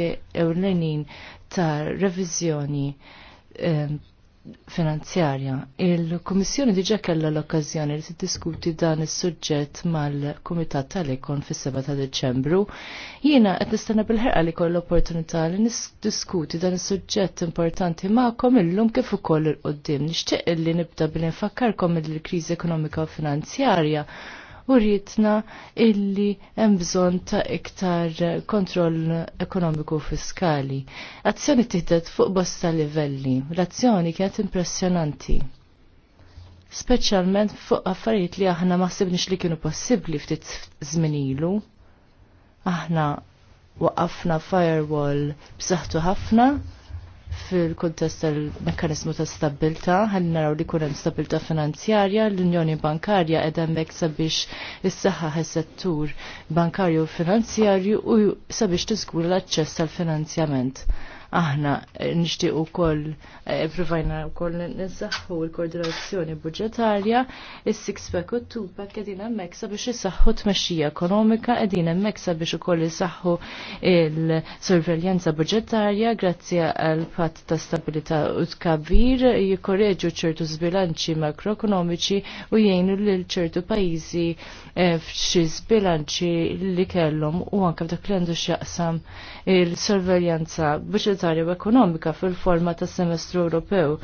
elementi ewlenin ta' revizjoni ehm, finanzjarja. Il-Komissjoni diġa kellha l-okkażjoni li tiddiskuti dan is-suġġett mal-Kumitat tal-Ekon fis-7 ta' Deċembru. Jiena qed nistenna bil-ħerqa li koll opportunità li nis-diskuti dan is-suġġett importanti magħkom illum kif ukoll il qoddim Nixtieq li nibda bil nfakkarkom il-kriżi ekonomika u finanzjarja u rritna illi hemm bżonn ta' iktar kontroll ekonomiku fiskali. Azzjoni tiħdet fuq bosta livelli. L-azzjoni kienet impressjonanti. Speċjalment fuq affarijiet li aħna ma sibniex li kienu possibbli ftit zminilu. ilu. Aħna waqafna firewall b'saħħtu ħafna fil-kuntest tal-mekkanizmu ta' stabilta, għan naraw li kunem stabilta finanzjarja, l-Unjoni Bankarja edem bek sabiex is saha settur bankarju finanzjarju u sabiex tiżgur l-aċċess tal-finanzjament aħna eh, u koll eh, provajna wkoll nizzaħħu l-koordinazzjoni budġetarja, il 6 pack u 2 pack qegħdin biex sabiex t tmexxija ekonomika, qegħdin biex u ukoll isaħħu il surveljanza budġetarja grazzi għal pat ta' stabilità u tkabbir jikorreġu ċertu zbilanċi makroekonomiċi u jgħinu l ċertu pajjiżi eh, f'xi zbilanċi li kellhom u anke dak li għandu x'jaqsam il surveljanza budġetarja monetarja u ekonomika fil-forma ta' semestru Ewropew.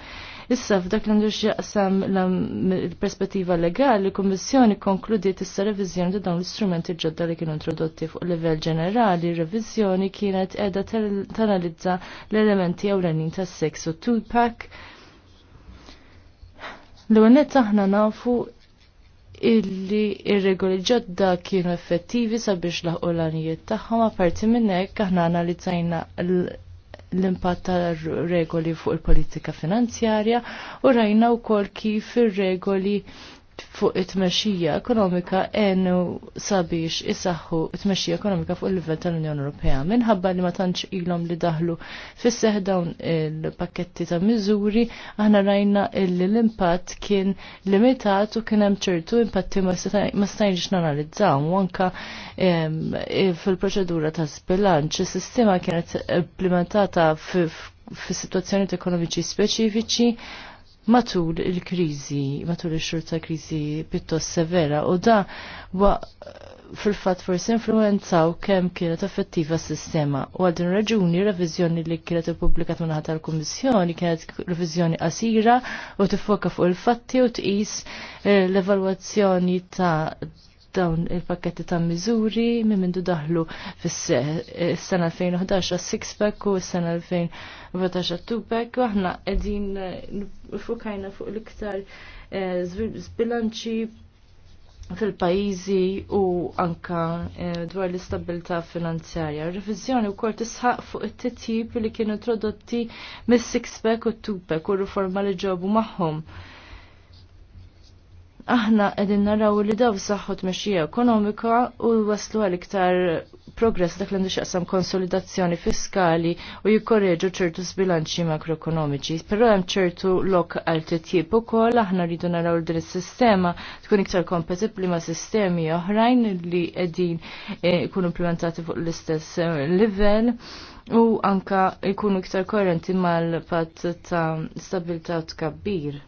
Issa f'dak l jaqsam l-perspettiva legali, kummissjoni konkludiet issa revizjoni ta' dawn l-istrumenti ġodda li kienu introdotti fuq livell ġenerali. Revizjoni kienet edha tanalizza l-elementi ewlenin ta' sex u two L-għonet aħna nafu illi ir-regoli ġodda kienu effettivi sabiex laħqolanijiet l ma' tagħhom apparti minn hekk aħna analizzajna l-impatt tal-regoli fuq il-politika finanzjarja u rajna wkoll kif ir-regoli fuq it-tmexxija ekonomika għenu sabiex isaħħu it-tmexxija ekonomika fuq il-livell tal-Unjoni Ewropea. Minħabba li ma tantx ilhom li daħlu fis-seħ dawn il-pakketti ta' miżuri, aħna rajna li l-impatt kien limitat u kien hemm ċertu impatti ma stajniex nanalizzaw anka fil-proċedura ta' sbilanċ. Is-sistema kienet implementata fis sitwazzjonijiet ekonomiċi speċifiċi matul il-krizi, matul il-xurta krizi pittos severa u da wa fil-fat forsi influenzaw kemm kienet effettiva s-sistema. U għal din raġuni revizjoni li kienet ippubblikat minna tal-Kummissjoni kienet revizjoni qasira u tifoka fuq il-fatti u tqis eh, l-evalwazzjoni ta' dawn il-pakketti ta' miżuri minn mindu daħlu fis-sena 2011 six-pack u s-sena 2014 two-pack u aħna qegħdin eh, fukajna fuq l-iktar eh, zbilanċi fil-pajizi u anka eh, dwar l istabilta finanzjarja. Revizjoni u kort isħaq fuq it-titjib li kienu introdotti mis six pack u 2 pack u reforma li ġobu maħħom aħna qegħdin naraw li daw saħħu tmexxija ekonomika u waslu għal iktar progress dak l għandu xaqsam konsolidazzjoni fiskali u jikkorreġu ċertu sbilanċi makroekonomiċi. Però hemm ċertu lok għal u ukoll aħna rridu naraw din is-sistema tkun iktar kompetibbli ma' sistemi oħrajn li qegħdin eh, ikunu implementati fuq l-istess eh, livell u anka jkunu iktar korrenti mal pat ta' stabilitat tkabbir.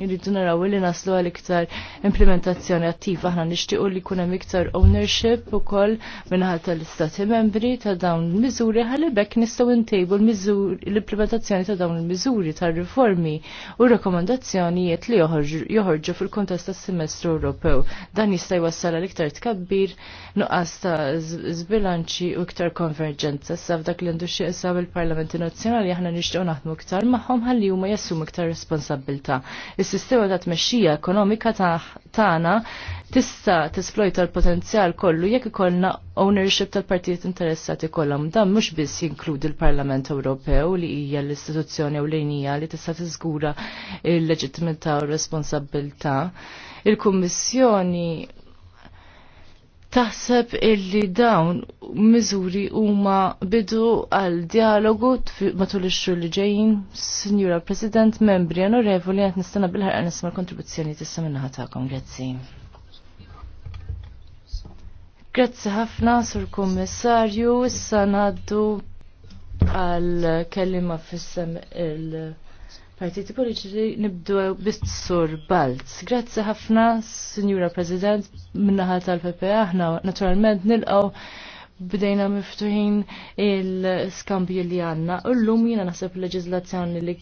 Irridu naraw li naslu għal iktar implementazzjoni attiva aħna nixtiequ li jkun hemm iktar ownership ukoll minħal tal-istati membri ta' dawn il-miżuri ħalli bekk nistgħu ntejbu l-implementazzjoni ta' dawn il-miżuri ta' riformi u r-rakkomandazzjonijiet li joħorġu fil-kontest tas-semestru Ewropew. Dan jista' jwassal għal iktar tkabbir, nuqqas ta' żbilanċi u iktar konverġenza. Sa f'dak li għandu xi il-Parlamenti Nazzjonali aħna nixtiequ naħdmu iktar magħhom ħalli huma jassumu iktar responsabilta' is-sistema ta' tmexxija ekonomika tagħna tista' tisplojta l-potenzjal kollu jekk ikollna ownership tal-partijiet interessati kollha. Dan mhux biss jinkludi l-Parlament Ewropew li hija l-istituzzjoni ewlenija li tista' tiżgura l-leġittimità u r responsabilità Il-Kummissjoni taħseb illi dawn miżuri huma bidu għal dialogu matul ix-xhur li ġejjin, Sinjura President, membri onorevoli qed nistana bil-ħarqa nisma' l-kontribuzzjoni tista' minnaħa tagħkom, grazzi. Grazzi ħafna sur kummissarju, issa ngħaddu għal kelliema fis-sem il- partiti politiċi nibdu bist sur Balt. Grazzi ħafna, Signora President, minnaħat tal-PPA, aħna naturalment nilqaw bdejna miftuħin il-skambju li għanna. Ullum jina nasib leġizlazzjoni li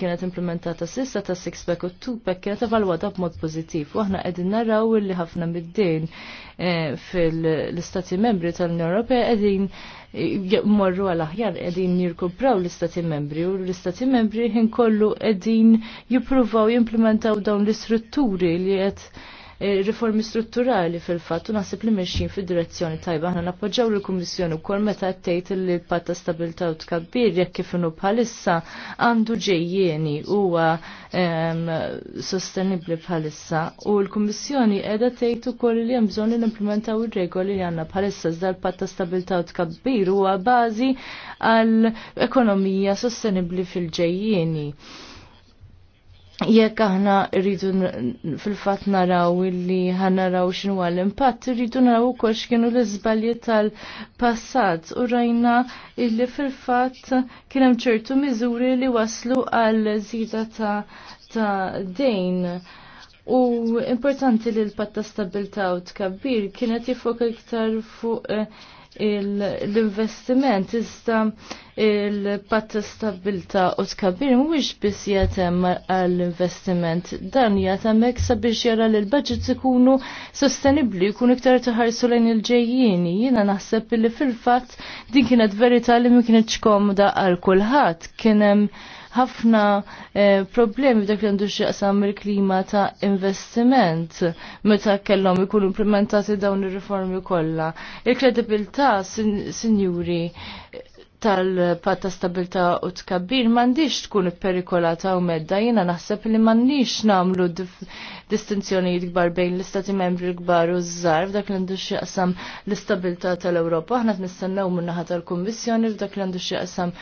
kienet implementata sissa ta' six pack u two pack kienet evalwata b'mod pozittiv. U aħna qegħdin narraw li ħafna mid-din eh, fil-istati membri tal-Unjoni Ewropea qegħdin eh, morru għal aħjar edin jirkupraw l-istati membri u l-istati membri ħin kollu edin jipruvaw jimplementaw dawn l-istrutturi li qed Eh, riformi strutturali fil-fatt u li mexjin fid-direzzjoni tajba napoġaw nappoġġaw lill-Kummissjoni wkoll meta tgħid li l-patt ta' u tkabbir jekk kif inhu bħalissa għandu ġejjeni huwa sostenibbli bħalissa u l-Kummissjoni qiegħda tgħid ukoll li hemm bżonn li nimplementaw ir-regoli li għandna bħalissa iżda l-patt ta' u tkabbir huwa bażi għall ekonomija sostenibbli fil-ġejjieni jekk aħna rridu fil-fatt naraw illi naraw x'inhu l-impatt, rridu naraw ukoll x'kienu l-iżbalji tal-passat u rajna illi fil-fatt kien hemm ċertu miżuri li waslu għal żida ta', ta dejn. U importanti li l-patta stabilta u tkabbir kienet jifok iktar fuq eh, l-investiment iżda il-patt stabilta u tkabir mhuwiex biss jatem għall-investiment. Dan jatem hekk sabiex jara li l-budgets ikunu sostenibbli, jkunu iktar taħarsu lejn il-ġejjieni. Jiena naħseb li fil-fatt din kienet verità li ma kienetx komda għal kulħadd. Kien hemm ħafna eh, problemi f'dak li għandu x'jaqsam il-klima ta' investiment meta kellhom ikunu implementati dawn ir-riformi kollha. Il-kredibilità, sinjuri, tal-patta stabilta u tkabbir mandiġ tkun perikolata u medda jina naħseb li mandiġ namlu distinzjonijiet kbar bejn l-istati membri l-kbar u ż-żar, f'dak li għandu xieqsam l-istabilta tal-Europa. Aħna t-nistennaw minnaħa tal-Kommissjoni f'dak li għandu xieqsam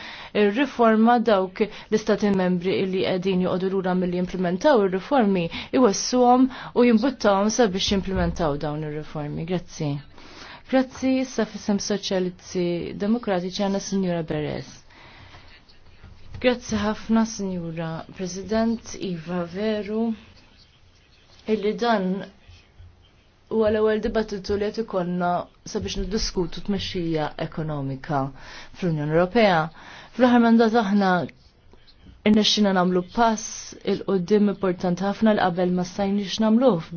il-riforma dawk l-istati membri li għedin juqodu l-ura mill-li implementaw il-riformi iwessuhom u jimbuttawhom sabiex jimplementaw dawn il-riformi. Grazzi. Grazzi, s-Safisem Soċalizzi demokratiċi għanna Signora Beres. Grazzi ħafna, Signora President, Iva Veru, illi dan u għal ewwel dibattitu li qed ikollna sabiex niddiskutu tmexxija ekonomika fl-Unjoni Ewropea. Fl-aħħar mandat aħna irnexxina nagħmlu pass il qoddim importanti ħafna l qabel ma stajniex nagħmluh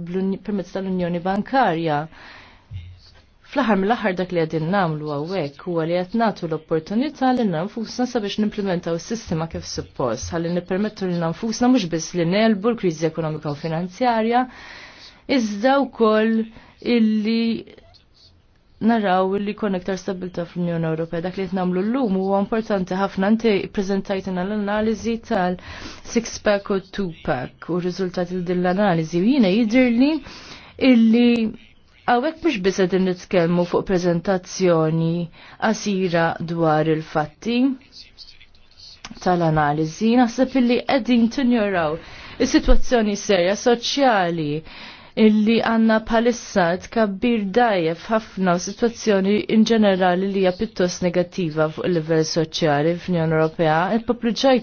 permezz tal-Unjoni Bankarja. Fl-aħħar mill-aħħar dak li qegħdin nagħmlu hawnhekk huwa li qed nagħtu l-opportunità li nfusna sabiex nimplementaw is-sistema kif suppost ħalli nippermettu lil nfusna mhux biss li nelbu l-kriżi ekonomika u finanzjarja iżda wkoll illi naraw illi kon iktar stabilta fl-Unjoni Ewropea. Dak li qed nagħmlu llum huwa importanti ħafna inti ppreżentajtina l analizi tal 6 pack u 2 pack u r-riżultati din l-analiżi. jina jidhirli illi Għawek mux bisa din nitkelmu fuq prezentazzjoni asira dwar il-fatti tal-analizi, naħseb illi qegħdin tinjoraw is-sitwazzjoni serja soċjali illi għanna palissa tkabbir dajef ħafna u situazzjoni in ġenerali li hija pittos negattiva fuq il-livell soċjali fl-Unjoni Ewropea.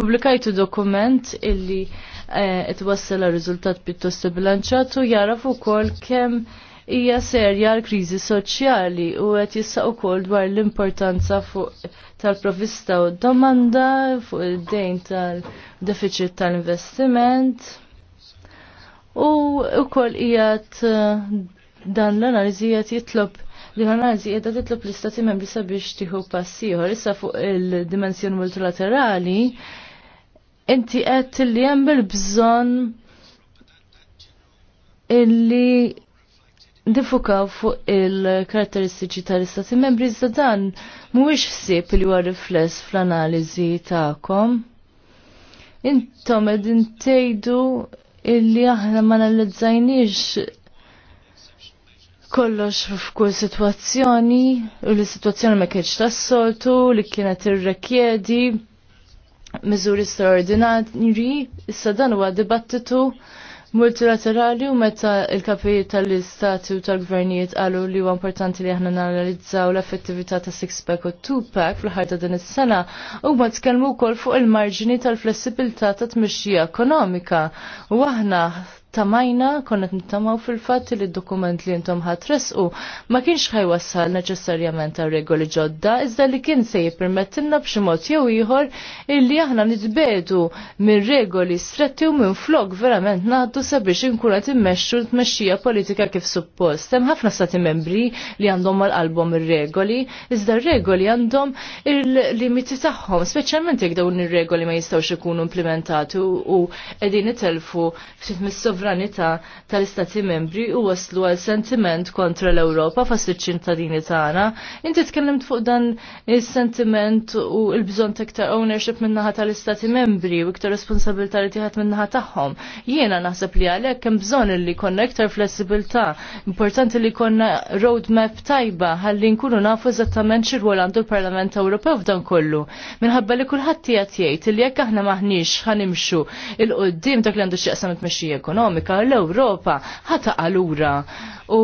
Publikajtu dokument illi Eh, twassal riżultat pjuttost bilanċat u jaraf ukoll kemm hija serja l-kriżi soċjali u qed jissaq ukoll dwar l-importanza fuq tal-provista u domanda fuq id-dejn tal-deficit tal-investiment u wkoll qiegħed eh, dan l-analiżi qed jitlob din l-analiżi qiegħda titlob l-istati membri sabiex tieħu pass ieħor issa fuq il-dimensjoni multilaterali inti għed li hemm bil bżonn illi nifukaw fuq il-karatteristiċi tal-istati membri iżda dan mhuwiex ħsieb li huwa rifless fl-analiżi tagħkom. Intom qegħdin tgħidu illi aħna ma analizzajniex kollox f'kull sitwazzjoni u li sitwazzjoni ma kienx tas-soltu li kienet irrekjedi miżuri straordinari, issa dan huwa dibattitu multilaterali u meta il-kapijiet tal-istati u tal-gvernijiet għalu li huwa importanti li aħna nanalizzaw l-effettività ta' six-pack u two-pack fl-ħar din is-sena u ma tkellmu wkoll fuq il-marġini tal-flessibilità ta' tmixxija ekonomika u aħna tamajna, konna nittamaw fil-fat li d-dokument li intom u ma kienx ħajwassal neċessarjament ta' regoli ġodda, iżda li kien se jipermettinna b'ximot jew ieħor illi aħna nitbedu minn regoli stretti u minn flok verament naħdu sabiex inkun qed l tmexxija politika kif suppost. Hemm ħafna stati membri li għandhom għal-album ir-regoli, iżda r-regoli għandhom il-limiti tagħhom, speċjalment jekk dawn ir-regoli ma jistgħux ikunu implementati u qegħdin itelfu ftit mis sovranità tal-Istati membri u waslu għal sentiment kontra l-Ewropa fas iċ-ċintadini tagħna. Inti tkellimt fuq dan is-sentiment u l-bżonn iktar ownership min-naħa tal-Istati membri u iktar responsabilità li tieħed min-naħa tagħhom. Jiena naħseb li għalhekk hemm bżonn li jkollna iktar flessibilità. Importanti li jkollna roadmap tajba ħalli nkunu nafu eżattament x'irwol għandu l-Parlament Ewropew f'dan kollu. Minħabba li kulħadd jgħid jgħid li jekk aħna maħniex ħanimxu il-qoddim dak li għandu x'jaqsam it-mexxija ekonomi ekonomika l-Ewropa ħata għalura u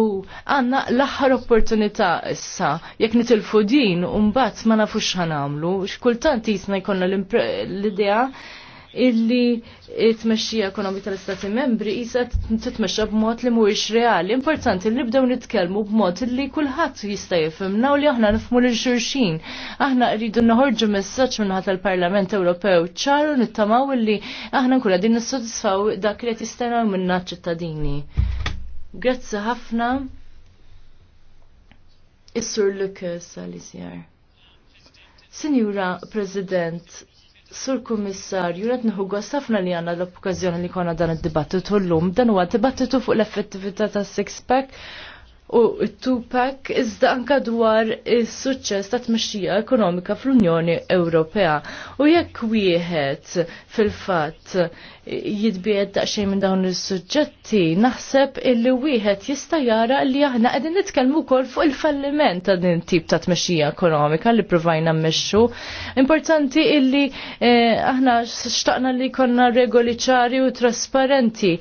għanna l-aħħar opportunità issa jekk nitilfu din u mbagħad ma nafux ħanamlu x'kultant jisna jkollna l-idea illi t-tmexxija ekonomika tal-Istati membri jisa titmexxa b'mod li mhuwiex reali. Importanti li nibdew nitkellmu b'mod li kulħadd jista' jifhimna u li aħna nifhmu lil xulxin. Aħna rridu noħorġu messaġġ minħat tal-Parlament Ewropew ċaru nittamaw illi aħna nkun qegħdin nissodisfaw dak li qed jistennew minna ċittadini. Grazzi ħafna. Is-Sur Lucas għal-Isjar. Sinjura President, Sur Kummissar, jurat nħu ħafna li għanna l-okkazjoni li konna dan id-dibattitu l-lum. Dan huwa dibattitu fuq l-effettività ta' six-pack u t-two-pack iżda anka dwar is-suċċess ta' tmexxija ekonomika fl-Unjoni Ewropea. U jekk wieħed fil-fatt jidbied daqsxejn minn dawn is-suġġetti, naħseb illi wieħed jista' jara li aħna qegħdin nitkellmu wkoll fuq il-falliment ta' din tip ta' tmexxija ekonomika li provajna mmexxu. Importanti illi eh, aħna xtaqna li konna regoli ċari u trasparenti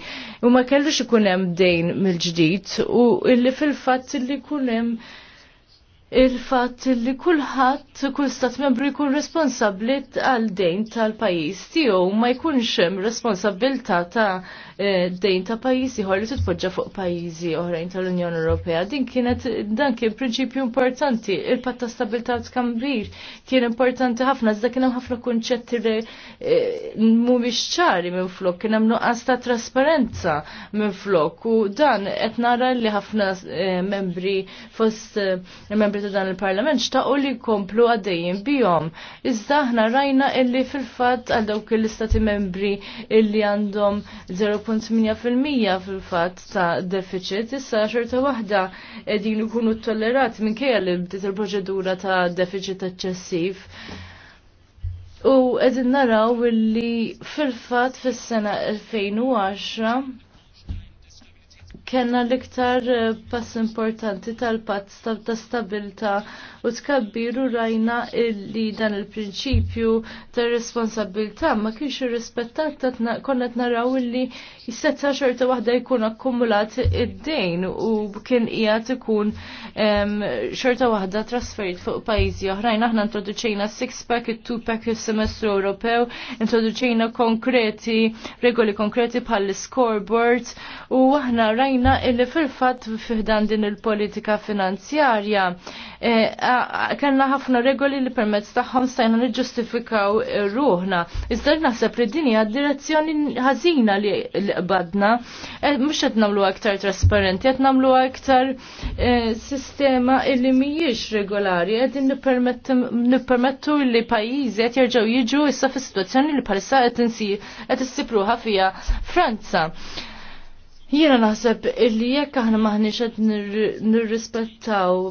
u ma kellux ikun hemm dejn mill-ġdid u illi fil-fatt illi kun hemm il-fat li kulħadd kull stat membru jkun responsabbli għal dejn tal-pajjiż tiegħu ma jkunx hemm responsabilità ta' eh, dejn ta' pajjiż ħor li titpoġġa fuq pajjiżi oħrajn tal-Unjoni Ewropea. Din kienet dan kien prinċipju importanti. Il-patt ta' stabilità tkambir kien importanti ħafna iżda kien hemm ħafna kunċetti li eh, mhumiex ċari minn flok, kien hemm nuqqas ta' trasparenza minn flok u dan qed nara li ħafna eh, membri fost membri membri ta' dan il-Parlament xtaqu li jkomplu għaddejjin bihom. Iżda aħna rajna illi fil-fatt għal dawk l-istati membri illi għandhom 0.8% fil-fatt ta' deficit, issa xorta waħda qegħdin ikunu tollerat minkejja li bdiet il-proċedura ta' deficit eċċessiv. U qegħdin naraw illi fil-fatt fis-sena 2010 kena l-iktar eh, pass importanti tal pat ta' stabilta u tkabbiru rajna li dan il-prinċipju ta' responsabilta ma kienx irrispettat konnet naraw li jissetta xorta waħda jkun akkumulat id-dejn u kien ija ikun xorta waħda trasferit fuq pajjiżi oħrajn aħna introduċejna six pack it-two pack il semestru Ewropew, introduċejna konkreti regoli konkreti bħal scoreboard u aħna rajna turina illi fil-fat fiħdan din il-politika finanzjarja. Eh, Kanna ħafna regoli li permezz taħħom stajna nġustifikaw ruħna. Iżda naħseb li dini għad direzzjoni ħazina li badna. Eh, Mux għed namlu trasparenti, għed namlu aktar eh, sistema illi mijiex regolari. Għed nipermettu li pajizi għed jirġaw jiġu issa fi situazzjoni li palissa għed insipruħa fija Franza. Jiena naħseb illi jekk aħna maħniex qed nirrispettaw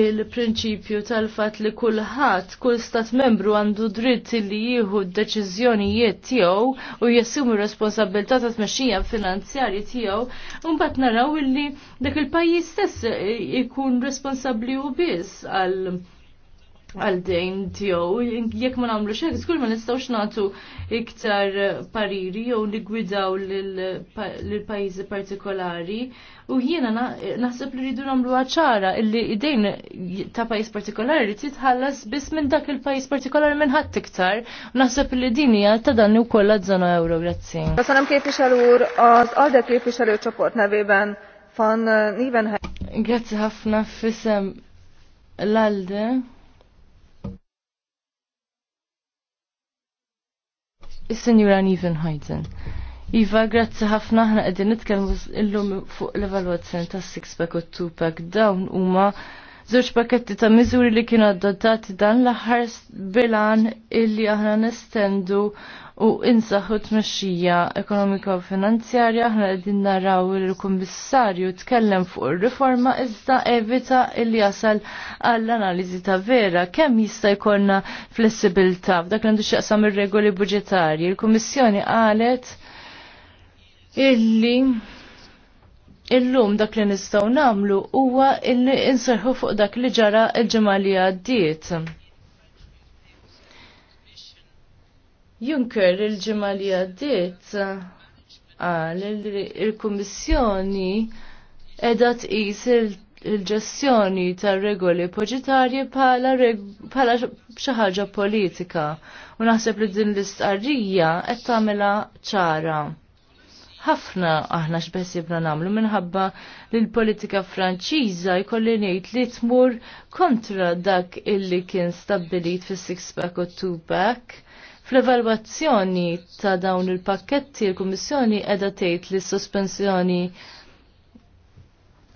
il-prinċipju tal-fat li kulħadd kull stat membru għandu dritt li jieħu d deċiżjonijiet tiegħu u r responsabilità ta' tmexxija finanzjarji tiegħu, mbagħad naraw illi dak il-pajjiż stess ikun responsabbli u biss għal Għaldejn tijow, tiegħu jekk ma nagħmlu xejn żgur ma nistgħux nagħtu iktar eh, pariri jew nigwidaw lil pajjiżi partikolari u jiena naħseb li rridu nagħmlu ċara illi idejn ta' pajjiż partikolari li titħallas biss minn dak il-pajjiż partikolari minn ħadd iktar naħseb li din hija ta' dan ukoll żona euro grazzi. Köszönöm képviselő úr, az ALDE képviselőcsoport nevében fan eh, Nivenheim. Grazzi ħafna fissem l-ALDE. Is-Sinjura Niven Hajden. Iva, grazzi ħafna ħna qegħdin nitkellmu illum fuq l evaluazzjoni ta' six pack u two pack dawn huma żewġ paketti ta' miżuri li kienu adottati dan l-aħħar bilan illi aħna nestendu u insaħħu tmexxija ekonomika u finanzjarja aħna qegħdin naraw il-kummissarju tkellem fuq ir-riforma iżda evita illi jasal għall-analiżi ta' vera kemm jista' jkollna flessibilità f'dak li għandu x'jaqsam ir-regoli budġetarji. Il-Kummissjoni qalet illi illum dak li nistgħu nagħmlu huwa illi inserħu fuq dak li ġara il ġimgħa li għaddiet. Junker il-ġimgħa li għaddiet qal ah, il-Kummissjoni qiegħda tqis il-ġestjoni tar-regoli poġitarji bħala xi ħaġa politika u naħseb li din l-istqarrija qed tagħmilha ċara ħafna aħna x'bess jibna nagħmlu minħabba li l-politika Franċiża jkolli ngħid li tmur kontra dak illi kien stabilit fis-six pack u two pack. Fl-evalwazzjoni ta' dawn il-pakketti l-Kummissjoni qiegħda tgħid li s-sospensjoni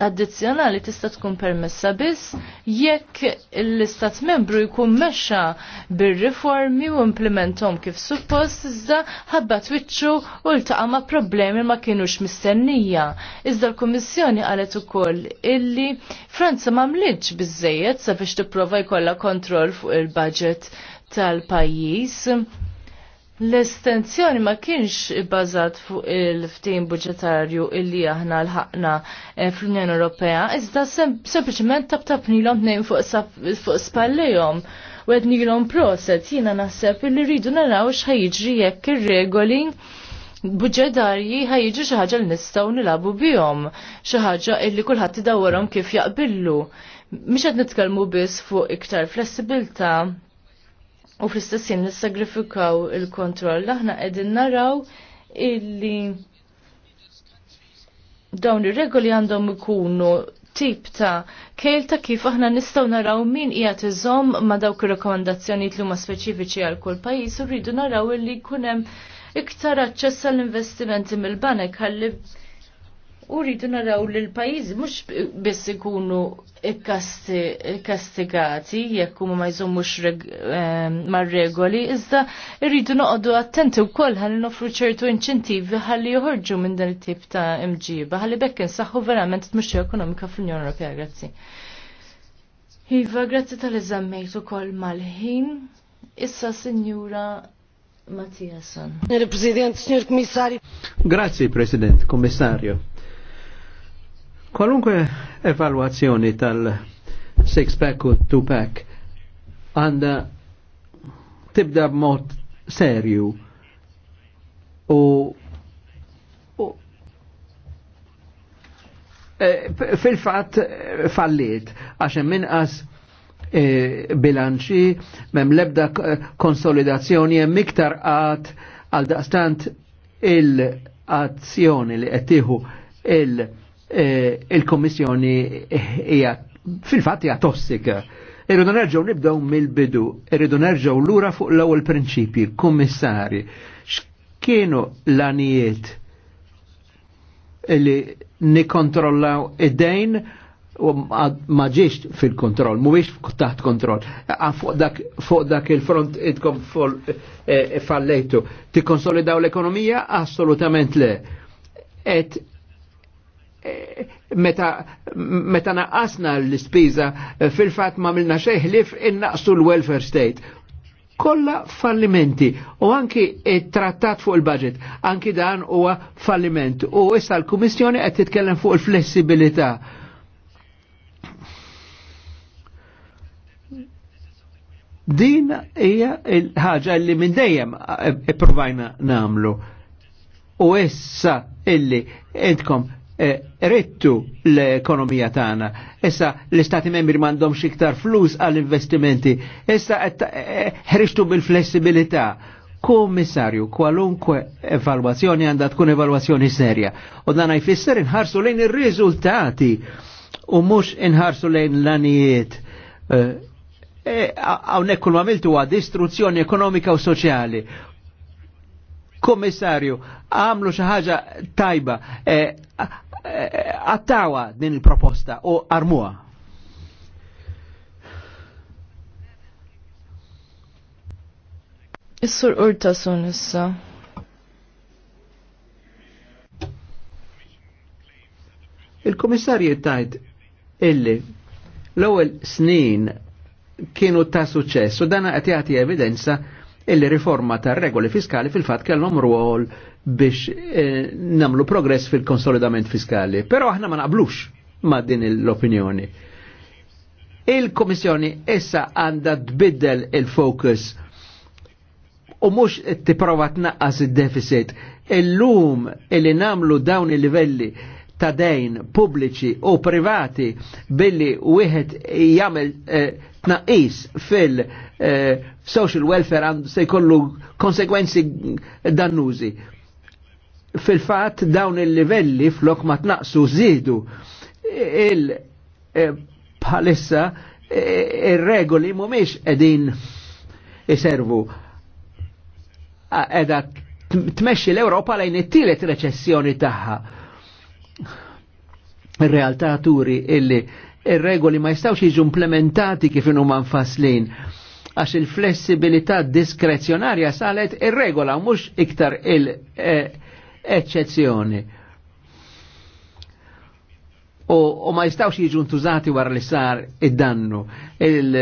addizzjonali tista' tkun permessa biss jekk l-istat membru jkun mexxa bir-riformi u implementom kif suppost iżda ħabba twiċċu u ltaqa' ma' problemi ma kienux mistennija. Iżda l-Kummissjoni qalet ukoll illi Franza m'għamlitx biżejjed sabiex tipprova jkollha kontroll fuq il-budget tal-pajjiż L-estenzjoni ma kienx bazat fuq il-ftim budgetarju illi aħna l-ħakna eh, fl-Unjoni Ewropea, iżda sempliciment tab tabnilhom tnejn fuq spallejhom u qed nilhom proset jiena naħseb illi rridu naraw x'ħajġri jekk ir-regoli budgetarji ħajġri xi ħaġa li nistgħu nilabu bijom, xi ħaġa illi kulħadd dawarom kif jaqbillu. Mish qed nitkellmu biss fuq iktar flessibilta u fl-istessin nissagrifikaw il-kontroll. Aħna qegħdin naraw illi dawn ir-regoli għandhom ikunu tip ta' kejl ta' kif aħna nistgħu naraw min qiegħed iżomm ma' dawk ir-rakkomandazzjonijiet li huma speċifiċi għal kull pajjiż u rridu naraw illi jkun hemm iktar aċċess għall-investimenti mill-banek ħalli u rridu naraw li l-pajjiżi mhux biss ikunu kastigati jekk huma ma jżommux ehm, mar-regoli, iżda rridu noqogħdu attenti wkoll ħalli nofru ċertu inċentivi ħalli joħorġu minn dan it-tip ta' imġiba, ħalli bekk insaħħu verament tmixxi ekonomika fl-Unjoni Ewropea, grazzi. Iva, grazzi tal-eżammejt ukoll mal-ħin. Issa, Sinjura Mattiason. Signor Presidente, signor Commissario. Grazie, Presidente, Commissario. Kwalunkwe evaluazzjoni tal-six-pack u two-pack għanda tibda b'mod serju u, e, fil-fat falliet għax hemm inqas e, bilanċi mem lebda konsolidazzjoni hemm iktar għad għal daqstant il-azzjoni li qed il-, -azzjoni, il Eh, il-Kommissjoni hija fil-fatt hija tossika. Irridu nerġgħu nibdew mill-bidu, irridu nerġgħu lura fuq l-ewwel prinċipji, kummissari, x'kienu l-anijiet li nikkontrollaw id-dejn u ma ġiex fil-kontroll, mhuwiex taħt kontroll. Fuq dak, dak il-front idkom eh, fallejtu. Tikkonsolidaw l-ekonomija? Assolutament le. Et meta, meta naqqasna l ispiża eh, fil-fatt ma milna xeħlif innaqsu l-welfare state. Kolla fallimenti u anki trattat fuq il-budget, anki dan huwa falliment u issa l-Kummissjoni qed titkellem fuq il-flessibilità. Din hija l ħaġa li minn dejjem eh, ipprovajna namlu. U issa illi intkom Eh, rettu l-ekonomija tagħna. Issa l-Istati membri m'għandhomx iktar flus għall-investimenti. Issa eh, ħriġtu bil-flessibilità. Kommissarju, kwalunkwe evalwazzjoni għandha tkun evalwazzjoni serja. U dan jfisser inħarsu lejn ir-riżultati u mhux inħarsu lejn l-anijiet. Eh, hawnhekk kull miltu għad distruzzjoni ekonomika u soċjali. Kommissarju, għamlu xi ħaġa tajba, għattawa eh, din il-proposta u armuha. Is-sur Urtasun issa. Il-komissarju tajt illi l-ewwel snin kienu ta' suċess u dan qed jagħti evidenza illi riforma tar regoli fiskali fil-fatt kellhom rwol biex eh, namlu progress fil-konsolidament fiskali. Pero aħna ma naqblux ma din l-opinjoni. Il-Komissjoni issa għandha tbiddel il-focus u mux t tnaqqas id-deficit. Illum illi namlu dawn il-livelli ta' dejn pubbliċi u privati billi wieħed jagħmel eh, tnaqqis fil-social eh, welfare għandu se jkollu konsekwenzi dannużi fil-fat dawn il-livelli flok ma tnaqsu zidu il palissa e, e, il-regoli mumiex edin iservu edha tmexxi l-Europa lejn it-tielet reċessjoni tagħha. Ir-realtà turi illi ir-regoli ma jistgħux jiġu implementati kif huma nfaslin għax il-flessibilità diskrezjonarja salet ir-regola mhux iktar il- eh, eccezzjoni. U, ma jistawx jiġu ntużati wara li sar id-dannu. Il,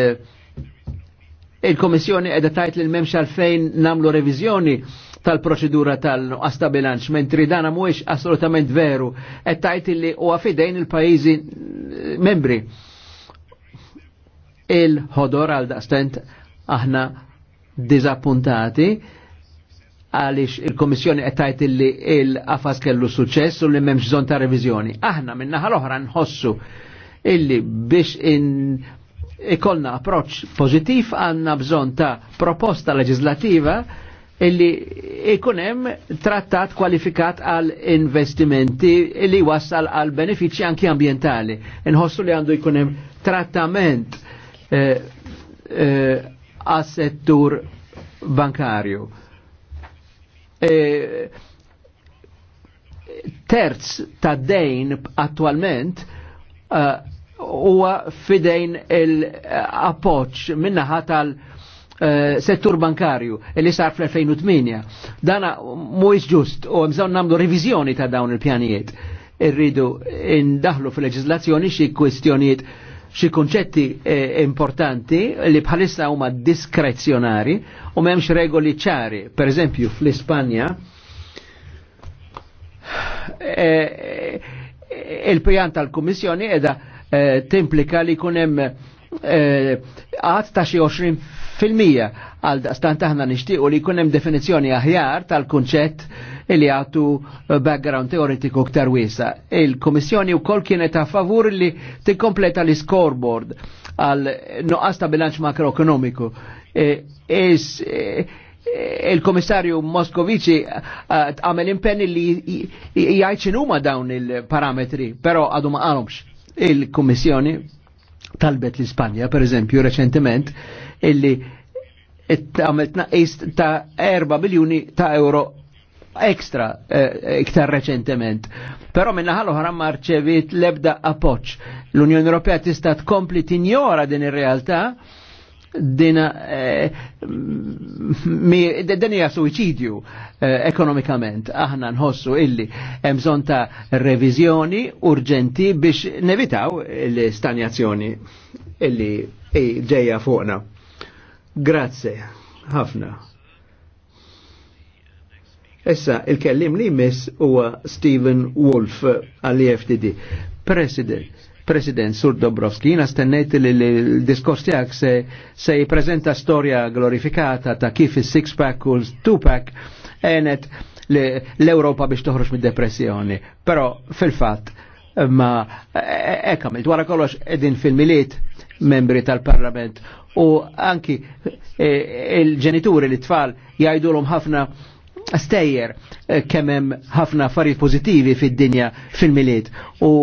il edha tajt li memx għalfejn namlu revizjoni tal-proċedura tal-nuqqas ta' bilanċ, mentri dan mhuwiex assolutament veru, qed tajt li huwa fidejn il-pajjiżi membri. Il-ħodor għal daqstent aħna diżappuntati għaliex il-Komissjoni qed tajt illi il qafas kellu suċċess u li m'hemmx bżonn ta' reviżjoni. Aħna minn naħa l-oħra nħossu illi biex in ikolna approċċ pożittiv għandna bżonn ta' proposta leġislativa illi ikunem trattat kwalifikat għal investimenti illi wassal għal benefici anki ambientali. Nħossu li għandu ikunem trattament għas eh, eh, settur bankarju. Eh, terz ta' dejn attualment eh, huwa fidejn il-appoċ minnaħa tal- eh, settur bankarju li sar fl-2008. Dana mhuwiex ġust u bżonn nagħmlu reviżjoni ta' dawn il-pjanijiet. Irridu indaħlu fil-leġiżlazzjoni xi kwistjonijiet xi konċetti eh, importanti li bħalissa huma diskrezjonari u m'hemmx regoli ċari. Per eżempju, fl-Ispanja eh, eh il-pjan tal-Kummissjoni edha eh, timplika li kunem eh, ta' xi 20 fil-mija Għal daqstant aħna nixtiequ li kunem definizjoni aħjar tal-kunċett li għatu eh, background teoretiku ktar wisa. Il-Komissjoni u kol kienet a favur li t-kompleta li scoreboard għal noqasta bilanċ makroekonomiku. E, e, Il-Komissarju Moskovici eh, għamel impenni li jgħajċinuma dawn il-parametri, pero għadu ma għalomx. Il-Komissjoni talbet l-Ispanja, per eżempju, reċentement, illi għamilt naqis ta' 4 biljuni ta' euro ekstra eh, iktar reċentement. Però minna ħallu ħaram marċevit lebda appoċ. L-Unjoni Ewropea tista' tkompli tinjora din ir-realtà dina eh, din hija suicidju eh, ekonomikament. Aħna nħossu illi hemm bżonn ta' reviżjoni urġenti biex nevitaw l-istanjazzjoni illi ġejja fuqna. Grazie, ħafna. Issa, il-kellim li jmiss huwa Stephen Wolf għall iftd President, President Sur Dobrovski, jina stennejt li l-diskors tijak se, se jiprezenta storja glorifikata ta' kif is six pack u two pack enet l-Europa biex toħroġ mid-depressjoni. Pero fil-fat, ma ekkamil, e, wara kollox edin fil-miliet membri tal-parlament u anki eh, il-ġenituri li tfal jajdulhom ħafna stejjer eh, kemem ħafna affarijiet pozittivi fid-dinja fil-miliet u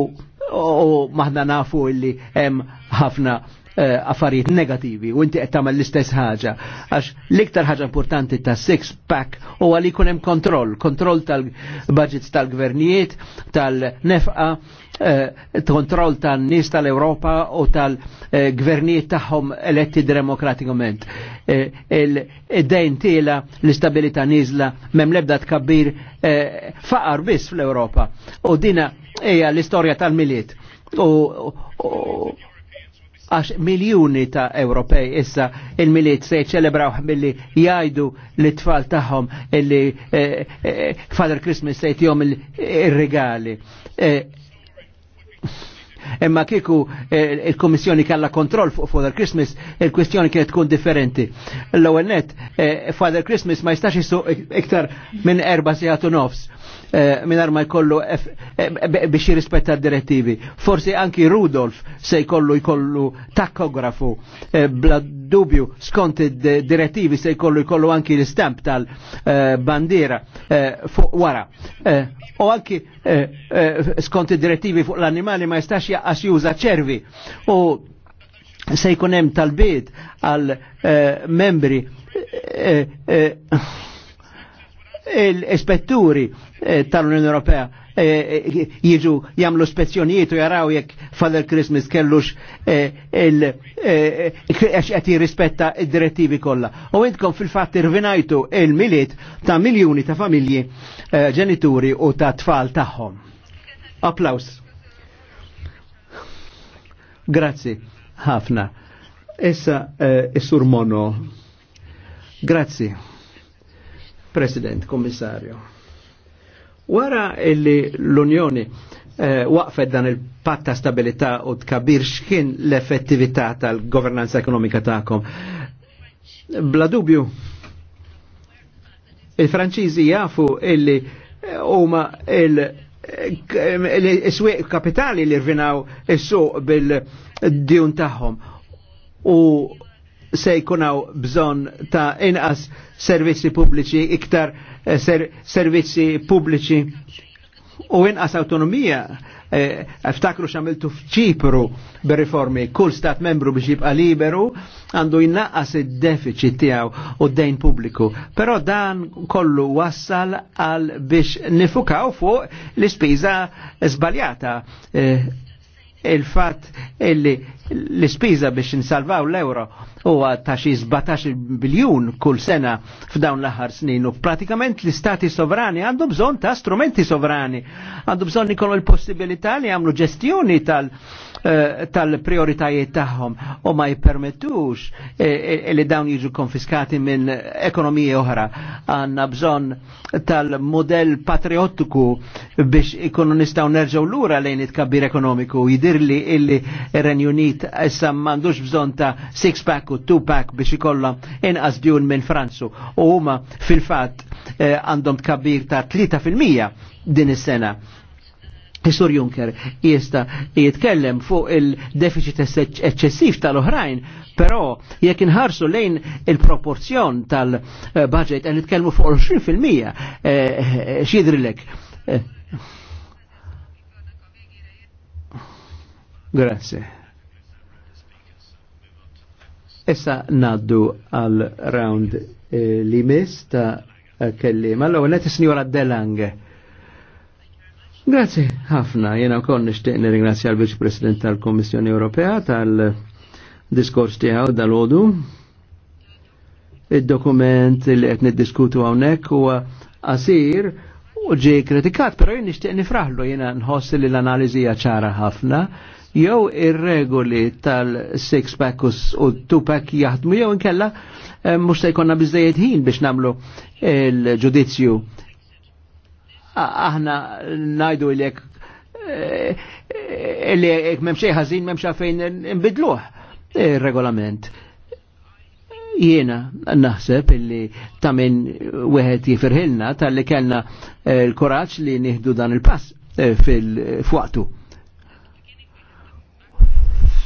maħna nafu illi hemm ħafna Eh, affarijiet negativi u inti qed tagħmel l-istess ħaġa. Għax l-iktar ħaġa importanti ta' six pack huwa li jkun hemm kontroll, kontroll tal-budgets tal-gvernijiet, tal-nefqa, eh, kontroll tan-nies tal-Ewropa u tal-gvernijiet tagħhom eletti demokratikament. Eh, id-dejn tiela l-istabilità nizla mem lebda tkabbir faqar biss fl-Ewropa. U dina hija l-istorja tal-miliet. U għax miljoni ta' Ewropej issa il-miliet se ċelebraw billi jgħidu l-tfal tagħhom illi eh, eh, Father Christmas se jtihom il-regali. Eh, imma kiku il-Komissjoni kalla kontroll fuq Father Christmas, il-kwestjoni kienet tkun differenti. L-ewwel net, Father Christmas ma jistax jisuq iktar minn erba' sigħatu nofs Eh, minar ma jkollu eh, biex jirrispetta d-direttivi. Forsi anki Rudolf se jkollu jkollu takografu eh, bla dubju skont id-direttivi se jkollu jkollu anki l-istamp tal-bandira fuq wara. U anki skont id-direttivi fuq l-animali ma jistax jaqqas juża ċervi. U se jkun tal-bit għal membri l-ispetturi eh, tal-Unjoni Ewropea eh, eh, jiġu jamlu spezzjonijiet u jaraw jekk Father Christmas kellux qed jirrispetta id-direttivi kollha. U intkom fil-fatt irvinajtu il-miliet ta' miljuni ta' familji ġenituri u ta' tfal tagħhom. Applaus. Grazzi ħafna. Issa is-sur Mono. Grazzi. President, Kommissarju. Wara illi l-Unjoni eh, waqfet dan il-patta stabilità u tkabir xkien l-effettività tal-governanza ekonomika ta'kom. Bla dubju, il-Franċiżi jafu illi eh, huma il- eh, is-swieq kapitali li rvinaw is-suq bil-djun tagħhom u se jkunaw bżonn ta' inqas servizzi pubbliċi, iktar eh, ser, servizzi pubbliċi u inqas autonomija. Eh, Ftakru xamiltu fċipru bir reformi kull stat membru biex jibqa liberu għandu jinnaqqas id-deficit tiegħu u d-dejn pubbliku. Però dan kollu wassal għal biex nifukaw fuq l-ispiża żbaljata. E il-fat illi l-ispiża biex nsalvaw l-euro huwa ta' xi 17 biljun kull sena f'dawn l-aħħar snin u pratikament l-istati sovrani għandu bżonn ta' strumenti sovrani, għandu bżonn ikollu l-possibilità li jagħmlu ġestjoni tal- Eh, tal-prioritajiet tagħhom u ma jippermettux eh, eh, li dawn jiġu konfiskati minn ekonomija oħra. Għandna bżonn tal-modell patriottiku biex ikunu nistgħu nerġgħu lura lejn it-kabbir ekonomiku jidirli illi ir-Renju Unit issa m'għandux bżonn ta' six pack u two pack biex ikollha inqas djun minn Franzu u huma fil-fatt għandhom tkabbir ta' 3% din is-sena Sur Juncker jista jitkellem fuq il-deficit eccessiv tal-oħrajn, però jekk inħarsu lejn il-proporzjon tal-budget għan jitkellmu fuq 20% eh, eh, xidrilek. Eh. Grazie. Issa naddu għal round eh, li mis ta' kellim. Allora, net signora Delange. Grazie ħafna, jena wkoll nishtiq nirringrazzja l-Viċ President tal-Kommissjoni Ewropea tal-diskors tiegħu dal-għodu. Id-dokument li qed niddiskutu hawnhekk huwa qasir u ġie kritikat, però jien nixtieq nifraħlu jiena nħoss li l-analiżi hija ċara ħafna jew ir-regoli tal-six pack u two pack jaħdmu jew inkella eh, mhux se jkollna biżejjed ħin biex nagħmlu il-ġudizzju aħna najdu l-ek eh, l-ek memxie ħazin memxie fejn imbidluħ il-regolament. Jiena naħseb illi tamen wieħed jifirħilna tal-li kellna eh, l koraċ li nieħdu dan il-pass eh, fil-fuqtu.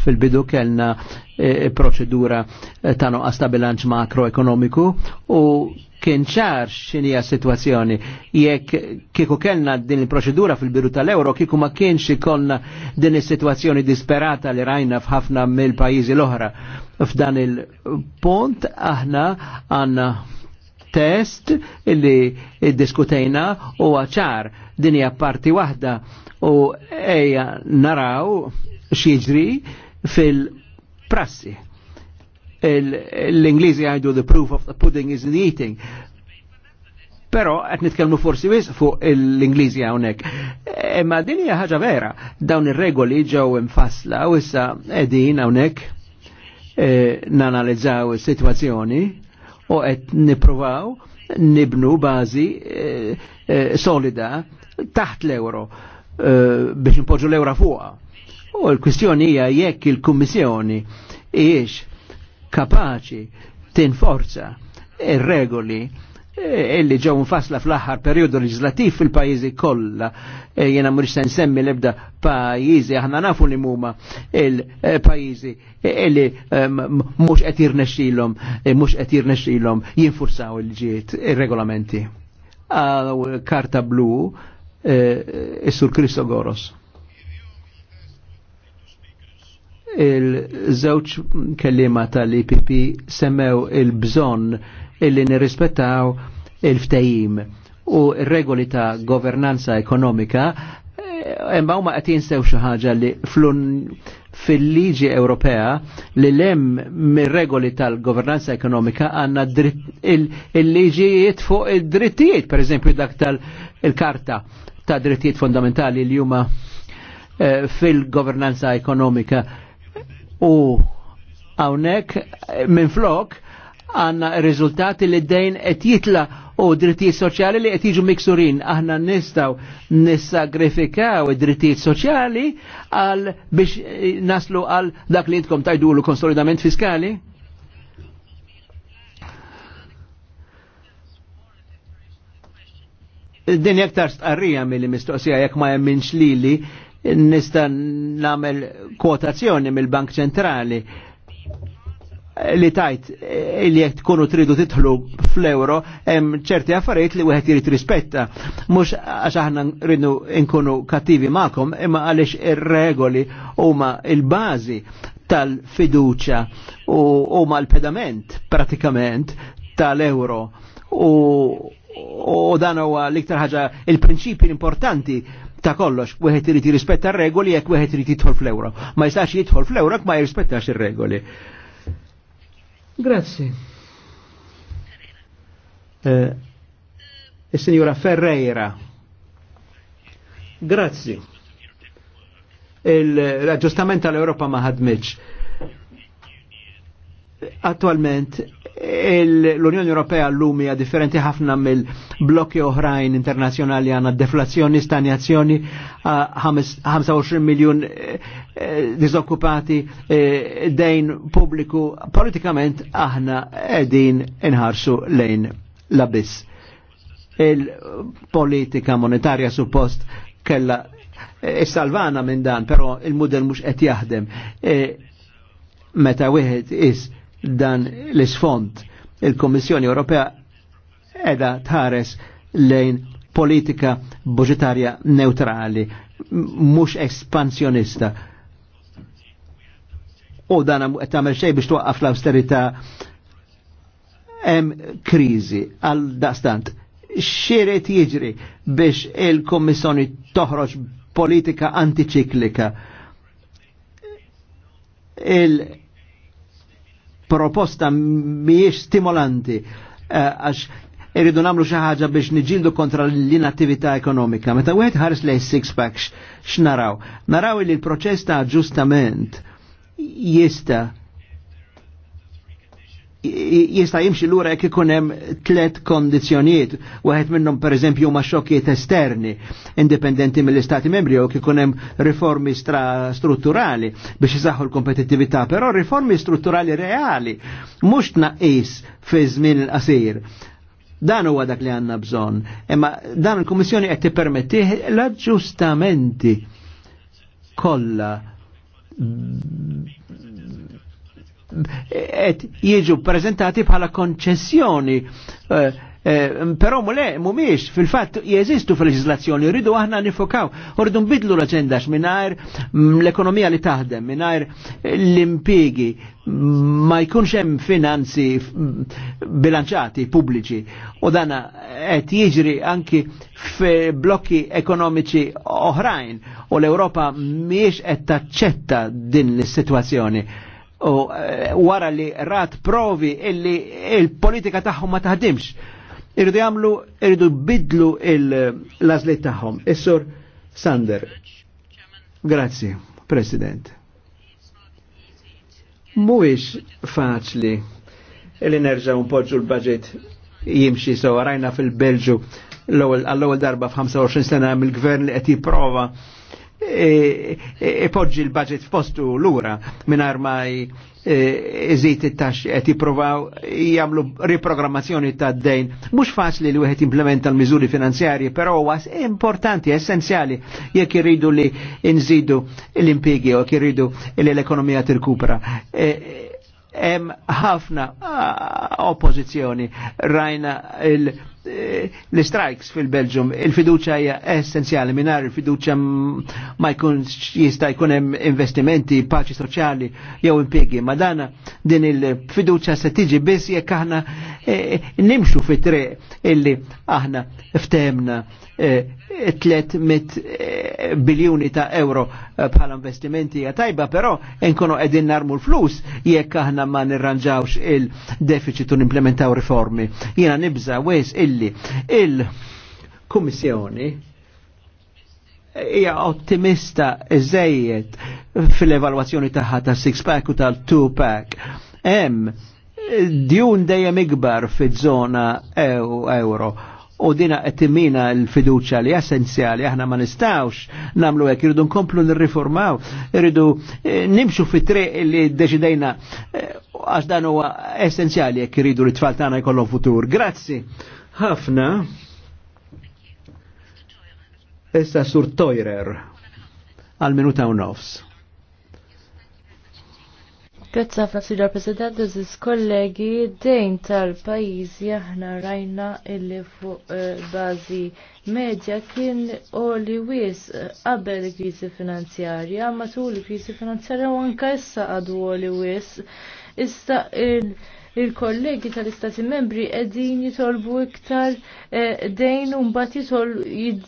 Fil-bidu kellna proċedura ta' noqqas ta' bilanċ makroekonomiku u kien ċar x'inija situazzjoni jekk kieku kellna din il-proċedura fil-biru tal-euro kieku ma kienx ikollna din is-sitwazzjoni disperata li rajna f'ħafna mill-pajjiżi l-oħra. F'dan il-punt aħna għandna test illi diskutejna u għacħar din hija parti waħda u eja naraw xieġri fil-prassi l-Ingliżi għajdu the proof of the pudding is in the eating. Pero qed nitkellmu forsi wis fuq l-Ingliżi hawnhekk. Imma din hija ħaġa vera, dawn ir-regoli ġew infassla u issa qegħdin hawnhekk eh, nanalizzaw is-sitwazzjoni u qed nippruvaw nibnu bażi eh, eh, solida taħt l-euro biex nipoġġu l-euro fuqha. U l-kwistjoni hija jekk il-Kummissjoni iex kapaċi tinforza ir-regoli e, illi ġew nfasla fl-aħħar perjodu leġislattiv fil-pajjiżi kollha e, jiena mhux se nsemmi l-ebda pajjiżi aħna nafu li huma il-pajjiżi e, illi mhux qed jirnexxilhom mhux qed jirnexxilhom jinfursaw il-ġiet ir-regolamenti. Karta blu is-Sur Kristo Goros. il-żewġ kellima tal-IPP semmew il-bżon illi nirrispettaw il-ftajim u regoli ta' governanza ekonomika eh, imma huma qed jinsew xi ħaġa li fil-liġi Ewropea li lem mir-regoli tal-governanza ekonomika għandna il-liġijiet fuq id-drittijiet, per eżempju dak tal-karta ta' drittijiet fondamentali li huma eh, fil-governanza ekonomika U għawnek eh, minn flok għanna rizultati li d-dejn qed jitla u drittijiet soċjali li qed jiġu miksurin. Aħna nistaw nissagrifikaw id-drittijiet soċjali għal biex eh, naslu għal dak li intkom tajdu l konsolidament fiskali? Din jektar stqarrija mill-mistoqsija jekk ma jemminx lili nista' nagħmel kwotazzjoni mill-Bank Ċentrali li tajt li jek tkunu tridu titħlu fl-euro, hemm ċerti affarijiet li wieħed jrid rispetta. Mhux għax aħna rridu nkunu kattivi magħkom, imma għaliex ir-regoli huma il-bażi tal-fiduċa u huma l-pedament pratikament tal-euro. U, u dan huwa l-iktar ħaġa il-prinċipi importanti ta' kollox, wieħed irid jirrispetta r-regoli jekk wieħed irid jidħol fl-ewro. Ma jistax jidħol fl-ewro ma jirrispettax ir-regoli. Grazzi. Uh, eh, Is-Sinjura Ferreira. Grazzi. L-aġġustament tal-Europa ma ħadmitx. Attualment l-Unjoni Ewropea l hija differenti ħafna mill-blokki oħrajn internazzjonali għandna deflazzjoni, stanjazzjoni, 25 miljun e, e, diżokkupati, e, dejn pubbliku, politikament aħna qegħdin inħarsu lejn l-abiss. Il-politika monetarja suppost kella salvana minn dan, però il mudel mhux qed jaħdem. Meta wieħed is dan l-isfond. Il-Kommissjoni Ewropea edha tħares lejn politika budgetarja neutrali, mhux espansjonista. U dan qed tagħmel xejn biex twaqqaf l-austerità hemm kriżi għal daqstant. Xieret jiġri biex il-Kommissjoni toħroġ politika antiċiklika. Il- proposta miex stimolanti eh, għax irridu namlu xi ħaġa biex niġildu kontra l-inattività ekonomika. Meta wieħed ħares lej six pack x'naraw? Naraw li l-proċess ta' aġġustament jista' jista jimxi l-ura jek ikunem tlet kondizjoniet, waħed minnum per eżempju ma xokkiet esterni, indipendenti mill-istati membri, u kikunem riformi strutturali biex jizaħu l kompetitività però riformi strutturali reali, mux naqis fi żmien il-qasir. Dan huwa dak li għanna bżon, imma dan il-Kummissjoni qed tippermettih l-aġġustamenti kollha jieġu prezentati bħala konċessjoni. Eh, eh, però mule, mumiex, fil-fat jeżistu fil-leġizlazzjoni, rridu aħna nifokaw, rridu nbidlu l-agenda minnajr mm, l-ekonomija li taħdem, minnajr l impigi mm, ma jkunx hemm finanzi mm, bilanċati pubbliċi u dana qed jiġri anki f'blokki ekonomiċi oħrajn u l-Ewropa mhijiex qed taċċetta din is-sitwazzjoni u eh, wara li rat provi illi il-politika tagħhom ma taħdimx. Irridu jagħmlu irridu bidlu l-għażliet tagħhom. Is-sur Sander. Grazzi, President. Mhuwiex faċli li nerġa' npoġġu l-budget jimxi so rajna fil-Belġu l-ewwel għall-ewwel darba f'25 sena mill-gvern li qed jipprova e ipoġġi e, e l-budget f'postu l-ura minar ma iżid e, it-taxxi qed jippruvaw jagħmlu riprogrammazzjoni ta' dejn. Mhux faċli li wieħed implementa l-miżuri finanzjarji, però huwa importanti, essenzjali jekk irridu li nżidu l-impjegi u jekk irridu li l-ekonomija tirkupra hemm ħafna oppożizzjoni rajna il- Eh, l-strikes fil-Belġum, il-fiduċa hija essenzjali, minar il-fiduċa ma jkunx jista' jkun hemm investimenti, paċi soċjali jew impjegi, ma dana din il-fiduċa se tiġi biss jekk aħna eh, nimxu fit-triq illi aħna ftehemna 300 eh, biljuni ta' euro bħala investimenti hija tajba, però nkunu qegħdin narmu l-flus jekk aħna ma nirranġawx il-deficit u nimplementaw riformi. Jiena nibża wes il illi il-Kummissjoni hija ottimista iżejjed fil-evalwazzjoni tagħha ta' six pack u tal-two pack. Hemm djun dejjem ikbar fiż-żona euro u dina għettimina l-fiduċa li essenzjali, aħna ma nistawx namlu hekk irridu nkomplu nirriformaw, irridu eh, nimxu fit triq li deċidejna eh, għax dan huwa essenzjali jekk irridu li tfal tagħna jkollhom futur. Grazzi ħafna. Issa sur Toirer għal minuta u nofs. Grazie a ħafna Sir President, eżis kollegi, dejn tal-pajjiżi aħna rajna illi fuq eh, bażi medja kien li wis eh, qabel il-kriżi finanzjarja, matul il-kriżi finanzjarja u anke issa għadu li wis. Issa il- il-kollegi tal-Istati membri qegħdin jitolbu iktar eh, dejn u mbagħad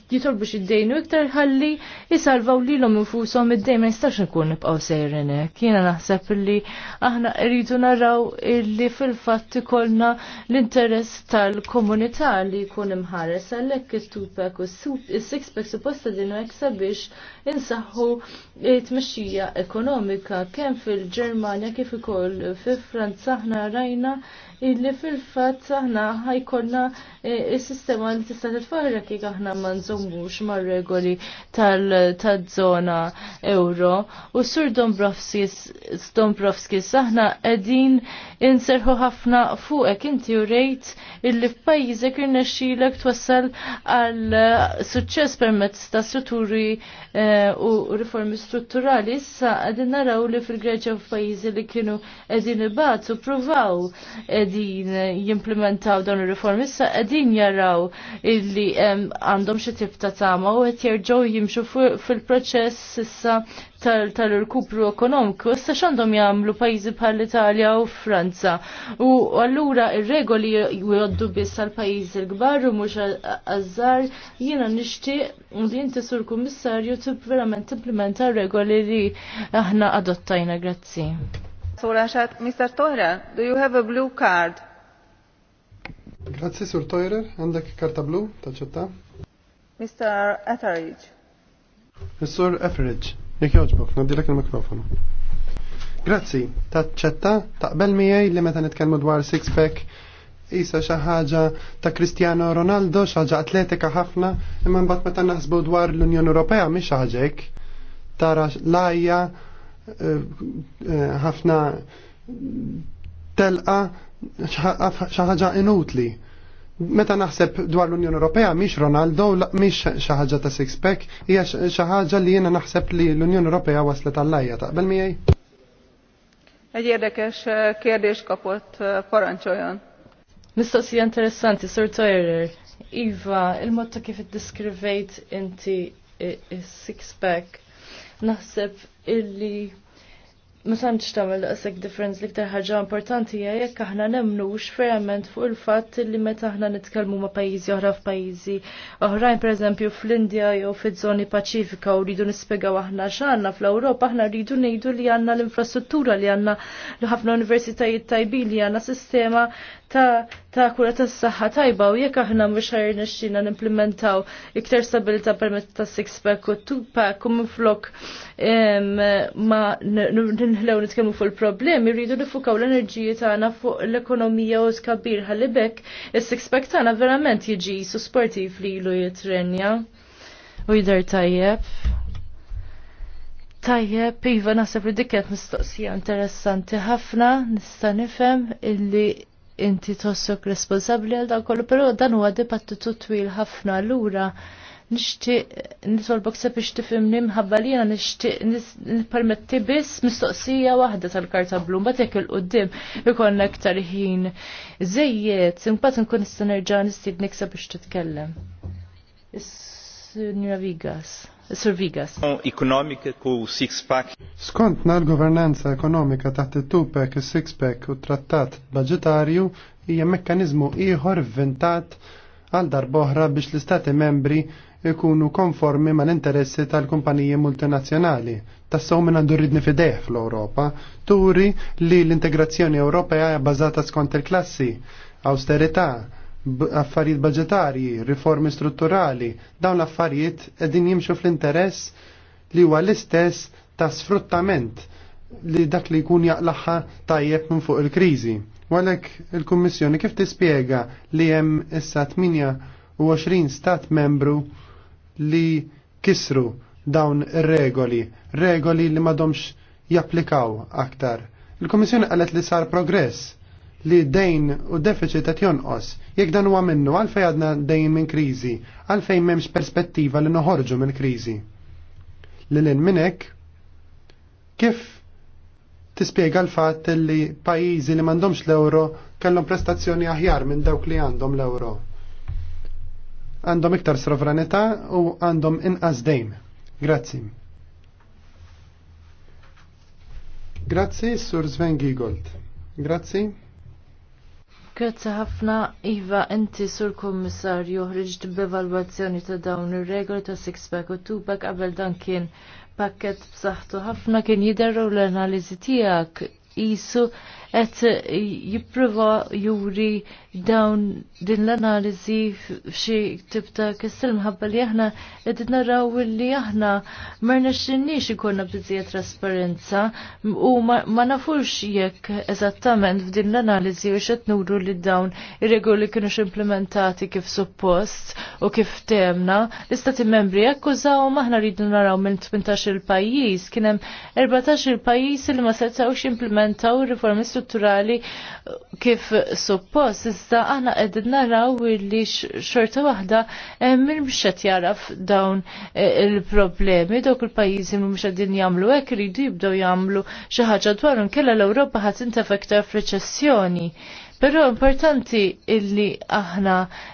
jitolbu dejn u iktar ħalli jisalvaw lilhom infushom id-dejn ma jistax nkun nibqgħu sejrene. Kiena Jiena naħseb li aħna rridu naraw illi fil-fatt ikollna l-interess tal-komunità li jkun imħares għalhekk is-tupek u s-sixpack supposta dinu hekk sabiex insaħħu t-mexxija ekonomika kemm fil-Ġermanja kif ukoll fil Franza aħna rajna illi fil-fatt aħna ħajkollna il-sistema li tista' titfarra kik aħna ma nżommux mar-regoli tal-żona euro u sur Dombrovskis aħna qegħdin inserħu ħafna fuqek inti u rejt illi f'pajjiżek irnexxielek twassal għal suċċess permezz ta' strutturi eh, u riformi strutturali issa qegħdin naraw li fil-Greċja f'pajjiżi li kienu qegħdin ibatu provaw qegħdin jimplementaw dawn ir-riformi issa qegħdin qegħdin jaraw illi għandhom xi tip ta' tama u qed jerġgħu jimxu fil-proċess issa tal-rkupru ekonomiku. Issa x'għandhom jagħmlu pajjiżi bħal Italja u Franza. U allura ir-regoli jgħoddu biss għal pajjiżi l-kbar u mhux għażar jiena nixtieq li inti sur kummissarju tib verament implementa regoli li aħna adottajna. Grazzi. Mr. Tohra, do you have a blue card? Grazzi, Sir Toirer. Għandek karta blu taċċetta? Mr. Etheridge. Mr. Etheridge, jek joġbok, nadilek il-mikrofonu. Grazzi, taċċetta, taqbel miej li meta nitkellmu dwar six-pack isa xi ħaġa ta' Cristiano Ronaldo, xi ħaġa atletika ħafna, imma mbagħad meta naħsbu dwar l-Unjoni Ewropea mhix xi ħaġa hekk. Tara lajja eh, eh, ħafna telqa xaħġa inutli. Meta naħseb dwar l-Unjoni Ewropea mhix Ronaldo, mhix xi ħaġa ta' six pack, hija xi ħaġa li jiena naħseb li l-Unjoni Ewropea waslet għallajja taqbel miej. Egy érdekes eh, kérdés kapott, eh, parancsoljon. Mistoqsija interessanti, Sir Toyer. Iva, il-mod ta' kif iddiskrivejt inti eh, six pack, naħseb illi ma tantx tagħmel difference differenz l-iktar ħaġa importanti hija jekk aħna nemnux ferament fuq il-fatt li meta aħna nitkellmu ma' pajjiżi oħra f'pajjiżi oħrajn pereżempju fl-Indja jew fiż-żoni Paċifika u rridu nispjegaw aħna x'anna, fl-Ewropa aħna rridu ngħidu li għandna l-infrastruttura li għandna ħafna universitajiet tajbi li għandna sistema ta', ta kura tas saħħa tajba u jekk aħna mhux ħajr nixxina implementaw iktar stabilità permezz ta' six pack u two pack u minflok ma ninħlew nitkellmu fuq il-problemi rridu nifukaw l-enerġiji tagħna fuq l-ekonomija u skabir ħalibek il is-six pack tagħna verament jiġi su sportiv li ilu jitrenja u jidher tajjeb. Tajjeb, Iva, nasab li dikket mistoqsija interessanti ħafna, nista' nifhem illi inti tossok responsabli għal dan kollu, pero dan huwa dibattitu twil ħafna lura nixtieq nitolbok se biex tifhimni mħabba li jiena nixtieq nippermetti biss mistoqsija waħda tal-karta blu mbagħad jekk il qudiem ikollna aktar ħin żejjed imbagħad nkun nista' nerġa' nistiednik sa biex titkellem. Is-Sinjura Vigas. Sir Vigas. Ekonomika l-governanza ekonomika taħt il pack il il-six-pack u trattat budgetarju hija mekkanizmu ieħor vintat għal darboħra biex l-istati membri ikunu konformi mal interessi tal-kumpaniji multinazzjonali. Tassaw minna għandu ridni fideħ fl-Europa, turi li l-integrazzjoni Ewropea hija bażata skont il-klassi, austerità, affarijiet budgetarji, riformi strutturali, dawn l-affarijiet qegħdin jimxu fl-interess li huwa l-istess ta' sfruttament li dak li jkun jaqlaħħa tajjeb minn fuq il-kriżi. Walek il-Kummissjoni kif tispjega li hemm issa 28 stat membru li kisru dawn ir regoli, regoli li madomx japplikaw aktar. il kummissjoni qalet li sar progress li dejn u deficit qed jonqos. Jekk dan huwa minnu għalfejn għadna dejn minn kriżi, għalfejn m'hemmx perspettiva li noħorġu mill-kriżi. Lil minn hekk kif tispjega l-fatt li pajjiżi li m'għandhomx l-euro kellhom prestazzjoni aħjar minn dawk li għandhom l-euro. Għandhom iktar sovranità u għandhom inqas dejn. Grazzi. Grazzi, Sur Sven Giegold. Grazzi. Grazzi ħafna, Iva, inti sur kommissarju ħriġt b'evalwazzjoni ta' dawn ir-regoli ta' six-pack u pack qabel dan kien pakket b'saħħtu ħafna kien jidherru l-analiżi tiegħek isu qed jipprova juri dawn din l-analizi f'xi tibta kessil mħabba li aħna qed narraw li aħna marna xie konna biżija trasparenza u ma nafux jekk eżattament f'din l-analiżi u x'qed nuru li dawn ir-regoli kienu implementati kif suppost u kif temna l-istati membri akkużaw maħna rridu naraw minn 18 il-pajjiż kien hemm 14 il-pajjiż li ma setgħux implementaw riformi strutturali kif suppost Iżda aħna qegħdin naraw li xorta waħda eh, minn mhux qed jaraf dawn eh, il-problemi, dawk il-pajjiżi mhux qegħdin jagħmlu hekk iridu jibdew jagħmlu xi ħaġa dwarhom kellha l-Ewropa ħadd intef aktar f'reċessjoni. Però importanti illi aħna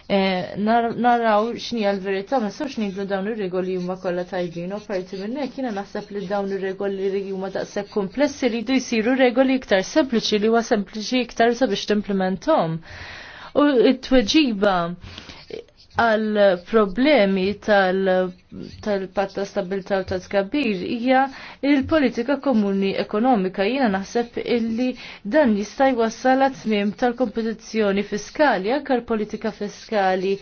eh, naraw xni għal-verita, ma sawx nidlu dawn ir-regoli huma kollha tajbin, u parti minn hekk jiena naħseb li dawn ir-regoli li huma daqshekk komplessi li jdu jsiru regoli iktar sempliċi li huwa sempliċi iktar sabiex timplementhom u t-tweġiba għal problemi tal-patt ta' stabilta u ta' tkabbir hija il-politika komuni ekonomika. Jiena naħseb illi dan jista' jwassal tmiem tal-kompetizzjoni fiskali, għak politika fiskali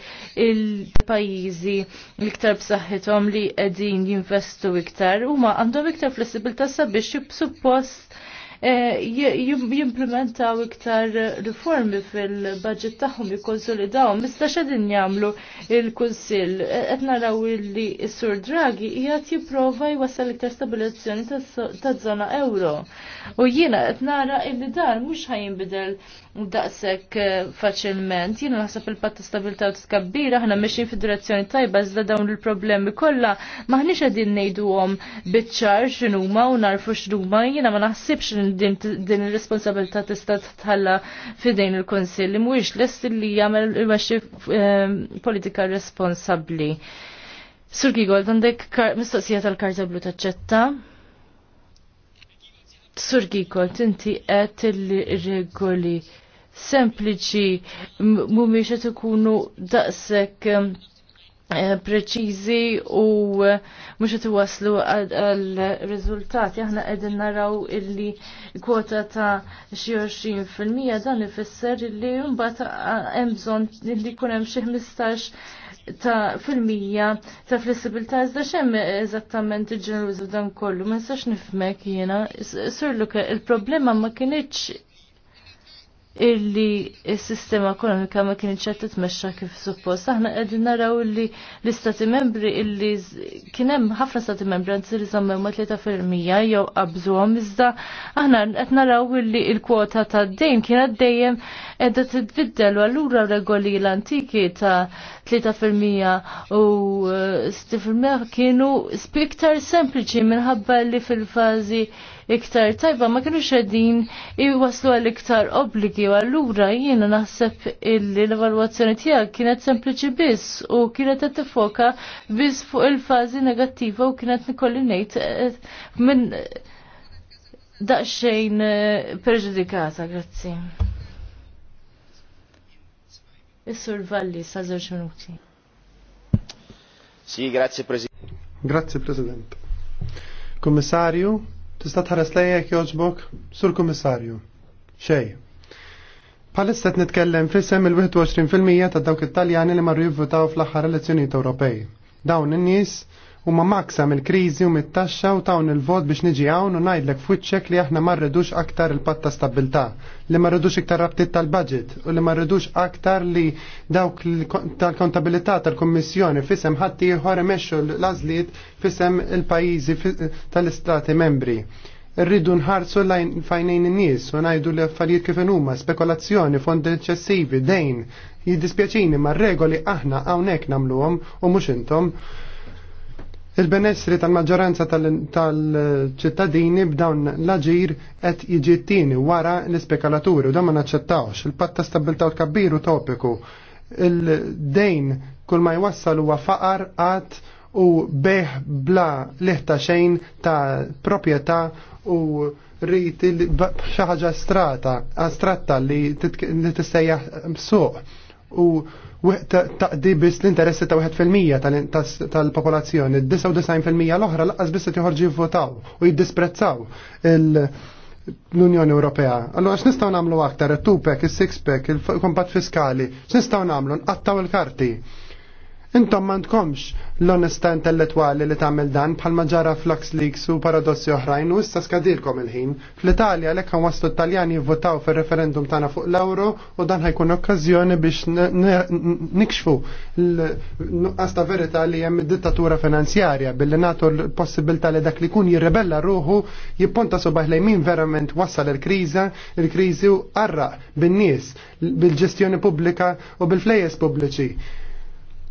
il-pajjiżi l-iktar b'saħħithom li qegħdin jinvestu iktar huma għandhom iktar flessibilità sabiex suppost Eh, jimplementaw iktar riformi fil-budget tagħhom jikkonsolidaw. Mista din jagħmlu il-Kunsill qed naraw li s-Sur Draghi jgħat jipprova jwassal iktar stabilizzjoni taż zona euro. U jiena qed nara li dan mhux bidel daqsek eh, faċilment. Jiena naħseb il-patta stabilta u tkabbira, ħna mexin fid-direzzjoni tajba iżda dawn il-problemi kollha maħniex qegħdin ngħiduhom biċ-ċar x'inhuma u narfu x'numa, jiena ma naħsibx din ir-responsabilità tista' tħalla f'idejn il-Kunsill li mhuwiex lest li jagħmel imexxi eh, politika responsabbli. Sur Gigol, għandek mistoqsija tal-karta blu taċċetta? Sur Gigol, inti qed il-regoli sempliċi mhumiex qed ikunu daqshekk um, eh, preċiżi u eh, mhux qed iwaslu għal riżultati aħna qegħdin naraw illi kwota ta' xi fil-mija dan ifisser illi mbagħad hemm bżonn illi jkun hemm xi 15 ta' fil-mija ta' flessibilta iżda xem eżattament il-ġeneruż dan kollu, ma nistax nifmek jiena. Sur Luka, il-problema ma kienieċ illi s-sistema ekonomika ma kien qed titmexxa kif suppost. Aħna qegħdin naraw illi l-istati membri illi kien hemm ħafna stati membri anzi li żammew ma tlieta fil-mija jew qabżuhom iżda aħna qed naraw illi l-kwota tad-dejn kienet dejjem t titbiddel u allura regoli l-antiki ta' 3% u 6% uh, kienu spiktar sempliċi minħabba li fil-fazi iktar tajba ma kienu xedin iwaslu għal iktar obbligi u allura jiena naħseb illi l-evalwazzjoni tiegħek kienet sempliċi biss u kienet qed tifoka biss fuq il-fażi negattiva u kienet nikolli ngħid eh, minn daqsxejn eh, preġudikata, grazzi. Is-Sur Valli Sazer żewġ Sì, grazie Presidente. Grazie Presidente. Kommissarju, tista' tħares lejjek jogħġbok? Sur Kommissarju. Xej. Palissa qed nitkellem f'isem il-21% ta' dawk it-Taljani li marru jivvutaw fl-aħħar elezzjonijiet Ewropej. Dawn in-nies u ma maksa mill kriżi u mit-taxxa u tawn il-vot biex niġi hawn u ngħidlek fwiċċek li aħna ma rridux aktar il-patt ta' stabbiltà, li ma rridux iktar rabtiet tal-budget u li ma rridux aktar li dawk tal-kontabilità tal-Kummissjoni fisem ħadd ieħor imexxu l-għażliet fisem il-pajjiżi tal-istati membri. Rridu nħarsu lajn fajnejn in-nies u ngħidu li affarijiet kif huma spekolazzjoni, fondi eċċessivi, dejn. Jiddispjaċini ma regoli aħna hawnhekk nagħmluhom u mhux intom. Il-benessri tal-maġġoranza tal-ċittadini b'dawn l-aġir qed jiġi t-tieni wara l-ispekalaturi u dan ma naċċettawx. Il-patta stabilta u tkabbiru topiku. Il-dejn kull ma jwassal huwa faqar qatt u beħ bla liħta xejn ta' proprjetà u rrit xi ħaġa strata, astratta li tissejjaħ suq. U taqdi biss l-interessi ta' 1% tal-popolazzjoni, 99% l-oħra laqqas biss joħorġu jivvotaw u jiddisprezzaw l-Unjoni Ewropea. Allora x'nistgħu nagħmlu aktar, it il 6 pack, il-kompat fiskali, x'nistgħu nagħmlu nqattaw il-karti. Intom mandkomx l-onesta intellettuali li tagħmel dan bħalma ġara flux leaks u paradossi oħrajn u issa skadilkom il-ħin. Fl-Italja lek kan waslu Taljani jivvotaw fir referendum tagħna fuq l-euro u dan ħajkun okkażjoni biex nikxfu l-nuqqas ta' verità li hemm dittatura finanzjarja billi nagħtu l-possibilità li dak li jkun jirrebella ruħu jipponta subaħ lejn min verament wassal il-kriża, il-kriżi u qarraq bin-nies bil-ġestjoni pubblika u bil-flejjes pubbliċi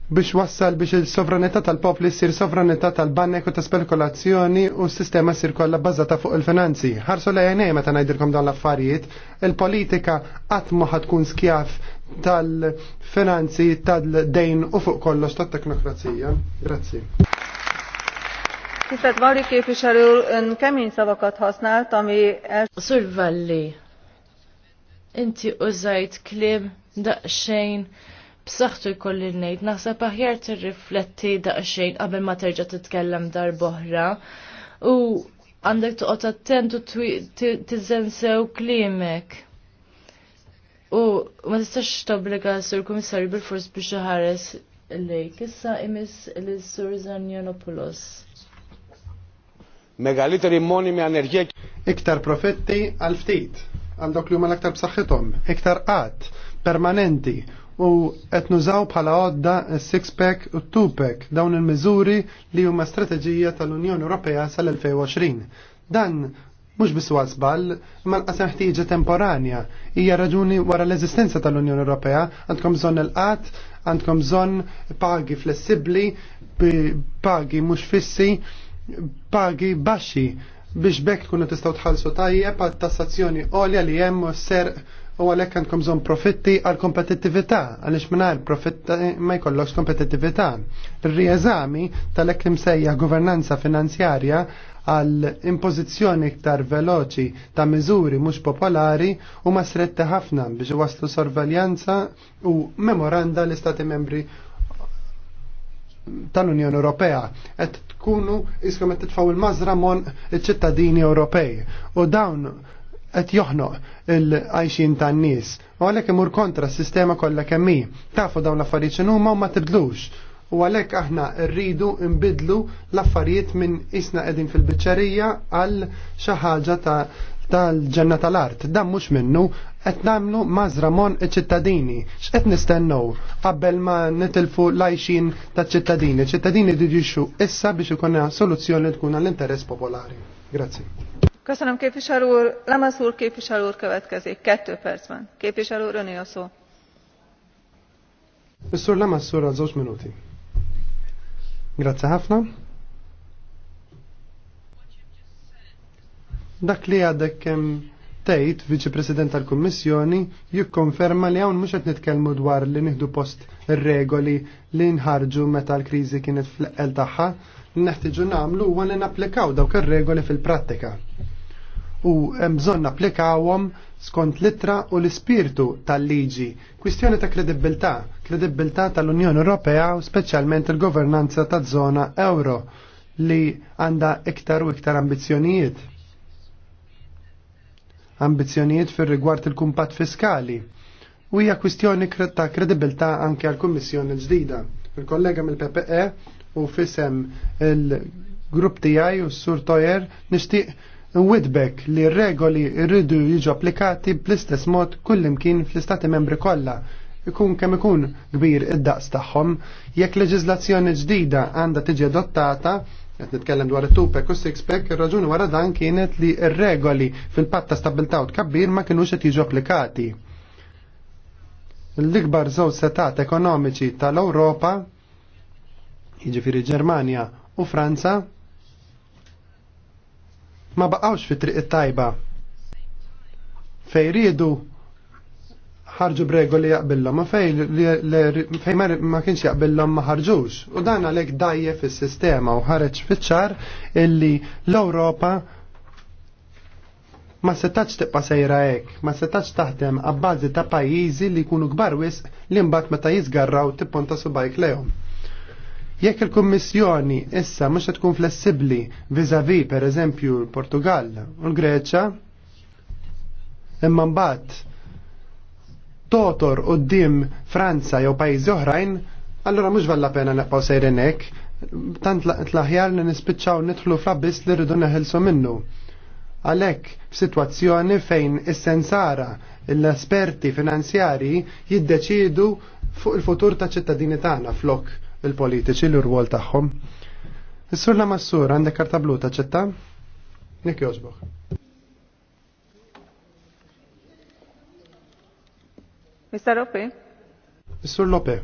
biex wassal biex il-sovranità tal-popli sir sovranità tal-bannek u ta' spekulazzjoni u s-sistema sir kolla bazzata fuq il-finanzi. Ħarsu la jgħinej meta ngħidilkom dawn l-affarijiet, il-politika qatt ma tkun skjaf tal-finanzi tal-dejn u fuq kollox tat-teknokrazija. Grazzi. Tisztelt Mauri képviselő úr, ön kemény szavakat használt, ami... Szurvalli, inti użajt klim, daqxejn b'saħħtu jkolli ngħid naħseb aħjar tirrifletti daqsxejn qabel ma terġa' titkellem dar boħra. U għandek toqgħod attent u tiżensew klimek. U ma tistax tobbliga sur kummissarju bil-fors biex ħares lejk. Issa imis l-Sur Zanjanopoulos. Megaliter immonimi enerġija. Iktar profetti għal ftit għandok li huma l-aktar b'saħħithom, iktar qatt, permanenti u qed nużaw bħala għodda six-pack u two-pack dawn il-miżuri li huma strateġija tal-Unjoni Ewropea sal-2020. Dan mhux biss huwa żball, l-qasem ħtijġa temporanja. Hija raġuni wara l-eżistenza tal-Unjoni Ewropea għandkom zon l-qat, għandkom zon pagi flessibbli, pagi mhux fissi, pagi baxxi biex bekk tkunu tistgħu tħallsu tajjeb għat tassazzjoni għolja li hemm ser u għalhekk għandkom bżonn profitti għal kompetittività għaliex mingħajr profitti ma jkollokx kompetitivita. Ir-rieżami tal ek imsejja governanza finanzjarja għal impożizzjoni iktar veloċi ta' miżuri mhux popolari u ma sretti ħafna biex waslu sorveljanza u memoranda l-Istati membri tal-Unjoni Ewropea qed tkunu iskom qed titfgħu il-mażra mon iċ-ċittadini Ewropej. U dawn qed joħnoq il-għajxin tan-nies. U għalhekk imur kontra s-sistema kollha kemm hi. Tafu dawn l-affarijiet x'inhuma u ma tibdlux. U għalhekk aħna rridu nbidlu l-affarijiet minn isna qegħdin fil-biċċerija għal xi ħaġa ta' tal-ġenna tal-art. Dan mhux minnu qed nagħmlu mażra mon iċ-ċittadini. X'qed nistennew qabel ma nitilfu l-għajxin taċ-ċittadini. ċittadini didixxu issa biex ikun soluzzjoni tkun għall-interess popolari. Grazzi. Köszönöm képviselő úr. Lemesz úr képviselő úr következik. Kettő percben. Képviselő úr, öné a szó. Mr. Lemesz az minuti. Grazie ħafna. Dak li għadek tgħid viċi President tal-Kummissjoni jikkonferma li hawn mhux qed nitkellmu dwar li nieħdu post regoli li nħarġu meta l-kriżi kienet fl-qel tagħha, li neħtieġu nagħmlu huwa li napplikaw dawk ir-regoli fil-prattika u hemm bżonn applikawhom skont litra u l-ispirtu tal-liġi. Kwistjoni ta' kredibilità, kredibilità tal-Unjoni Ewropea u speċjalment il-governanza ta' żona euro li għandha iktar u iktar ambizzjonijiet. Ambizzjonijiet fir-rigward il-kumpat fiskali u hija kwistjoni ta' kredibilità anke għall kummissjoni l-ġdida. Il-kollega mill-PPE u fisem il-grupp tiegħi u s-Sur Tojer nixtieq Widbek li regoli rridu jiġu applikati bl-istess mod kullimkien fl-istati membri kollha ikun kemm ikun kbir id-daqs tagħhom, jekk leġiżlazzjoni ġdida għandha tiġi adottata, qed nitkellem dwar it-tupek u six-pack, ir-raġuni wara dan kienet li r-regoli fil-patta stabilta u tkabbir ma kinux qed jiġu applikati. L-ikbar żewġ setat ekonomiċi tal-Ewropa, jiġifieri Ġermanja u Franza, ma baqgħux fi triq it-tajba fej ridu ħarġu bregu li jaqbillom ma fej, fej ma kienx jaqbillom ma ħarġux. U dan għalek dajje fis sistema u ħareċ fitxar illi l-Europa ma setax tibqa sejra hekk, ma setax taħdem għabbażi ta' pajjiżi li jkunu kbar wisq li mbagħad meta jiżgarraw tipponta subajk lejhom. Jekk il-Kummissjoni issa mhux tkun flessibbli viżavi pereżempju l-Portugal u l-Greċja, imma mbagħad totor qudiem Franza jew pajjiżi oħrajn, allura mhux valla pena neqgħu sejrin hekk, tant tlaħjar li nispiċċaw nidħlu fl-abiss li rridu neħilsu minnu Għalhekk f'sitwazzjoni fejn is-sensara l-esperti finanzjari jiddeċidu fuq il-futur ta' ċittadini tagħna flok il-politiċi li rwol tagħhom. Is-sur la massur għandek karta blu taċċetta? Nek jogħġbok. Mr. Lope? Is-sur Lope.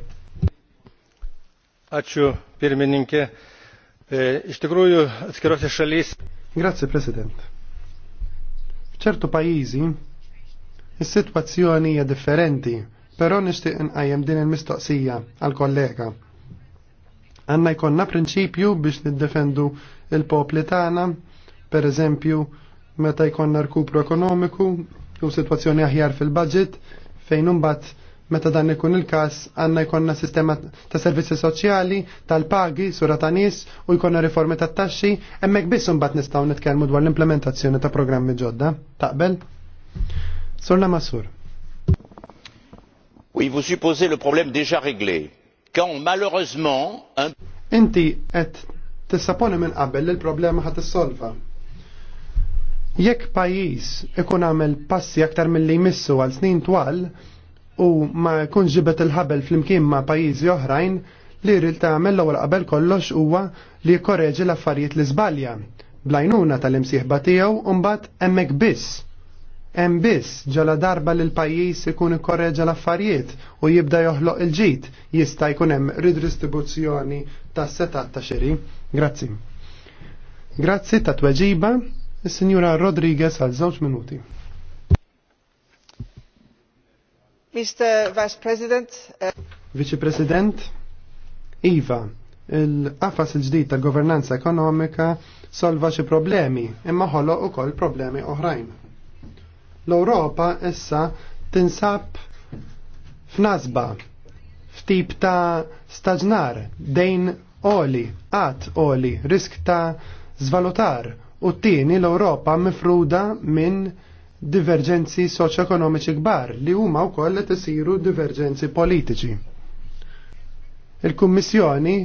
Aċċu, pirmininke, ixtigrujju atskirosi xalis. Grazie, President. F'ċertu pajizi, is-sitwazzjoni hija differenti, però nixtieq inqajjem din il-mistoqsija għal kollega Għanna jkonna prinċipju biex niddefendu il-popli tagħna, per eżempju, meta jkonna rkupru ekonomiku u situazzjoni aħjar fil-budget fejn imbagħad meta dan ikun il-każ għandna jkollna sistema ta' servizzi soċjali, tal-pagi, sura ta' nies u jkollna riformi tat taxxi, hemmhekk biss imbagħad nistgħu nitkellmu dwar l-implementazzjoni ta' programmi ġodda. Taqbel? Surna Masur. Oui, vous supposez le problème déjà réglé quand malheureusement un... Inti qed tissaponi minn qabel li l-problema ħat issolva. Jekk pajjiż ikun għamel passi aktar milli jmissu għal snin twal u ma jkunx ġibet il-ħabel flimkien ma' pajjiżi oħrajn, li ril tagħmel l-ewwel qabel kollox huwa li jkorreġi l-affarijiet li żbalja blajnuna tal-imsieħba tiegħu u mbagħad hemmhekk biss Hemm biss ġala darba li l-pajjiż ikun ikkorreġġa l-affarijiet u jibda joħloq il-ġid jista' jkun hemm ridistribuzzjoni tas-setat ta' xiri. Grazzi. Grazzi ta' tweġiba is-Sinjura Rodriguez għal żewġ minuti. Mr. Vice President. Eh, Vice President, Iva, il-qafas il-ġdid tal-governanza ekonomika solva xi problemi imma ħoloq ukoll problemi oħrajn L-Europa issa tinsab f'nazba, f'tip ta' staġnar, dejn oli, għat oli, risk ta' zvalutar u t tini l-Europa mifruda minn divergenzi soċ-ekonomiċi kbar li huma wkoll qed isiru divergenzi politiċi. Il-Kummissjoni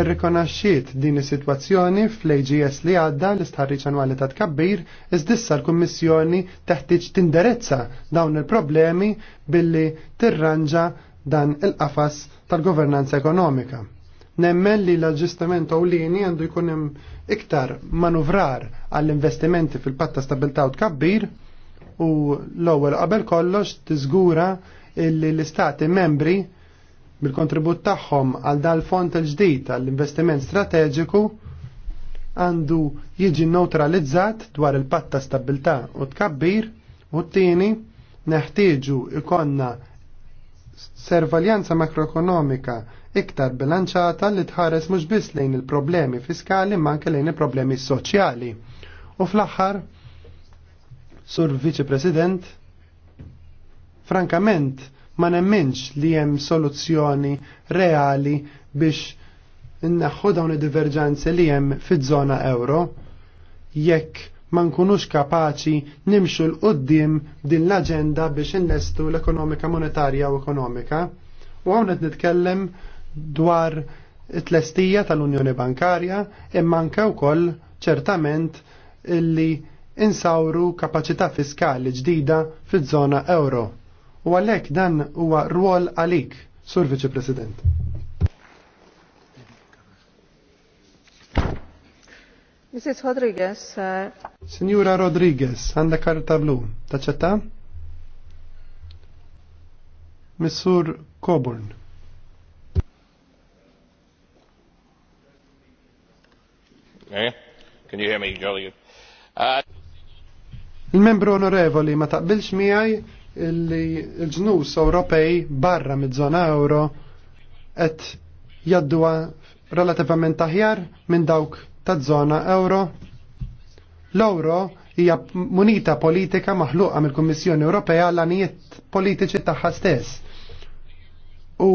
irrikonaxxiet din is-sitwazzjoni fl-AGS li għadda l-istħarriċ annwali ta' tkabbir iżdissa l-Kummissjoni teħtieġ tinderezza dawn il-problemi billi tirranġa dan il-qafas tal-governanza ekonomika. Nemmen li l-aġġustament ewlieni għandu jkun hemm iktar manuvrar għall-investimenti fil-patta stabilta' u tkabbir u l-ewwel qabel kollox tiżgura li l-istati membri bil-kontribut tagħhom għal dal fond il-ġdid għall-investiment strateġiku għandu jiġi neutralizzat dwar il-patta stabilta u tkabbir u t-tieni neħtieġu ikonna servaljanza makroekonomika iktar bilanċata li tħares mhux biss lejn il-problemi fiskali ma anke lejn il-problemi soċjali. U fl-aħħar, Sur Viċi President, frankament, ma nemminx li hemm soluzzjoni reali biex inneħħu dawn id-diverġanzi li hemm fiż-żona euro jekk ma nkunux kapaċi nimxu l-qoddim din l-agenda biex innestu l-ekonomika monetarja u ekonomika. U għawnet nitkellem dwar it-lestija tal-Unjoni Bankarja imma anke wkoll ċertament illi insawru kapaċità fiskali ġdida fiż-żona euro. U għalhekk dan huwa rwol għalik, Sur Vice President. Mrs. Rodriguez. Uh... Signora Rodriguez, għanda karta blu, taċċetta? Missur Coburn. Eh? Can you hear me, Jolly? Uh... Il-membru onorevoli ma taqbilx miegħi illi l-ġnus Ewropej barra mid-żona euro qed jadduwa relativament aħjar minn dawk taż-żona euro. L-euro hija munita politika maħluqa mill-Kummissjoni Ewropea l anijiet politiċi tagħha stess. U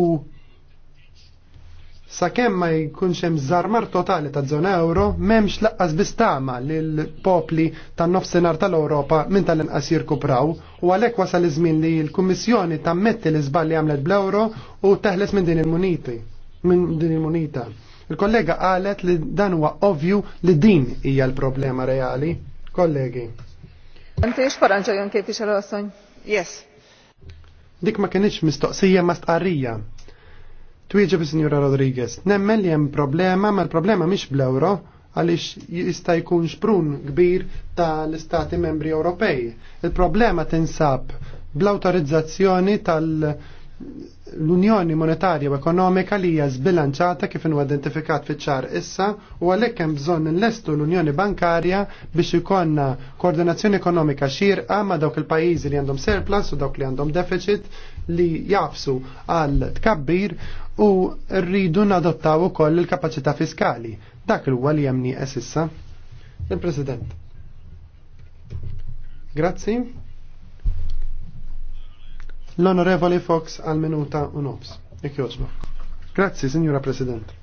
Sakemm ma jkunx hemm żarmar totali ta' żona euro, m'hemmx laqqas bistama lil popli tan-nofsinhar tal-Ewropa minn tal-inqas jirkupraw u għalhekk wasal iż-żmien li l-Kummissjoni tammetti l-iżball li għamlet bl ewro u teħles minn din il-muniti minn din il-munita. Il-kollega qalet li dan huwa ovvju li din hija l-problema reali. Kollegi. Inti x'paranġa jon kif Yes. Dik ma kienx mistoqsija ma stqarrija. Twiġib Signora Rodriguez, nemmen li hemm problema, ma l-problema mhix bl-euro, għaliex jista' jkun xprun kbir tal-Istati Membri Ewropej. Il-problema tinsab bl-awtorizzazzjoni tal- l-Unjoni Monetarja u Ekonomika li hija zbilanċata kif inhu identifikat fiċ-ċar issa u għalhekk hemm bżonn inlestu l-Unjoni Bankarja biex ikonna koordinazzjoni ekonomika xierqa ma' dawk il-pajjiżi li għandhom surplus u dawk li għandhom deficit li jafsu għal tkabbir u rridu nadottaw ukoll il-kapaċità fiskali. Dak huwa li hemm nieqes issa. Il-President. Grazzi. L-Onorevoli Fox għal minuta u nofs. Ikjożlu. Grazzi, Signora President.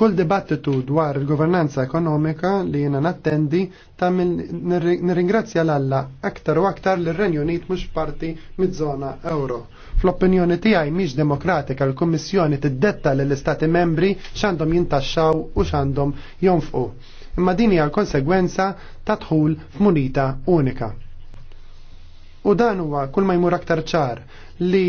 Kull dibattitu dwar il-governanza ekonomika li jena nattendi ta' nirringrazzja l-alla aktar u aktar li r-Renju Unit mux parti mid-zona euro. Fl-opinjoni tijaj miex demokratika l-Kommissjoni tiddetta l-Istati membri xandom jintaxxaw u xandom jonfqu. Imma dini għal konsegwenza ta' tħul f'munita unika. U dan huwa kull ma jmur aktar ċar li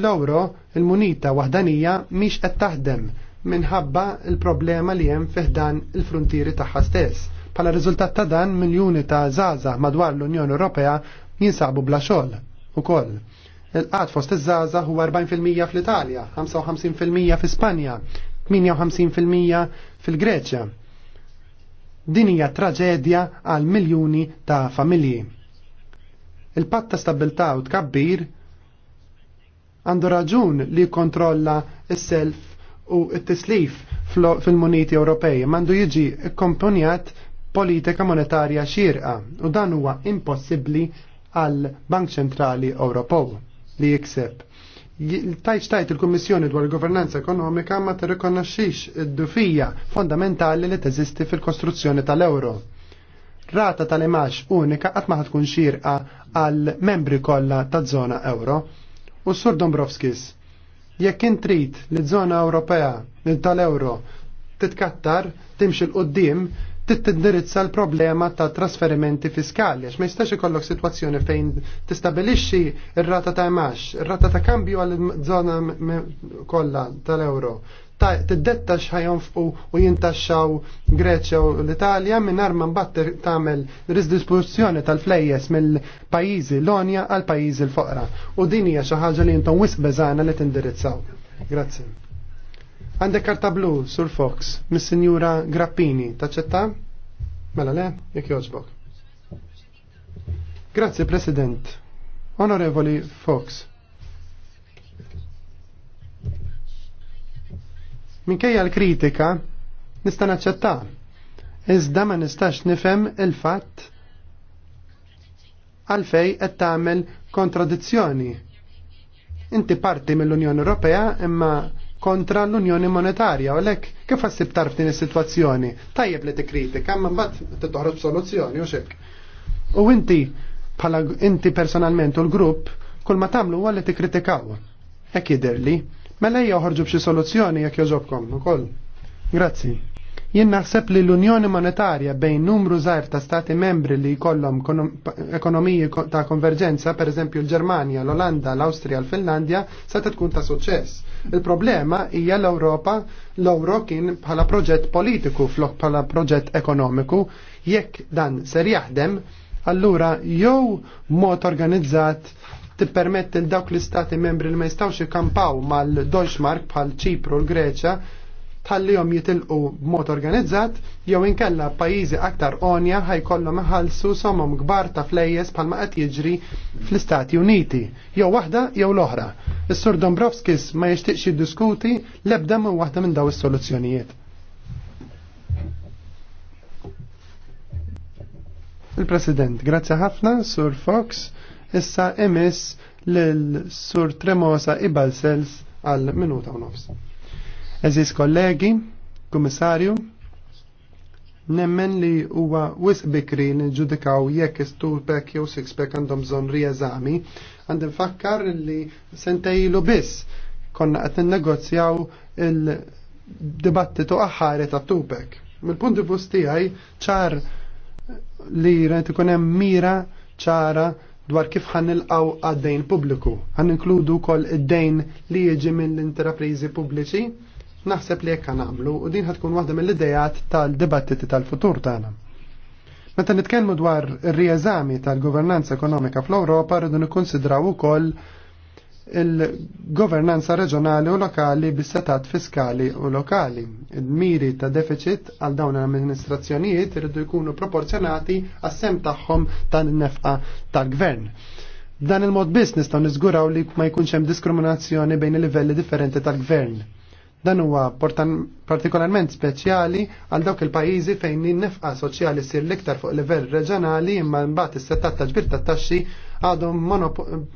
l-euro, il-munita wahdanija miex qed taħdem minħabba il-problema li hemm fiħdan il-frontieri tagħha stess. Pala riżultat ta' dan miljuni ta' zaza madwar l-Unjoni Ewropea jinsabu bla xogħol ukoll. Il-qat fost iż-żaza huwa 40% fl-Italja, 55% fl-Ispanja, 58% fil-Greċja. Din hija traġedja għal miljuni ta' familji. Il-patt ta' stabilta' u tkabbir għandu raġun li kontrolla s-self u t-tislif fil muniti Ewropej mandu jiġi komponjat politika monetarja xirqa u dan huwa impossibbli għal Bank Ċentrali Ewropew li jikseb. Tajt tajt il-Kommissjoni dwar il-Governanza Ekonomika ma tirrikonoxxix id-dufija fondamentali li teżisti fil-kostruzzjoni tal-euro. Rata tal-imax unika qatt ma tkun xirqa għal membri kollha taż-żona euro. U Sur Dombrovskis, Jekk intrid li żona Ewropea tal-euro titkattar, timx il qoddim tittindirizza l-problema ta' trasferimenti fiskali, għax ma jistax ikollok situazzjoni fejn tistabilixxi r-rata ta' imax, r-rata ta' kambju għal żona kollha tal-euro t-detta xħajon u jintaxxaw Greċja u l-Italja mingħajr ma batter tagħmel rizdispozizjoni tal-flejjes mill-pajjiżi l-onja għal pajjiżi l-foqra. U din hija xi ħaġa li intom wisq beżana li tindirizzaw. Grazzi. Għandek karta blu, Sur Fox, mis-Sinjura Grappini, taċċetta? Mela le, jekk jogħġbok. Grazzi, President. Onorevoli Fox. Minkejja l-kritika nista' naċċetta. Iżda ma nistax nifhem il-fatt għalfej qed tagħmel kontradizzjoni. Inti parti mill-Unjoni Ewropea imma kontra l-Unjoni Monetarja u lek kif għassib tarf din is-sitwazzjoni? Tajjeb li tikkritika, ma mbagħad titoħroġ soluzzjoni u xek. U inti bħala inti personalment u l-grupp kull ma tagħmlu huwa li tikkritikaw. Hekk jidher li. Mela ħarġu b'xi soluzzjoni jekk jogħġobkom ukoll. Grazzi. Jien naħseb li l-Unjoni Monetarja bejn numru żgħar ta' stati membri li jkollhom ekonomiji ta' konverġenza, pereżempju l-Ġermanja, l-Olanda, l-Awstrija, l-Finlandja, se tkun ta' suċċess. Il-problema hija l-Ewropa l-Ewro kien bħala proġett politiku flok bħala proġett ekonomiku. Jekk dan ser jaħdem, allura jew mod organizzat tippermetti l dawk l-istati membri li ma jistawx ikampaw mal-Deutschmark bħal Ċipru l-Greċja tħallihom jitilqu b'mod organizzat jew inkella pajjiżi aktar onja ħajkollhom iħallsu somhom kbar ta' flejjes bħalma qed jiġri fl-Istati Uniti, jew waħda jew l-oħra. Is-Sur Dombrovskis ma jixtieqx jiddiskuti l-ebda minn waħda minn daw is-soluzzjonijiet. Il-President, grazzi ħafna, Sur Fox issa emis l-sur Tremosa Ibalsels għal minuta u nofs. Eżis kollegi, kummissarju, nemmen li huwa wisq bikri nġudikaw jekk istupek jew sixpek għandhom bżonn rieżami, għandhom fakkar li sentejlu biss konna qed negozjaw il-dibattitu aħħari ta' tupek. Mill-punt di tiegħi ċar li jrid ikun hemm mira ċara dwar kif ħan nilqaw għad-dejn pubbliku. Ħan inkludu kol id-dejn li jiġi mill-interaprizi pubbliċi. Naħseb li jekk nagħmlu u din ħatkun waħda mill-idejat tal-dibattiti tal-futur tagħna. Meta nitkellmu dwar ir-rieżami tal-governanza ekonomika fl-Ewropa rridu nikkonsidraw ukoll il-governanza reġjonali u lokali bis-setat fiskali u lokali. Il-miri ta' deficit għal dawn l-amministrazzjonijiet irridu jkunu proporzjonati għas-sem tagħhom tan-nefqa tal-gvern. Dan il-mod biss nistgħu niżguraw li ma jkunx hemm diskriminazzjoni bejn il-livelli differenti tal-gvern. Dan huwa partikolarment speċjali għal dawk il-pajjiżi fejn in-nefqa soċjali ssir l-iktar fuq livell reġjonali imma mbagħad is-settat ta' ġbir tat-taxxi għadhom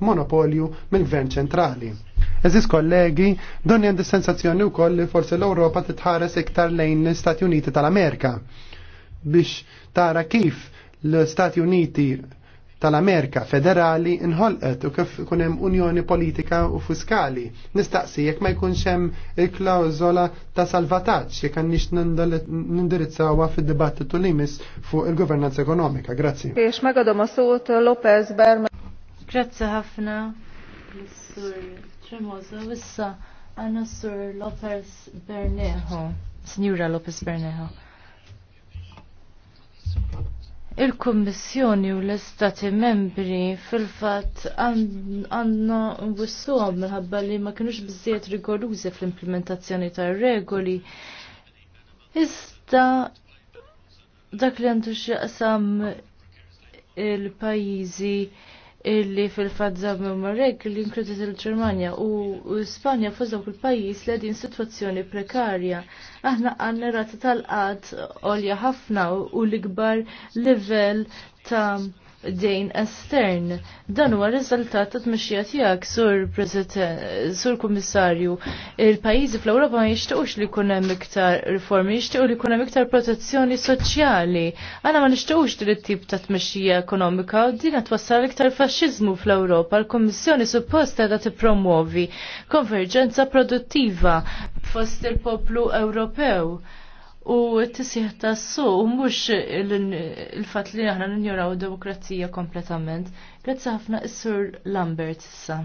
monopolju mill-Gvern ċentrali. Eżis kollegi, donni għandi sensazzjoni wkoll li forsi l-Ewropa titħares iktar lejn l-Istati Uniti tal-Amerika biex tara kif l-Stati Uniti tal-Amerika federali nħolqet u kif kun hemm unjoni politika u fiskali. Nistaqsi jekk ma jkunx hemm il-klawżola ta' salvataġġ jekk għandix nindirizzawha fid-dibattitu li mis fuq il-governanza ekonomika. Grazzi. ma għadhom Lopez Berma. Grazzi ħafna. Sur Tremosa, Sur Lopez Bernejo. Signora Lopez Bernejo il-Kommissjoni u l-Istati membri fil-fat għanna wissuhom minħabba li ma kienux bizziet rigorużi fl-implementazzjoni tar regoli. Iżda dak li għandu xieqsam il-pajizi illi fil fadza zabmu marrek li inkludet il-Ġermanja u Spanja fuq dawk il-pajjiż li għadin situazzjoni prekarja. Aħna għandna rata tal-qad għolja ħafna u l-ikbar livell ta' dejn estern. Dan huwa riżultat ta' tmexxija tiegħek sur sur Kummissarju. Il-pajjiżi fl-Ewropa ma jixtiequx li jkun hemm iktar riformi, jixtiequ li jkun hemm iktar protezzjoni soċjali. Għana ma nixtiequx din it-tip ta' tmexxija ekonomika u din twassal iktar faxxiżmu fl-Ewropa. L-Kummissjoni suppost qiegħda tippromuovi konverġenza produttiva fost il-poplu Ewropew u t-tisih tassu u mux il-fat li aħna n-njuraw demokrazija kompletament. Grazzi ħafna s-sur Lambert issa.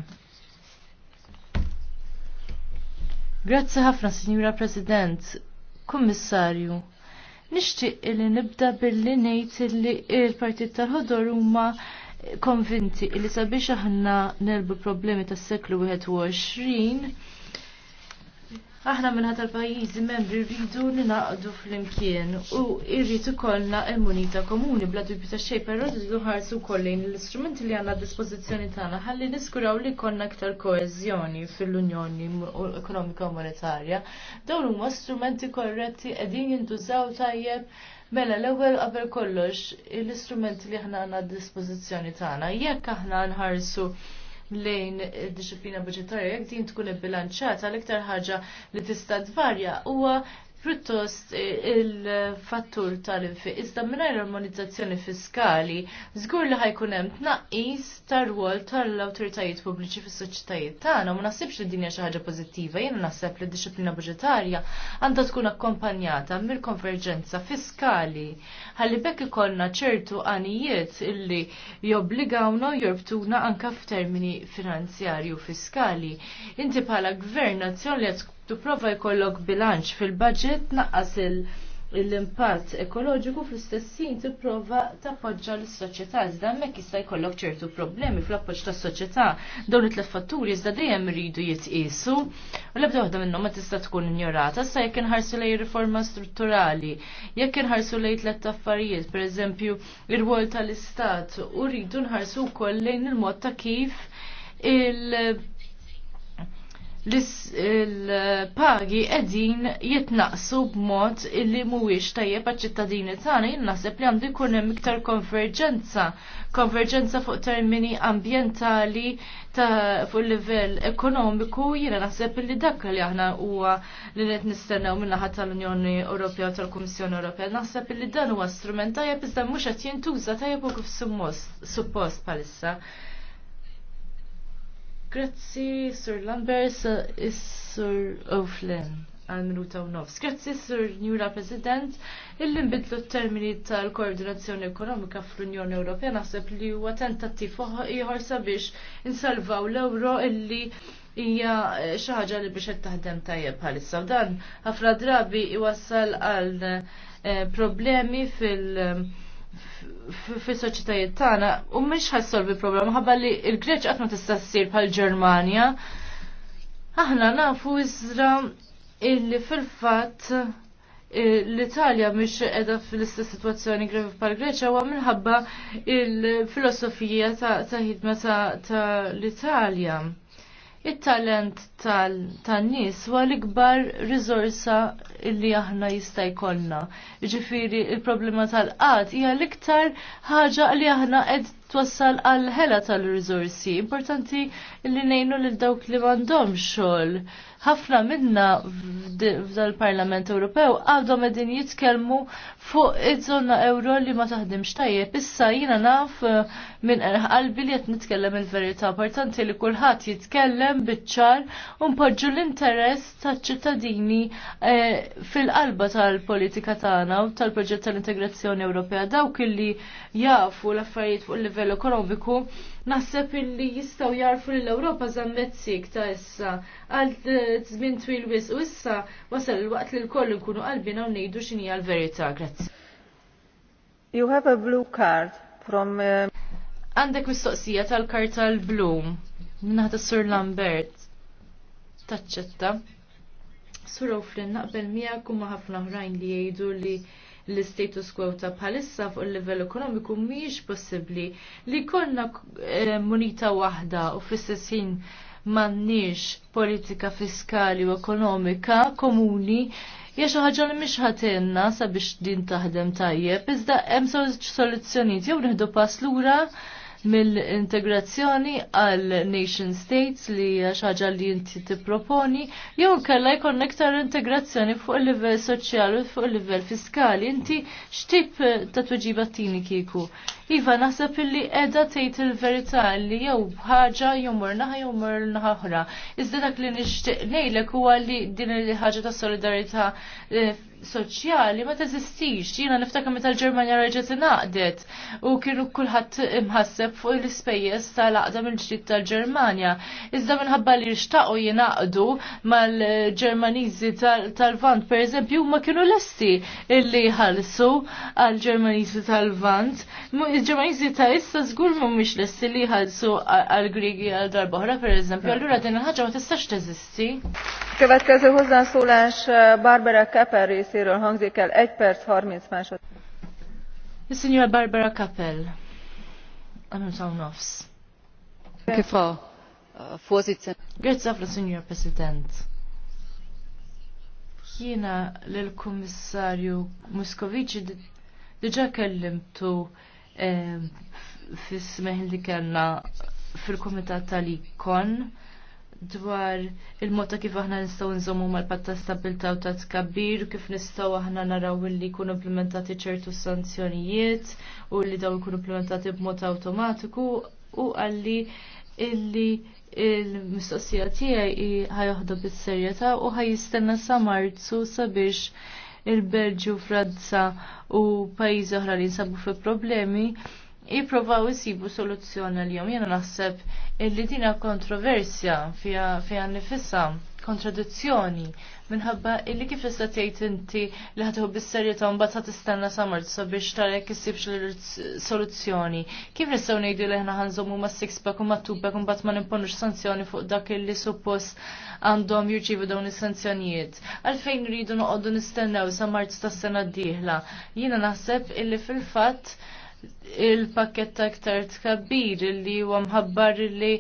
Grazzi ħafna, Signora President, Kommissarju. Nishtiq li nibda billi ngħid li il-Partit tal-Ħodor huma konvinti li sabiex aħna nelbu problemi tas-seklu 21 aħna minn tal-pajjiżi membri rridu li naqdu fl-imkien u irrid ikollna l-munita komuni bla dubju ta' xejn però rridu ħarsu kollin l-istrumenti li għandna dispożizzjoni tagħna ħalli niskuraw li jkollna aktar koeżjoni fil-Unjoni Ekonomika u Monetarja. Dawn huma strumenti korretti qegħdin jintużaw tajjeb Mela, l-ewwel qabel kollox, l-istrumenti li aħna għandna d-dispożizzjoni tagħna, jekk aħna nħarsu lejn id-disciplina budgetarja, jekk din tkun ibbilanċata l-iktar ħaġa li tista' tvarja huwa Pruttost eh, il-fattur tal-infiq, iżda mingħajr armonizzazzjoni fiskali, żgur li ħajkun hemm tnaqqis tar-rwol tal-awtoritajiet pubbliċi fis-soċjetajiet tagħna, ma naħsibx li dinja xi ħaġa pożittiva, jiena naħseb li d-disciplina budġetarja għandha tkun akkompanjata mill-konverġenza fiskali. Ħalli bekk ikollna ċertu għanijiet illi jobbligawna jorbtuna anka f'termini finanzjarju fiskali. Inti bħala gvern nazzjonali tipprova jkollok bilanċ fil-budget naqqas l-impatt ekoloġiku fl-istessin tipprova tappoġġa l-soċjetà iżda hemmhekk jista' jkollok ċertu problemi fl-appoġġ tas-soċjetà dawn it-tlet fatturi iżda dejjem iridu jitqisu u l-ebda waħda minnhom ma tista' tkun injorata sa jekk inħarsu lej riforma strutturali, jekk inħarsu lej tliet affarijiet, pereżempju ir-wol tal-istat u rridu nħarsu wkoll lejn il-mod ta' kif il- l-pagi edin jitnaqsu b'mod illi mhuwiex tajjeb għaċ-ċittadini tagħna jien naħseb li għandu jkun hemm iktar konverġenza, konverġenza fuq termini ambjentali ta' fuq livell ekonomiku jiena naħseb li dak li aħna huwa li qed nistennew min-naħa tal-Unjoni Ewropea u tal-Kummissjoni Ewropea. Naħseb li dan huwa strument tajjeb iżda mhux qed jintuża tajjeb ukoll kif suppost bħalissa. Grazzi, Sir Lambers, Sir O'Flynn għal minuta u nofs. Grazzi, Sir Njura President, illi nbidlu t-termini tal-koordinazzjoni ekonomika fl-Unjoni Ewropea naħseb li huwa tentattiv ieħor sabiex insalvaw l-euro illi hija eh, xi ħaġa li biex qed taħdem tajjeb bħalissa. Dan ħafna drabi iwassal għal eh, problemi fil- fi soċitajiet tagħna u mhix ħassolvi problema ħabba li l-Greċ qatt ma tista' ssir bħal-Ġermanja. Aħna nafu iżra illi fil-fatt l-Italja mhix qiegħda fl-istess sitwazzjoni grevi bħal Greċja huwa minħabba il-filosofija ta' ħidma ta' l-Italja it-talent tan-nies huwa l-ikbar rizorsa illi aħna jista' jkollna. Ġifieri il-problema tal-qat hija l-iktar ħaġa li aħna qed twassal għal ħela tal rizorsi Importanti li ngħinu lil dawk li m'għandhomx xogħol ħafna minna f'dal-Parlament Ewropew għadhom qegħdin jitkellmu fuq iż-żona euro li ma taħdimx tajjeb. Issa jiena naf eh, minn qalbi li qed nitkellem il-verità. Importanti li kulħadd jitkellem biċ-ċar u mpoġġu l-interess taċ-ċittadini eh, fil-qalba tal-politika tagħna u tal-proġett tal-integrazzjoni Ewropea dawk illi jafu l-affarijiet fuq il-livell ekonomiku Naħseb illi jistaw jarfu l ewropa zammet ta' issa. Għal żmien twil wis u issa wasal il-waqt li l-koll nkunu għalbina u ngħidu xini l-verità. Grazzi. You have a blue card from uh, Għandek mistoqsija tal-karta l minna minnaħta Sur Lambert taċċetta. Sur Oflin naqbel miegħek u ma ħafna oħrajn li jgħidu li l-status quo ta' bħalissa fuq il-livell ekonomiku mhijiex possibbli li konna eh, munita waħda u fl-istess m'għandniex politika fiskali u ekonomika komuni Ja xi ħaġa li mhix ħatenna sabiex din taħdem tajjeb, iżda hemm soluzzjonijiet jew nieħdu pass lura mill-integrazzjoni għal nation states li xaġa li inti tipproponi jew kalla jkun iktar integrazzjoni fuq il-livell soċjali u fuq il-livell fiskali. Inti x'tip ta' tweġiba tini kieku? Iva naħseb illi qiegħda tgħid il-verità li jew ħaġa jow mor jow jew ħra. naħa oħra. Iżda dak li nixtieq ngħidlek huwa li din il-ħaġa ta' solidarità eh, soċjali ma teżistix. Jiena niftakar meta l-Ġermanja reġgħet ingħaqdet u kienu kulħadd imħasseb fuq l-ispejjeż tal-aqda mill-ġdid tal-Ġermanja. Iżda minħabba li xtaqgħu jingħaqdu mal-Ġermaniżi tal-Vant pereżempju ma kienu lesti illi ħallsu għal-Ġermaniżi tal-Vant. Il-Ġermaniżi ta' issa żgur mhumiex lesti li ħallsu għal grigi għal darba oħra pereżempju, allura din il-ħaġa ma tistax teżisti. Következő sulax Barbara Keperis részéről hangzik el. perc 30 másod. Signora Barbara Kappel. Frau uh, Grazie, Frau President. Jiena lill kummissarju Muskovici diġà kellimtu eh, fis-smeħ li kellna fil-Kumitat tal-Ikon dwar il-motta kif aħna nistgħu nżommu mal-patta stabilta u ta' tkabbir, kif nistgħu aħna naraw li jkunu implementati ċertu sanzjonijiet u li dawn jkunu implementati b'mod awtomatiku u għalli illi il-mistoqsija tiegħi ħajoħdu bis-serjetà u ħajistenna sa marzu sabiex il-Belġu, Franza u pajjiżi oħra li nsabu fi problemi jipprovaw jisibu soluzzjoni għal-jom. Jena naħseb illi dina kontroversja fija nifissa kontradizzjoni minħabba illi kif tista' tgħid inti li ħadħu bis-serjetà mbagħad ħad tistenna sa'mart sabiex biex issibx jekk soluzzjoni. Kif nistgħu ngħidu li aħna ħanżommu ma' six pack u ma' two pack mbagħad ma nimponux sanzjoni fuq dak illi suppost għandhom jirċievu dawn is-sanzjonijiet. Għalfejn rridu noqogħdu nistennew sa marzu tas-sena d-dieħla. Jiena naħseb illi fil-fatt il-pakket ta' iktar tkabbir li huwa mħabbar li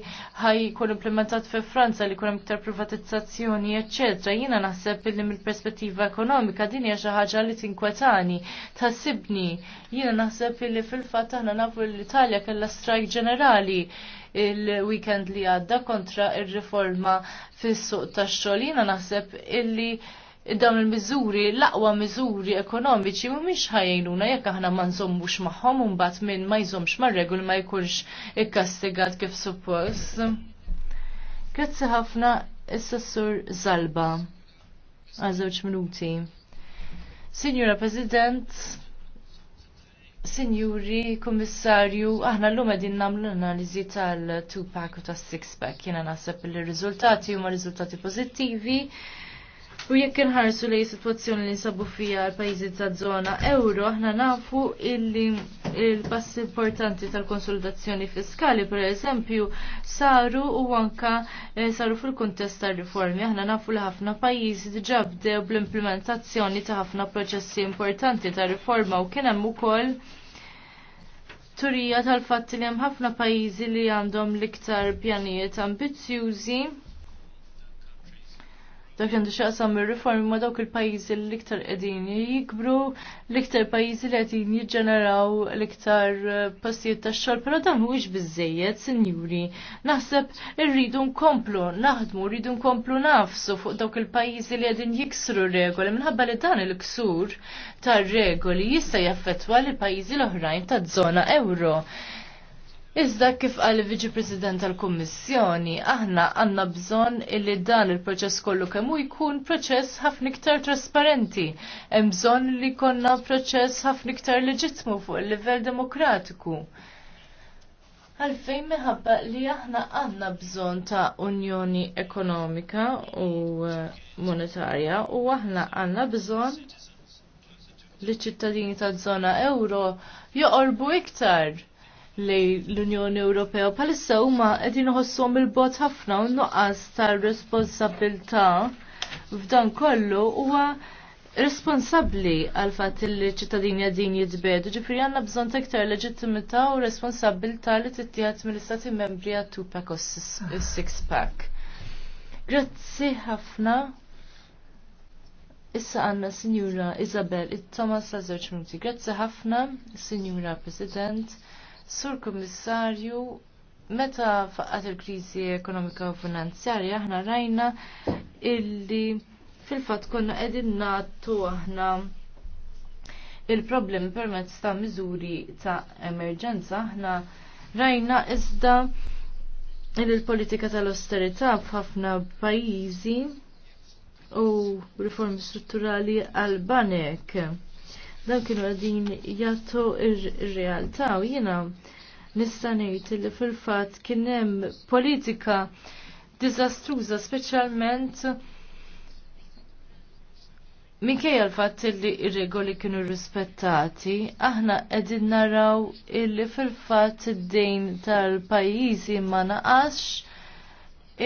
ħaj jkun implementat fi Franza li jkun hemm iktar privatizzazzjoni, eċċetra. Jiena naħseb li mill-perspettiva ekonomika din hija xi ħaġa li tinkwetani, taħsibni. Jiena naħseb li fil-fatt aħna nafu l-Italja kellha strajk ġenerali il-weekend li għadda kontra ir-riforma fis-suq tax-xogħol. Jiena naħseb illi dawn il-miżuri, l-aqwa miżuri ekonomiċi mhumiex ħajjejnuna jekk aħna ma nżommux magħhom u mbagħad minn ma jżommx mar-regol ma jkunx ikkastigat kif suppost. Grazzi ħafna is-sassur Zalba. Għazawċ minuti. Signora President, Signori, Kommissarju, aħna l-lum għedin namlu analizi tal-2-pack u tal-6-pack. Jena nasab li rizultati huma rizultati pozittivi U jekk inħarsu li situazzjoni li nsabu fija l-pajjiżi ta' zona euro, aħna nafu illi il-pass importanti tal-konsolidazzjoni fiskali, per eżempju, saru u anka eh, saru fil-kuntest tal-riformi. Aħna nafu li ħafna pajjiżi diġà bl-implementazzjoni ta' ħafna proċessi importanti ta' riforma u kien hemm ukoll turija tal-fatt li hemm ħafna pajjiżi li għandhom l-iktar pjanijiet ambizzjużi dak għandu xaqsam il-reformi ma dawk il-pajizi l-iktar edin jikbru, l-iktar pajizi li għedin jiġġeneraw l-iktar eh, postijiet ta' xol, pero dan mhuwiex bizzejiet, sinjuri. Naħseb irridu nkomplu, naħdmu, rridu nkomplu nafsu fuq dawk il-pajizi li qegħdin jiksru regoli, minħabba li dan il-ksur ta' regoli jista' jaffetwa l pajizi l-oħrajn ta' zona euro. Iżda kif għal viġi President tal-Kummissjoni, aħna għanna bżon illi dan il-proċess kollu kemmu jkun proċess ħafna iktar trasparenti. Hemm bżon li konna proċess ħafna iktar leġitmu fuq il-livell demokratiku. Għalfejn meħabba li aħna għanna bżon ta' unjoni ekonomika u eh, monetarja u aħna għanna bżon li ċittadini ta' zona euro joqorbu iktar lej l-Unjoni Ewropea. Palissa huma qegħdin iħossuhom il-bot ħafna u nuqqas tar-responsabilità f'dan kollu huwa responsabbli għal fatt li ċittadini għadin jitbedu, ġifri għanna bżon tektar leġittimità u responsabilta li t-tijat mill-istati membri għat 2-pack u 6-pack. Grazzi ħafna. Issa għanna signora Isabel, it-Thomas la minuti. Grazzi ħafna, Signora President. Sur Kummissarju, meta faqqat il-kriżi ekonomika u finanzjarja aħna rajna illi fil-fatt konna qegħdin nagħtu aħna il-problemi permezz ta' miżuri ta' emerġenza aħna rajna iżda il-politika tal-austerità f'ħafna pajjiżi u riformi strutturali għal banek dan kienu għadin jattu ir-realtà u jiena nista' ngħid li fil-fatt kien hemm politika diżastruża speċjalment Minkejja l-fatt li r regoli kienu rispettati, aħna qegħdin naraw illi fil-fatt id-dejn tal-pajjiżi ma naqax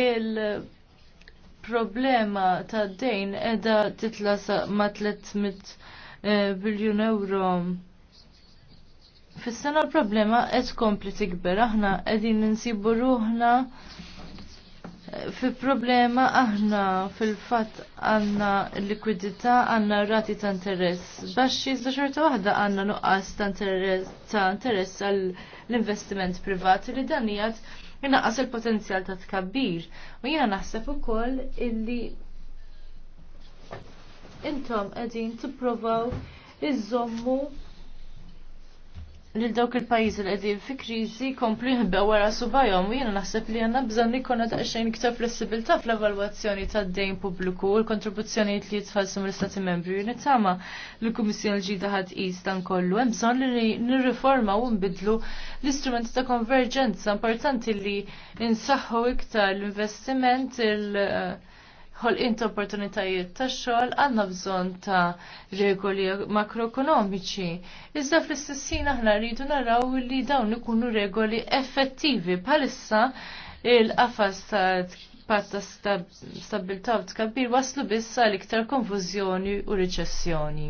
il- problema ta' dejn edha titlasa ma' 300 Eh, biljun euro. Fissana l-problema qed kompli tikber aħna qegħdin insibu ruħna eh, fi problema aħna fil-fatt għanna likwidità għanna rati ta' interess. Baxxi iżda xorta waħda għanna nuqqas ta' interess għall-investiment privat li dan jgħat jnaqqas il-potenzjal ta' tkabbir. U jgħan naħseb ukoll illi intom qegħdin tipprovaw iżommu lil dawk il-pajjiżi li qegħdin fi kriżi komplu jħibbew wara subajhom u jiena naħseb li għandna bżonn ikolna daqsxejn iktar flessibilità fl-evalwazzjoni tad-dejn pubbliku u l-kontribuzzjonijiet li jitfallsu mill-Istati Membri u nittama li l-Kummissjoni ġida ħadd qis dan kollu hemm bżonn li nirriforma u nbidlu l-istrumenti ta' konverġenza importanti li insaħħu iktar l-investiment il- ħolqint opportunitajiet ta' xogħol għandna bżonn ta' regoli makroekonomiċi. Iżda fl-istessin aħna rridu naraw li dawn ikunu regoli effettivi bħalissa il-qafas ta' ta' stabilità u tkabbir waslu biss għal iktar konfużjoni u riċessjoni.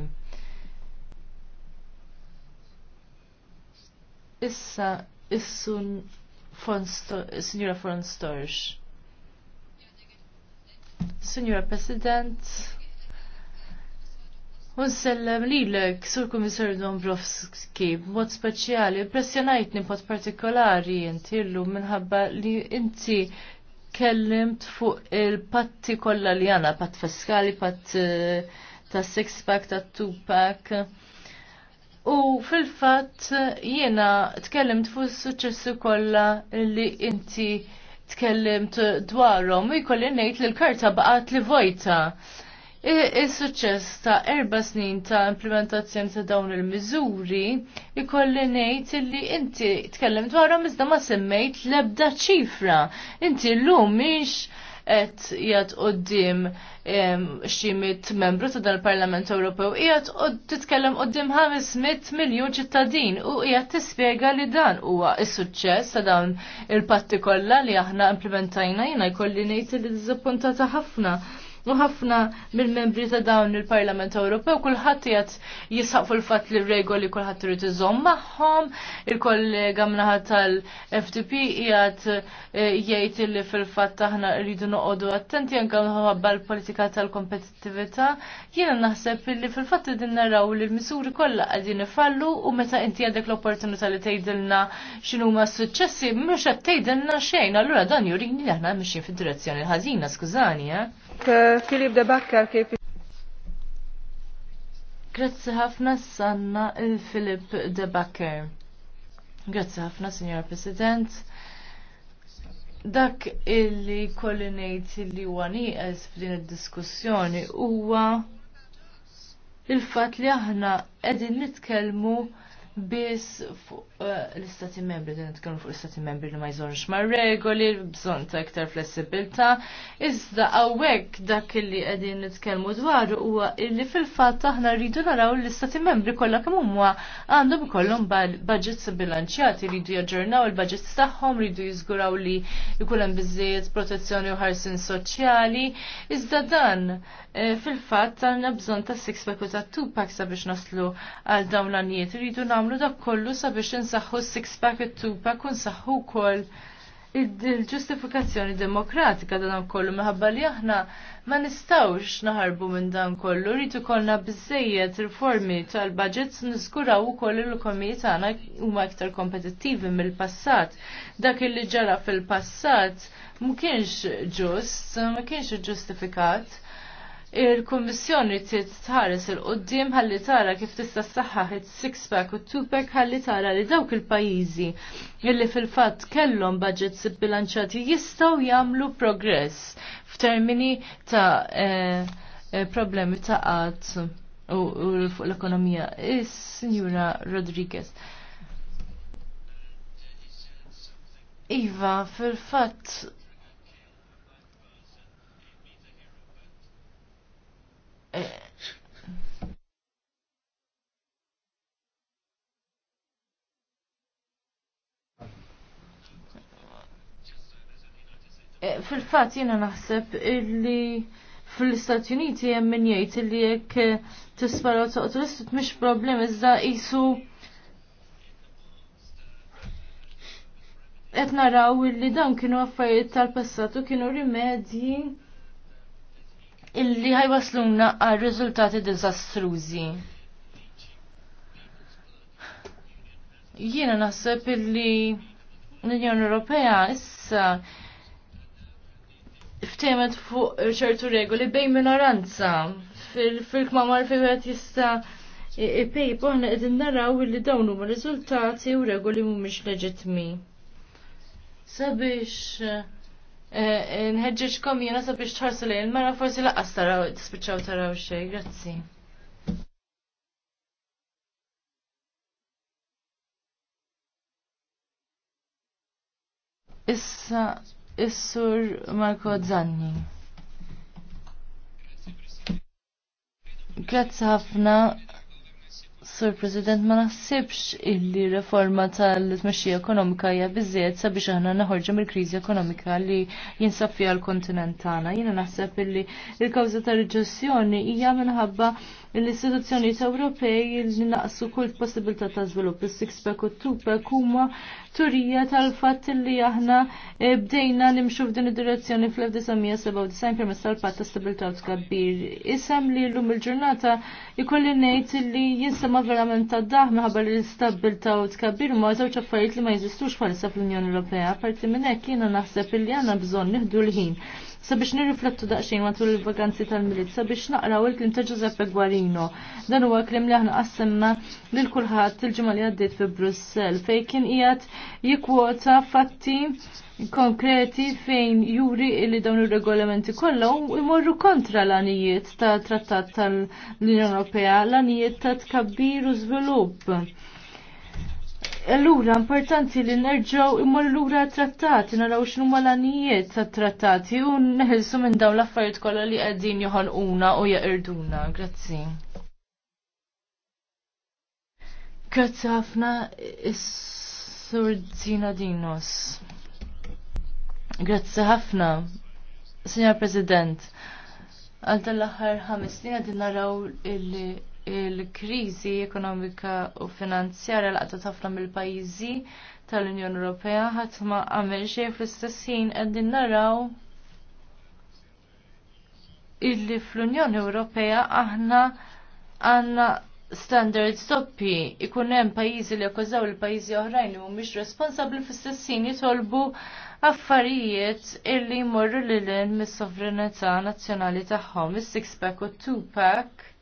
Issa, issun Signora Fonstorx. Signora President, Unsellem lilek, sur komissar Dombrovski, b'mod speċjali, impressjonajtni b'mod partikolari inti illum minħabba li inti kellimt fuq il-patti kollha li għana, pat fiskali, pat eh, ta' six pack, ta' two pack. U fil-fatt jiena tkellimt fuq is-suċċessu kollha li inti tkellimt dwarhom u jkolli ngħid li l-karta baqgħet li vojta. Is-suċċess ta' erba' snin ta' implementazzjoni ta' dawn il-miżuri jkolli ngħid li inti tkellem dwarhom iżda ma semmejt l-ebda ċifra. Inti llum mhix qed jgħat qoddim xi mit membru ta' dal parlament Ewropew qiegħed titkellem qoddim 500 miljun ċittadin u qiegħed tispjega li dan huwa s-suċċess ta' dawn il-patti kollha li aħna implementajna jiena jkolli ngħid li diżappuntata ħafna. U ħafna mill-membri ta' dawn il-Parlament Ewropew kulħadd qiegħed jisaq fuq il-fatt li regoli kulħadd irid iżomm magħhom, il-kollega mnaħa tal-FTP qiegħed eh, jgħid li fil-fatt aħna rridu noqogħdu attenti anke ħabba l-politika tal-kompetittività. Jiena naħseb li fil-fatt qegħdin naraw li l-misuri kollha qegħdin ifallu u meta inti għandek l-opportunità li tgħidilna x'inhuma s-suċċessi mhux qed tgħidilna xejn, allura dan jurini li aħna mixjin fid-direzzjoni ħażina, skużani, eh? Filip uh, de Bakker kif. Grazzi ħafna sanna il-Filip de Bakker. Grazzi ħafna, Signor President. Dak illi kolli ngħid li huwa nieqes f'din id-diskussjoni huwa il-fatt li aħna qegħdin nitkellmu biss fuq eh, l-istati membri, din nitkellmu fuq l-istati membri li ma jżonx ma' regoli, bżonn ta' iktar flessibilta, iżda hawnhekk dak li qegħdin nitkellmu dwar huwa li fil-fatt aħna rridu naraw l-istati membri kollha kemm huma għandhom ikollhom budgets bilanċjati, rridu jaġġornaw il-budgets tagħhom, rridu jiżguraw li jkun hemm biżżejjed protezzjoni u ħarsin soċjali, iżda dan Eh, fil-fatt għandna bżonn ta' six pack u ta' two pack sabiex naslu għal dawn l-għanijiet. Rridu nagħmlu dak kollu sabiex insaħħu six pack u two pack u nsaħħu wkoll il-ġustifikazzjoni demokratika dan kollu minħabba li aħna ma nistawx naħarbu minn dan kollu, Rridu konna bizzejiet riformi tal-budget niskuraw ukoll il-komijiet tagħna huma iktar kompetittivi mill-passat. Dak li ġara fil-passat mu kienx ġust, ma kienx ġustifikat il-Kummissjoni trid tħares il-qoddim ħalli tara kif tista' ssaħħaħ it-six pack u two pack ħalli tara li dawk il-pajjiżi illi fil-fatt kellhom budgets bilanċati jistgħu jagħmlu progress f'termini ta' eh, eh, problemi ta' qatt u fuq l-ekonomija. Is-Sinjura Rodriguez. Iva, fil-fatt Eh, eh, fil-fat jena naħseb illi fil-Istati Uniti hemm min jgħid illi jekk eh, t toqgħod l-istut mhix problem iżda qisu etna naraw illi dawn kienu affarijiet tal-passatu kienu rimedji illi ħajwasluna għal riżultati diżastrużi. Jiena naħseb illi l-Unjoni Ewropea issa ftemet fuq ċertu regoli bejn minoranza fil-firk ma fi għet jista pej poħna edin naraw li dawnu ma rizultati u regoli mumiex leġitmi. Sabiex Eh, eh, nħedġiġkom jena biex tħarsu lejn mara forsi laqqas taraw, tispiċaw taraw xej, grazzi. Issa, issur Marco Zanni. Grazzi ħafna Sur President, ma naħsibx illi reforma tal-tmexxija ekonomika hija biżjed sabiex aħna naħorġu mill-kriżi ekonomika li jinsab fiha l-kontinent tagħna. Jiena naħseb illi l-kawża tal-reġessjoni hija minħabba l-istituzzjonijiet Ewropej li naqsu kull possibilità ta' żvilupp is-sixpack u t-tupek huma turija tal-fatt li aħna eh, bdejna nimxu f'din id-direzzjoni fl-1997 permezz tal-patt ta' stabilità u tkabbir. Isem li llum il-ġurnata ikolli ngħid li jinsema verament ta' daħ minħabba li l-istabilità u tkabbir ma' żewġ affarijiet li ma jeżistux bħalissa fl-Unjoni Ewropea. Parti minn hekk jiena naħseb li għandna bżonn nieħdu l-ħin sabiex nirriflettu daqsxejn matul il-vakanzi tal-miliet sabiex naqraw il-klim ta' Giuseppe Guarino. Dan huwa klim li aħna qassemna lil kulħadd il-ġimgħa li għaddiet fi Brussell fejn kien qiegħed jikkwota fatti konkreti fejn juri li dawn ir-regolamenti kollha imorru kontra l-anijiet ta' trattat tal-Unjoni Ewropea, l-anijiet ta' tkabbir u żvilupp Allura, importanti li nerġaw l lura trattati, naraw x'nu malanijiet ta' trattati u neħelsu minn dawn l-affarijiet kollha li qegħdin una u jaqirduna. Grazzi. Grazzi ħafna is-Sur Zina Dinos. Grazzi ħafna, Signor President. Għal tal-aħħar ħames snin għedin naraw illi il-kriżi ekonomika u finanzjarja laqta ħafna mill-pajjiżi tal-Unjoni Ewropea ħadd ma għamel xejn fl-istess ħin qegħdin naraw illi fl-Unjoni Ewropea aħna għandna standards toppi ikun hemm pajjiżi li akkużaw il-pajjiżi oħrajn u mhumiex responsabbli fl-istess ħin jitolbu affarijiet illi jmorru lil mis-sovranità nazzjonali tagħhom, is-six pack u two pack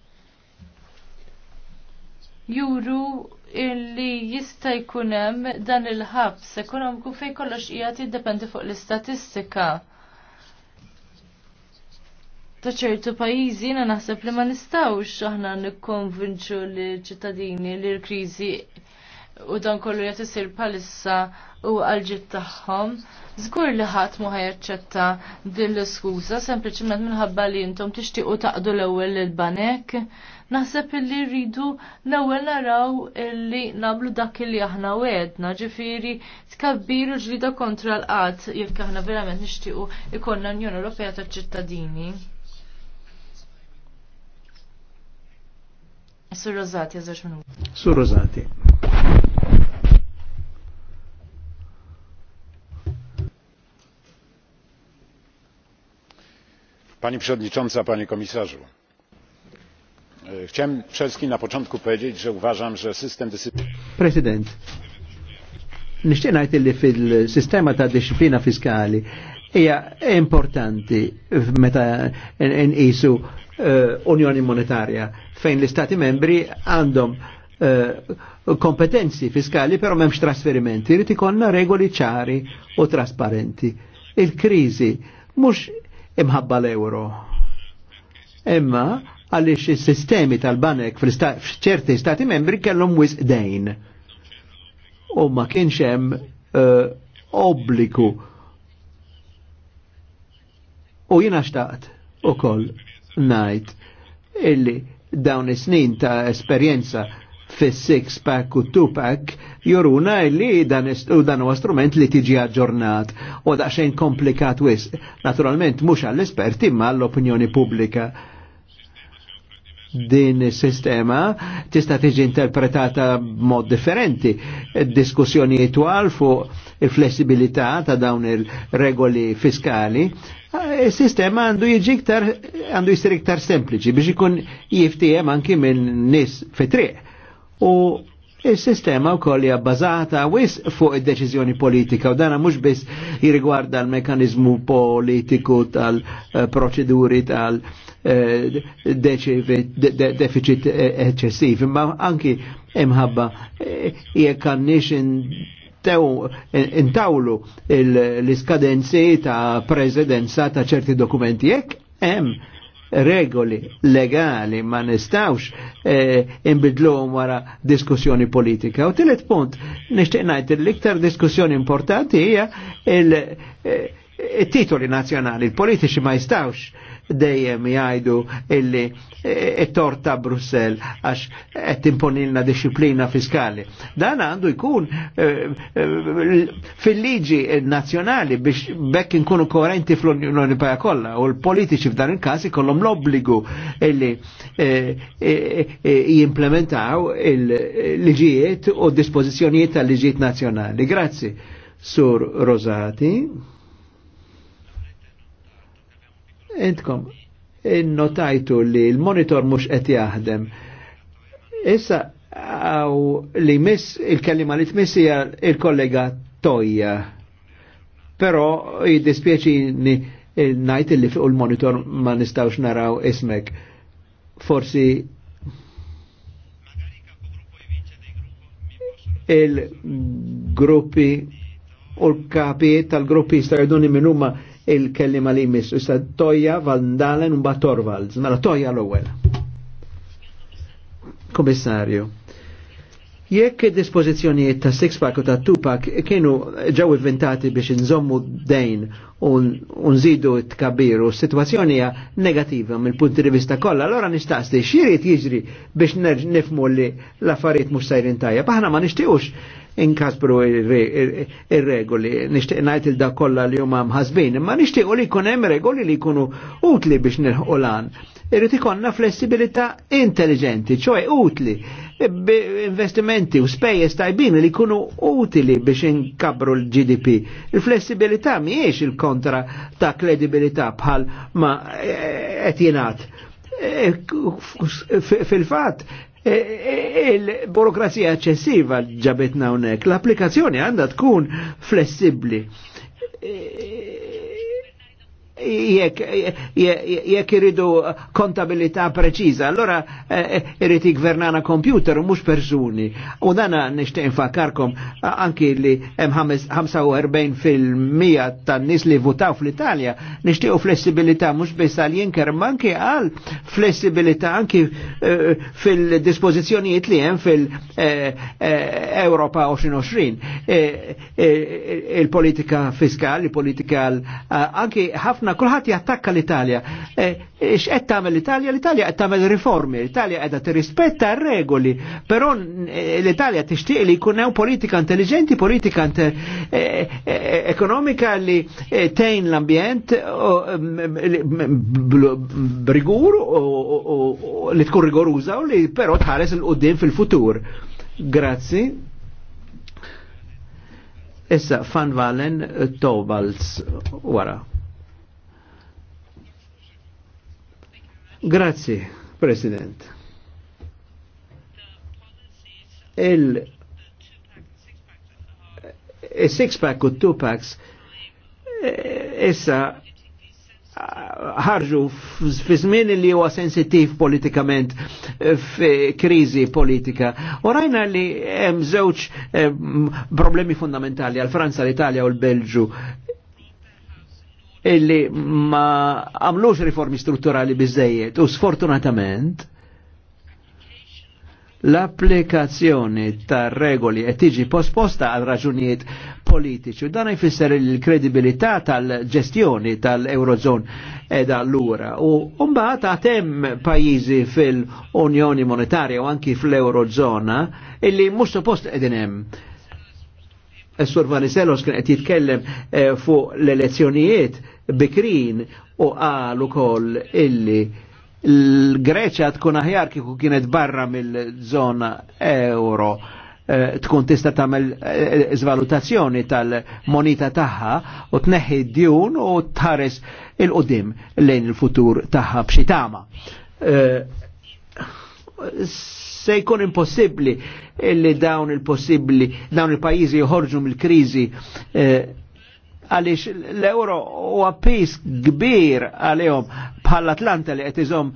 juru illi jista' jkun hemm dan il-ħabs ekonomiku fejn kollox qiegħed jiddependi fuq l-istatistika. Ta' ċertu pajjiżi jiena naħseb li ma nistgħux aħna nikkonvinċu l-ċittadini li l-kriżi u dan kollu qed isir bħalissa u għalġit tagħhom. Zgur li ħadd muħaj ċetta din l-iskuża sempliċement minħabba li intom tixtiequ taqdu l-ewwel il-banek. l il banek Naħseb illi rridu l-ewwel naraw illi nagħmlu dak illi aħna wedna, ġifieri u ġlida kontra l-qatt jekk aħna verament nixtiequ ikollna Unjoni Ewropea tal-ċittadini. Sur Rosati, eżax minu. Surrozati. Pani Przewodnicząca, Panie Komisarzu. E, chciałem przede wszystkim na początku powiedzieć, że uważam, że system dyscypliny. Prezydent, nishtiqnajt li fil-sistema ta' disciplina fiskali hija importanti meta nqisu e, Unjoni Monetarja fejn l-Istati membri għandhom e, kompetenzi fiskali però m'hemmx trasferimenti, irid ikollna regoli ċari u trasparenti. Il-kriżi mhux imħabba l-euro. Imma għaliex is-sistemi tal-banek f'ċerti stati membri kellhom wisdejn. U ma kienx hemm uh, eh, obbliku. U jiena xtaqt ukoll ngħid illi dawn is-snin ta' esperjenza fis six pack u two pack joruna illi dan u dan huwa strument li tiġi aġġornat u daqsxejn komplikat wis. Naturalment mhux għall-esperti ma għall-opinjoni pubblika din sistema tista' tiġi interpretata mod differenti. Diskussjoni twal fuq il-flessibilità ta' dawn il-regoli fiskali. Il-sistema għandu jiġi iktar għandu jisir iktar sempliċi biex ikun jiftijem anki minn nis fitri. U Il-sistema u koll jabbażata wis fuq id-deċizjoni politika u dana mux biss jirigwarda l-mekanizmu politiku tal-proċeduri tal-, -proċeduri, tal deficit eccessiv, ma anki imħabba eh, jekk għandniex intawlu l-iskadenzi ta' prezidenza ta' ċerti dokumenti. Jekk hemm regoli legali ma nistawx eh, wara diskussjoni politika. U tillet punt, nixtieq ngħid l-iktar diskussjoni importanti hija il- eh, titoli nazjonali, il-politiċi ma jistawx dejjem jajdu illi e, e, torta Brussel għax qed imponilna disciplina fiskali. Dan għandu jkun e, fil-liġi nazjonali biex bekk inkunu koerenti fl-Unjoni Europea kollha u l-politiċi f'dan il-każ ikollhom l-obbligu illi jimplementaw il-liġijiet u dispożizzjonijiet tal-liġijiet nazzjonali. Grazzi. Sur Rosati. Intkom, innotajtu li l-monitor mux qed jaħdem. Issa għaw li miss il-kellima li tmissija il-kollega Toja. Pero il najt li fuq il-monitor ma nistawx naraw ismek. Forsi il-gruppi u l-kapi tal-gruppi stajaduni minn huma il-kellima li jmiss. Issa Toja, Vandalen un Torvalds. Mela Toja l-ewwel. Komissarju. Jekk dispożizzjonijiet ta' six pack u ta' two pack kienu ġew inventati biex nżommu dejn u nżidu t kabiru s-situazzjoni hija negativa mill punti di vista kollha, allora nistaqsi x'irid jiġri biex nifmu li l-affarijiet mhux sajrin tajja. Aħna ma nixtiequx inkasbru ir-regoli. Nixtieq najt il da kollha li huma mħasbin, nishtiq u li jkun hemm regoli li jkunu utli biex nilħu lan. Irrid ikonna flessibilità intelligenti, ċoj utli investimenti u spejjeż tajbin li jkunu utili biex inkabru l-GDP. Il-flessibilità mhijiex il-kontra ta' kredibilità bħal ma eh, qed jingħad eh, fil-fat E, e, il-burokrazija eccessiva ġabetna unek. L-applikazzjoni għandha tkun flessibli. E, jekk iridu kontabilità preċiża, allora eh, irid gvernana computer u mhux persuni. U dana nixtieq infakarkom anki li hemm 45 fil-mija tan-nies li votaw fl-Italja nixtiequ flessibilità mhux biss għal jinker manki għal flessibilità anki eh, fil-dispożizzjonijiet li hemm fil-Europa eh, 2020. Il-politika fiskali, politika anki ħafna ħafna, kulħadd jattakka l-Italja. E, X'qed tagħmel l-Italja? L-Italja qed tagħmel riformi, l-Italja qiegħda tirrispetta r-regoli, però e, l-Italja tixtieq li jkun hemm politika intelligenti, politika e, ekonomika li tejn l-ambjent b'rigur li tkun rigoruża u li però tħares il-qudiem fil-futur. Grazzi. Issa Van Valen Tobals wara. Grazie, President. Il six-pack u two-packs essa eh, ħarġu fi żmien li huwa sensittiv politikament eh, fi kriżi politika. U rajna li hemm żewġ eh, problemi fundamentali għal Franza, l-Italja u l-Belġu illi ma għamlux riformi strutturali bizzejiet u sfortunatament l-applikazzjoni ta' regoli qed tiġi posposta għal raġunijiet politiċi u dan jfisser il-kredibilità tal-ġestjoni tal-Eurozon edha l-lura. U mbagħad għatem pajjiżi fil-Unjoni Monetarja u anki fl-Eurozona illi mhux suppost qegħdin hemm. Sur Vaniselos kien qed jitkellem eh, fuq l-elezzjonijiet bikrin u qal ukoll illi l-Greċja tkun aħjar kieku kienet barra mill-żona euro eh, tkun tista tagħmel żvalutazzjoni eh, tal-monita tagħha u tneħħi d-djun u tħares il-qudiem lejn il-futur tagħha b'xi tama. Eh, se jkun impossibbli li dawn il-possibbli dawn il-pajjiżi joħorġu mill-kriżi għaliex l-euro huwa pis kbir għalihom bħall-Atlanta li qed iżhom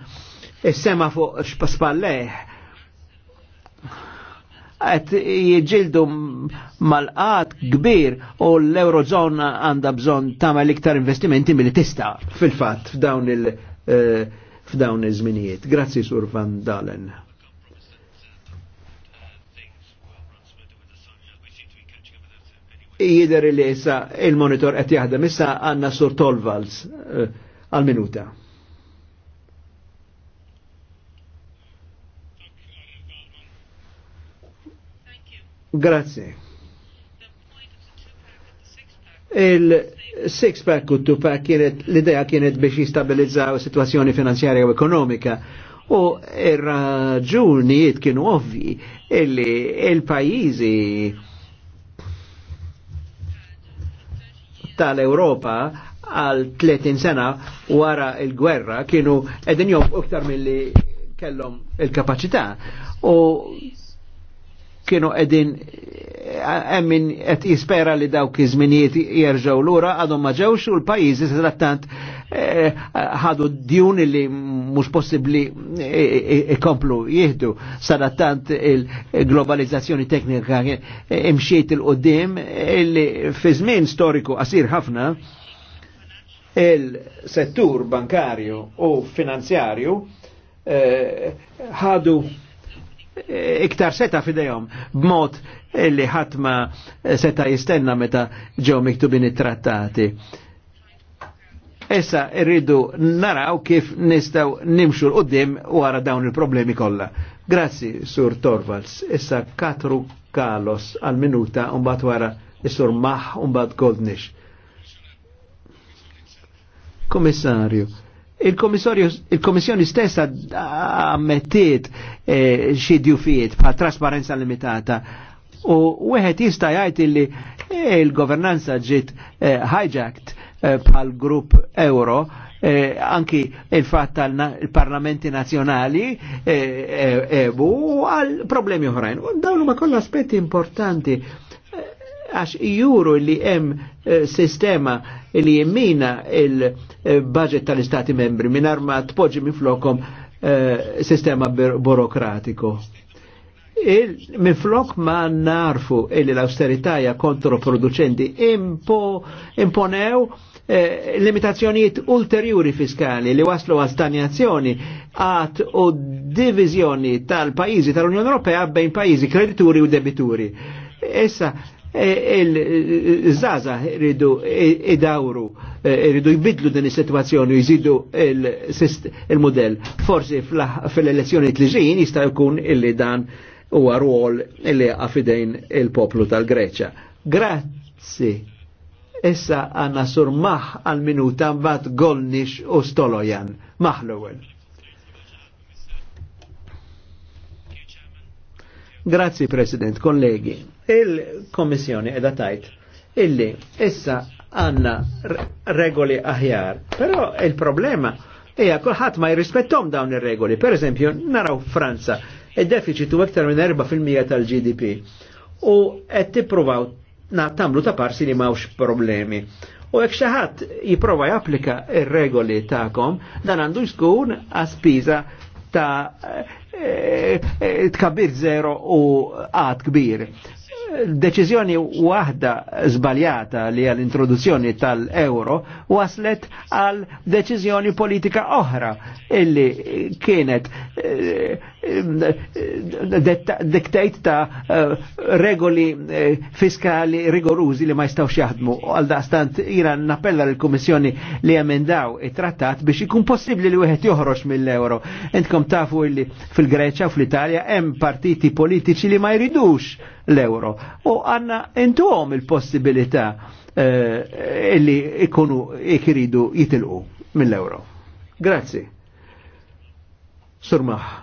sema fuq spalleħ. Għet jieġildu mal-qat kbir u l-Eurozona għandha bżonn tagħmel iktar investimenti milli tista' fil-fatt f'dawn il- eh, f'dawn il żminijiet Grazzi Sur Van Dalen. jider li jessa il-monitor għet jaħdem issa għanna sur Tolvals eh, għal minuta. Grazie. Il-six pack u two pack kienet l-idea kienet biex jistabilizzaw situazzjoni finanzjarja u ekonomika u il raġunijiet kienu ovvi illi il-pajizi il pajizi il tal-Europa għal 30 sena wara il-gwerra kienu edin jom uktar mill-li kellom il-kapacità u kienu edin emmin et jispera li dawk iż-żminijiet jerġgħu lura għadhom ma ġewx u l-pajjiżi trattant ħadu djun li mhux possibbli ikomplu jihdu sarattant il-globalizzazzjoni teknika imxiet il-qoddim illi fi żmien storiku qasir ħafna il-settur bankarju u finanzjarju eh, ħadu eh, iktar seta fidejhom b'mod li ħatma seta jistenna meta ġew miktubin it-trattati. Issa rridu naraw kif nistaw nimxu l-qoddim wara dawn il-problemi kollha. Grazzi, Sur Torvalds. Issa Katru Kalos għal-minuta un-bat wara Sur Mah un-bat Goldnish. Komissarju, il-Komissjoni il stessa ammettiet eh, xi djufijiet bħal trasparenza limitata u wieħed jista' jgħid li eh, il-governanza ġiet eh, hijacked pal eh, grupp euro, eh, anki il-fat tal-parlamenti nazjonali eh, eh, eh u għal problemi oħrajn. U dawnu ma kollha aspetti importanti eh, għax juru li hemm sistema li jemmina il-budget tal-istati membri minn ma tpoġġi minn eh, sistema burokratiku minn flok ma narfu illi l-austerità hija kontroproducenti impo, imponew Eh, limitazzjonijiet ulterjuri fiskali li waslu għal stagnazzjoni għat u divizjoni tal-pajizi tal-Unjoni Ewropea bejn pajizi kredituri u debituri. Issa, eh, il-żaza eh, rridu id-dawru, rridu jibidlu din is-sitwazzjoni jżidu il-modell. Forsi fil-elezzjoni tliġin jista' jkun illi dan huwa rwol illi għafidejn il-poplu tal-Greċja. Grazzi. Issa għanna sur maħ għal-minuta mbat golnix u stolojan. Maħ l Grazzi, President, kollegi. Il-Komissjoni edha tajt illi issa għanna regoli aħjar, però il-problema hija kulħadd ma jirrispettom dawn ir-regoli. Per eżempju, naraw Franza, id-deficit u iktar minn 4% tal-GDP u qed tippruvaw na tamlu ta' parsi li mawx problemi. U jekk xi ħadd jipprova japplika ir-regoli tagħkom, dan għandu jkun għaspiża ta' eh, eh, tkabir zero u għad kbir deċiżjoni waħda żbaljata li għal introduzzjoni tal-euro waslet għal deċiżjoni politika oħra illi kienet eh, diktajt ta' eh, regoli eh, fiskali rigorużi li ma jistaw jaħdmu għal daqstant jina nappella l-Komissjoni li jemendaw it-trattat biex ikun possibli li wieħed joħroġ mill-euro. Entkom tafu illi fil-Greċa u fl-Italja hemm partiti politiċi li ma jridux l-euro. U għanna għom il-possibilità eh, illi ikunu ikiridu jitilqu mill-euro. Grazzi. Surmaħ.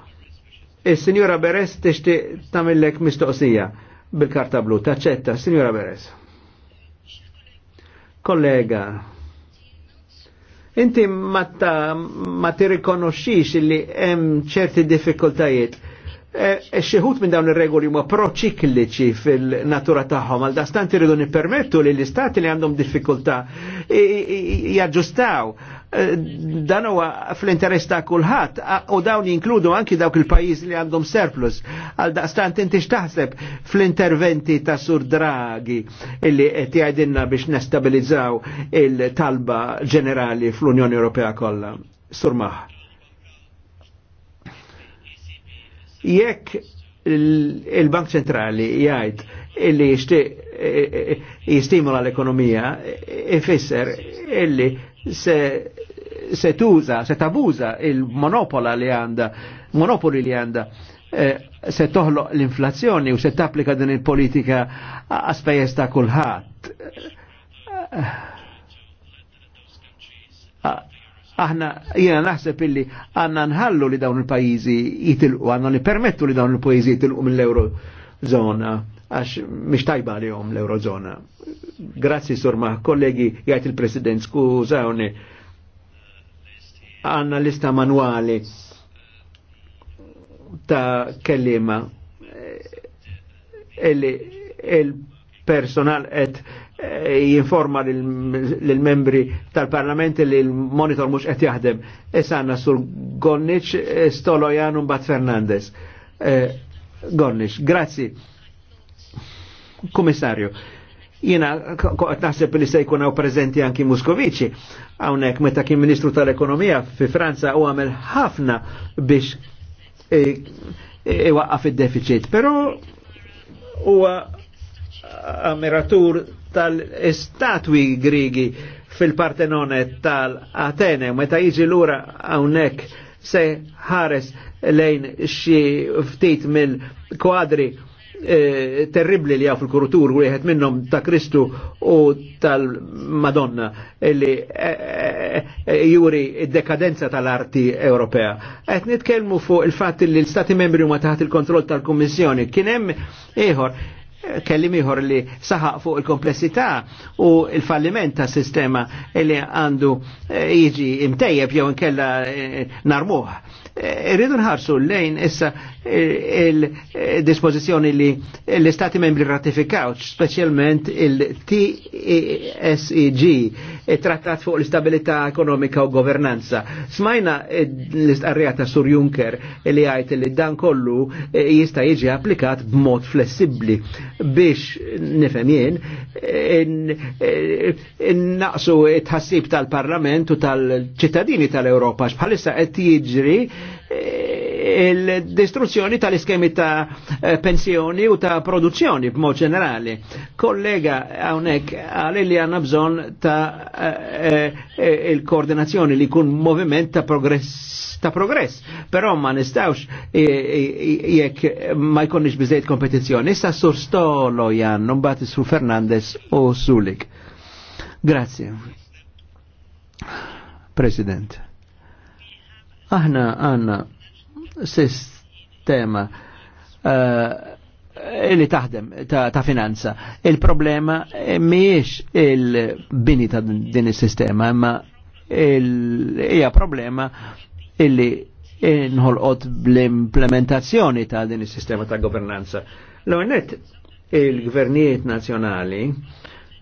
il signora Beres teċti tamillek mistoqsija bil-karta blu. Taċċetta, signora Beres. Kollega, inti ma ti rikonoxxix li hemm ċerti diffikultajiet Eh, xieħut minn dawn ir-regoli ma proċikliċi fil-natura tagħhom għal dastant iridu nippermettu li l-istati li għandhom diffikulta jaġġustaw eh, dan huwa fl-interess ta' kulħadd u dawn jinkludu anki dawk il-pajjiż li għandhom surplus għal daqstant inti x'taħseb fl-interventi ta' Sur Draghi illi qed jgħidilna biex nestabilizzaw il-talba ġenerali fl-Unjoni Ewropea kollha. Sur Maħ. Jekk il-Bank Centrali jgħid illi eh, jistimula l-ekonomija, ifisser illi se se tuża, se tabuża il-monopola li għanda, monopoli li għanda, eh, se toħloq l-inflazzjoni u se tapplika din il-politika għaspejjeż ta' kulħadd eh, aħna jiena naħseb illi għanna nħallu li dawn il-pajizi jitilqu, għanna li permettu li dawn il-pajizi jitilqu mill-eurozona, għax mish tajba li jom l-eurozona. Grazzi surma, kollegi, jgħajt il-president, skużawni, għanna lista manuali ta' kellima illi eh, il personal et eh, jinforma l-membri tal-parlament li l-monitor mux et jahdem Issa għanna sur Gonnic, eh, Stolo Janum Bat Fernandez. Eh, Gonnic, grazzi. Komissarju, jina qed naħseb li se jkun hawn anki Muskovici, hawnhekk meta kien Ministru tal-Ekonomija fi Franza u għamel ħafna biex iwaqqaf id-deficit, pero u ammiratur tal-estatwi grigi fil-Partenone tal-Atene, meta jiġi lura hawnhekk se ħares lejn xi ftit mill-kwadri E, terribli li għaw fil-kurutur u jħed minnom ta' Kristu u tal-Madonna illi e, e, juri dekadenza tal-arti Ewropea. Għet nitkelmu fuq il-fat li l-Stati membri huma taħt il-kontroll tal-Kommissjoni. Kien hemm ieħor kellim ieħor li saħaq fuq il-komplessità u il-falliment ta' sistema li għandu eh, jiġi imtejjeb jew nkella eh, narmuħ Irridu nħarsu lejn issa il-dispozizjoni li l-Istati membri ratifikaw, specialment il teseg il-Trattat fuq l-Istabilità Ekonomika u Governanza. Smajna l-istarrijata Sur Juncker li għajt li dan kollu jista jiġi applikat b'mod flessibli biex nifem jien naqsu tħassib tal-Parlament u tal-ċittadini tal-Europa. Bħalissa qed jiġri il-distruzzjoni tal-iskemi ta' eh, pensjoni u ta' produzzjoni b'mod ġenerali. Kollega hawnhekk għal li għandna bżonn ta' eh, eh, il-koordinazzjoni li kun moviment ta' progress ta' progress, però ma nistawx jekk ma jkunniex biżejt kompetizzjoni. Issa sur Stolo Jan, non su Fernandez u Sulik. Grazie. Presidente. Aħna għanna sistema eh, li taħdem ta', finanza. Il-problema miex il-bini ta' din is-sistema, imma hija il problema illi inħolqot bl-implementazzjoni ta' din is-sistema ta' governanza. L-għonet il-gvernijiet nazjonali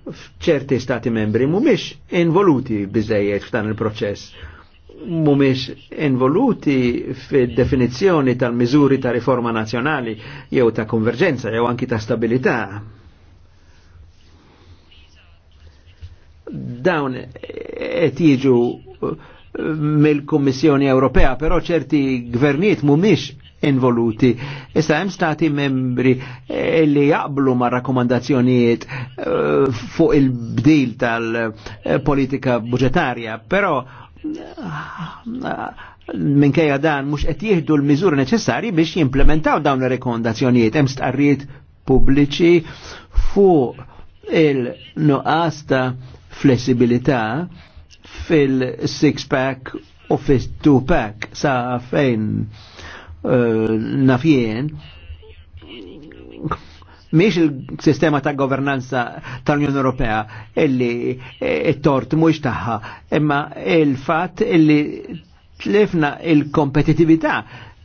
f'ċerti stati membri mhumiex involuti bizzejiet f'dan il-proċess mumiex involuti fil-definizjoni tal mizuri ta' riforma nazjonali jew ta' konverġenza jew anki ta' stabilità. Dawn qed jiġu eh, mill-Kummissjoni Ewropea, però ċerti gvernijiet mumiex involuti. Issa hemm stati membri eh, li jaqblu ma' rakkomandazzjonijiet eh, fuq il-bdil tal-politika budġetarja, però minkejja dan mhux qed jieħdu l-miżuri neċessarji biex jimplementaw dawn ir rekomandazzjonijiet hemm stqarrijiet pubbliċi fuq il-nuqqas ta' flessibilità fil-six pack u fil-two pack sa' fejn uh, eh, nafjien miex il-sistema ta' governanza tal-Unjoni Ewropea illi e, it-tort mhux tagħha, imma il-fatt illi tlifna il-kompetitività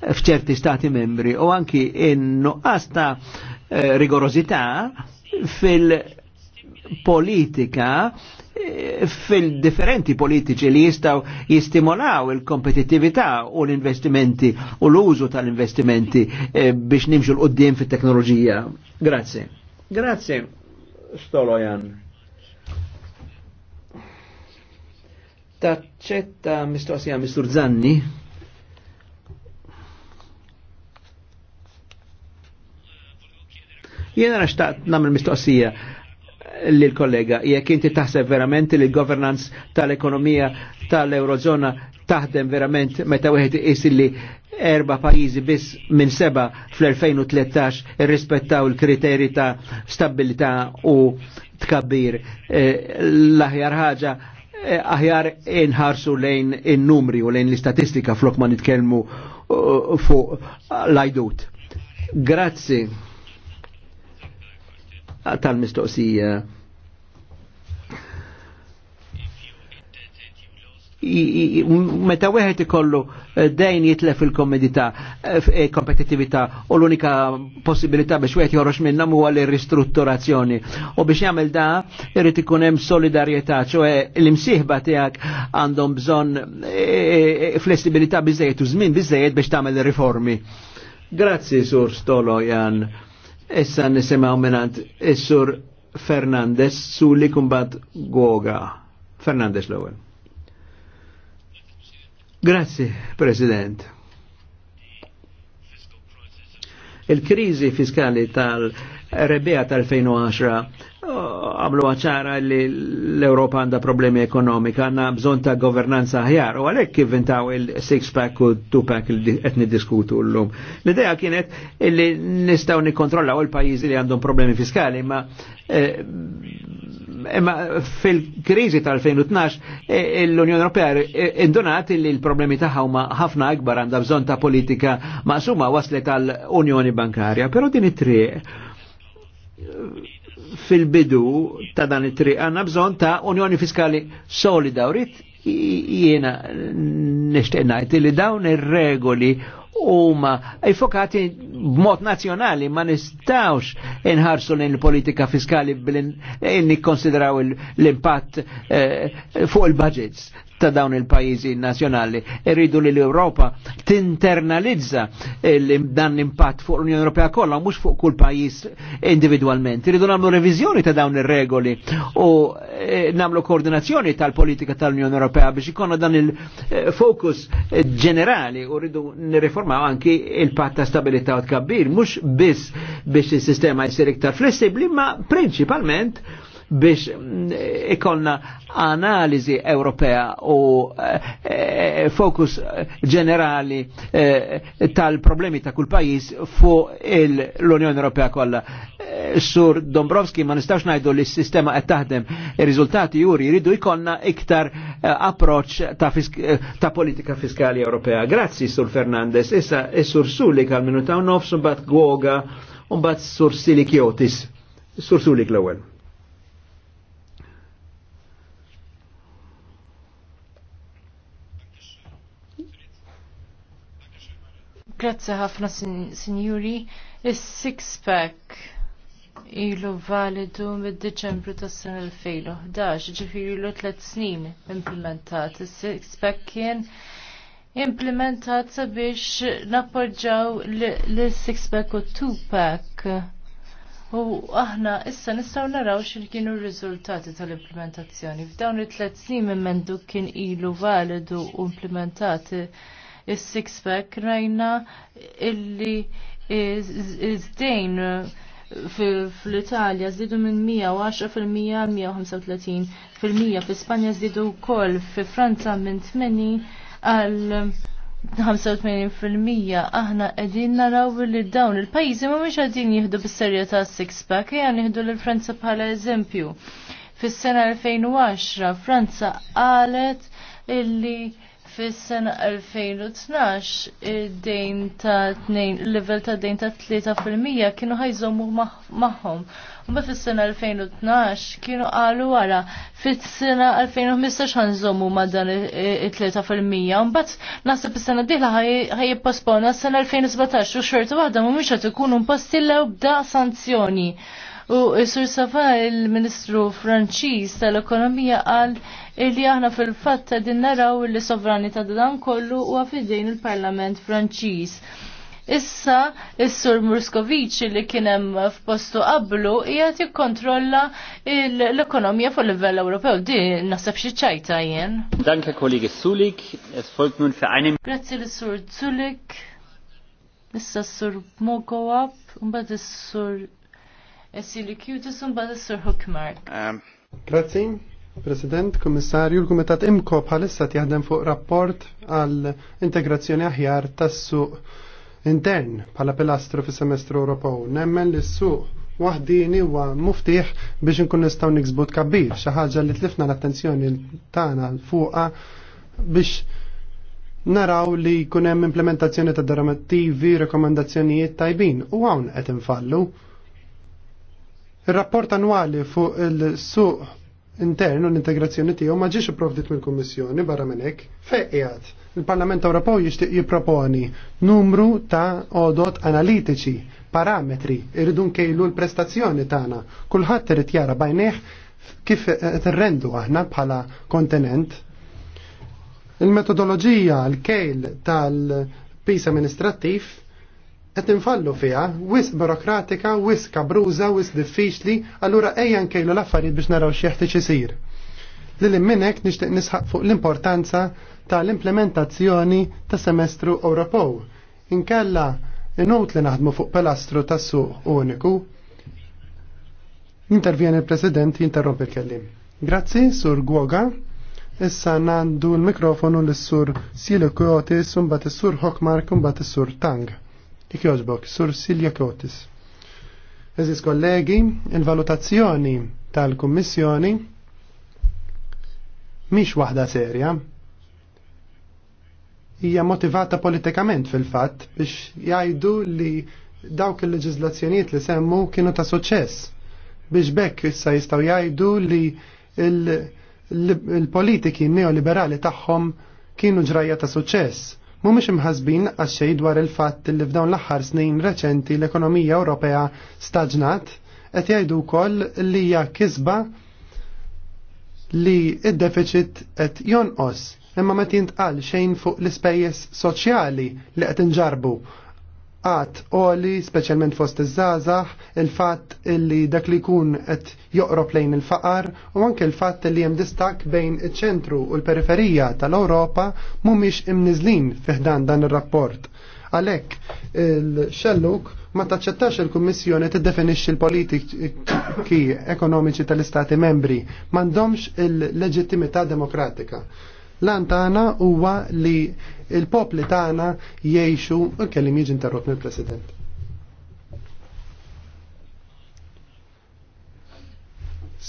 f'ċerti stati membri u anki in-nuqqas ta' e, rigorozità fil-politika fil-differenti politiċi li jistaw jistimolaw il-kompetitività u l-investimenti u l-użu tal-investimenti eh, biex nimxu l-qoddim fit-teknoloġija. Grazie. Grazie, Stolojan. Taċċetta mistoqsija Mistur Zanni. Jena naxtaqt namil mistoqsija lill kollega jekk inti taħseb verament li l-governance tal-ekonomija tal-Eurozona taħdem verament meta wieħed isilli li erba pajjiżi biss minn seba fl-2013 irrispettaw il-kriteri ta' stabilità u tkabbir. Eh, l-aħjar ħaġa eh, aħjar inħarsu lejn in-numri u lejn l-istatistika flok ma nitkellmu eh, fuq l-ajdut. Grazzi tal-mistoqsija. meta weħet ikollu eh, dejn jitlef il komedita eh, eh, kompetitivita u l-unika possibilità biex weħet jorox minna mu għalli ristrutturazzjoni U biex jagħmel da irrit ikun hemm solidarjetà, ċoe l-imsieħba tiegħek għandhom bżon flessibilità biżejjed u zmin biżejjed biex tagħmel riformi. Grazie, Sur Stolo, Jan. Issa nisimaw minant Issur Fernandez su li kumbat Goga. Fernandez l-ewel. Grazie, President. Il-krizi fiskali tal-rebija tal-2010 għamlu għacħara li l-Europa għanda problemi ekonomika, għanna bżon ta' governanza ħjar, u għalek kif inventaw il-six-pack u two-pack li għetni diskutu l-lum. L-ideja kienet li nistaw u il-pajizi li għandhom problemi fiskali, ma imma eh, fil-krizi tal-2012 eh, l-Unjoni Ewropea eh, indunati li l-problemi tagħha huma ħafna akbar għandha bżonn ta' politika maqsuma waslet tal-Unjoni Bankarja, però din it-triq fil-bidu ta' dan it-triq għanna bżon ta' unjoni fiskali solida u rrit jiena nishtiqnajt li dawn ir-regoli huma ifokati b'mod nazzjonali ma nistawx inħarsu lejn il-politika fiskali bl-in eh, nikkonsidraw l-impatt eh, fuq il-budgets ta' dawn il-pajizi nazjonali. Irridu li l-Europa tinternalizza dan l-impatt fuq l-Unjoni Ewropea kollha mhux fuq kull pajjiż individwalment. Irridu nagħmlu reviżjoni ta' dawn ir-regoli u eh, nagħmlu koordinazzjoni tal-politika tal-Unjoni Ewropea biex ikonna dan il-fokus eh, ġenerali u rridu nirriformaw anki il-patt ta' stabilità u tkabbir, mhux biss biex il sistema jsir iktar flessibbli, ma prinċipalment biex ikolna analizi Ewropea u eh, eh, fokus ġenerali eh, tal-problemi ta' kull pajis fu l-Unjoni Ewropea kolla. Sur Dombrovski ma nistax najdu li s-sistema qed taħdem ir-riżultati juri jridu jkollna iktar approċ ta, fisk ta politika fiskali Ewropea. Grazzi Sur Fernandez, issa is-sur e Sulik għal minuta u nofs u bat Goga u bat Sur Silikiotis. Sur Sulik l-ewwel. Grazzi ħafna sinjuri. Is-six pack ilu validu mid-Deċembru tas sena Daċ, ġifiri ilu tliet snin implementat. Il six pack kien implementat sabiex nappoġġaw l-six pack u two pack. U aħna issa nistgħu naraw xil kienu r-riżultati tal-implementazzjoni. F'dawn it tlet snin emendu kien ilu validu u implementati il-six pack rajna illi iż-dejn fl-Italja zidu minn 110% fil 135% fil Spanja zidu wkoll fi Franza minn 8 għal 85% aħna qegħdin naraw li dawn il-pajjiżi mhumiex qegħdin jieħdu bis ta' six pack jgħan nieħdu l Franza bħala eżempju. Fis-sena 2010 Franza qalet illi fis-sena 2012 id-dejn ta' 2 level ta' dejn ta' 3% kienu ħajżommu magħhom. Ma fis-sena 2012 kienu qalu wara fis-sena 2015 ħanżommu ma' dan il-3%. Mbagħad nasib is-sena dieħla ħajjippospona s-sena 2017 u xorta waħda mhumiex qed ikunu mpostillew b'da' sanzjoni. U Sur Safa, il-Ministru Franċiż tal-Ekonomija qal illi aħna fil-fatt din naraw li sovranità dan kollu u għafidin il-Parlament Franċiż. Issa, il sur Murskovic li kienem f'postu qablu jgħat jikkontrolla l-ekonomija fuq livell Ewropew. Di naħseb xi ċajta jien. Danke kollegi Sulik, es folk nun für einen. Grazzi l-sur Sulik. Issa s-sur Mokowab, mbagħad is-sur Essili Cutis, mbagħad is-sur Hookmark. Grazie. President, Komissarju, l-Kumitat Imko bħalissa jaħdem fuq rapport għal integrazzjoni aħjar tas-suq intern bħala pilastru fis semestru Ewropew. Nemmen li s-suq waħdin huwa muftiħ biex nkun nistgħu niksbu tkabbir, xi ħaġa li tlifna l-attenzjoni tagħna fuqha biex naraw li jkun hemm implementazzjoni ta' dermattivi, rekomandazzjonijiet tajbin u hawn qed infallu. Il-rapport annwali fuq il-suq intern u l-integrazzjoni tiegħu ma ġiex ipprovdit mill-Kummissjoni barra minn hekk fejqiegħed. Il-Parlament Ewropew jixtieq jipproponi numru ta' odot analitiċi, parametri, irridu nkejlu l-prestazzjoni tagħna. Kulħadd irid jara bajnejh kif tirrendu aħna bħala kontinent. Il-metodoloġija, l-kejl tal-pis amministrattiv qed infallu fiha wis burokratika, wis kabruża, wis diffiċli, allura ejjan kejlu l-affarijiet biex naraw ħtiġ isir. Lil minnek nixtieq nisħaq fuq l-importanza tal-implementazzjoni ta' semestru Ewropew. Inkella inut li naħdmu fuq pilastru tas-suq uniku. Intervjen il-President jinterrompi il-kellim. Grazzi, Sur Gwoga. Issa nandu l-mikrofonu l-Sur Silikotis, un bat sur Hokmark, un bat sur Tang. Dik Sur Silja Kotis. Eżis kollegi, il-valutazzjoni tal-Kummissjoni mhix waħda serja. Hija motivata politikament fil-fatt biex jgħidu li dawk il-leġizlazzjonijiet li semmu kienu ta' suċċess biex bekk issa jistgħu jgħidu li il-politiki neoliberali tagħhom kienu ġrajja ta' suċċess Mhumiex imħasbin għaxxej dwar il-fatt li f'dawn l-aħħar snin reċenti l-ekonomija Ewropea staġnat qed jgħidu wkoll li hija kisba li id-deficit qed jonqos imma meta jintqal xejn fuq l-ispejjeż soċjali li qed inġarbu għat oli, specialment fost iż-żazax, il-fat li dak li kun qed joqrob lejn il-faqar u anke il-fat li hemm distak bejn iċ-ċentru u l-periferija tal-Ewropa mhumiex imniżlin fiħdan dan ir-rapport. Għalhekk il-xelluk ma taċċettax il-Kummissjoni tiddefinixxi l-politiki ekonomiċi tal-Istati membri m'għandhomx il-leġittimità demokratika. Lan tagħna huwa li il-popli tagħna jgħixu u kellim jiġi interrot mill-President.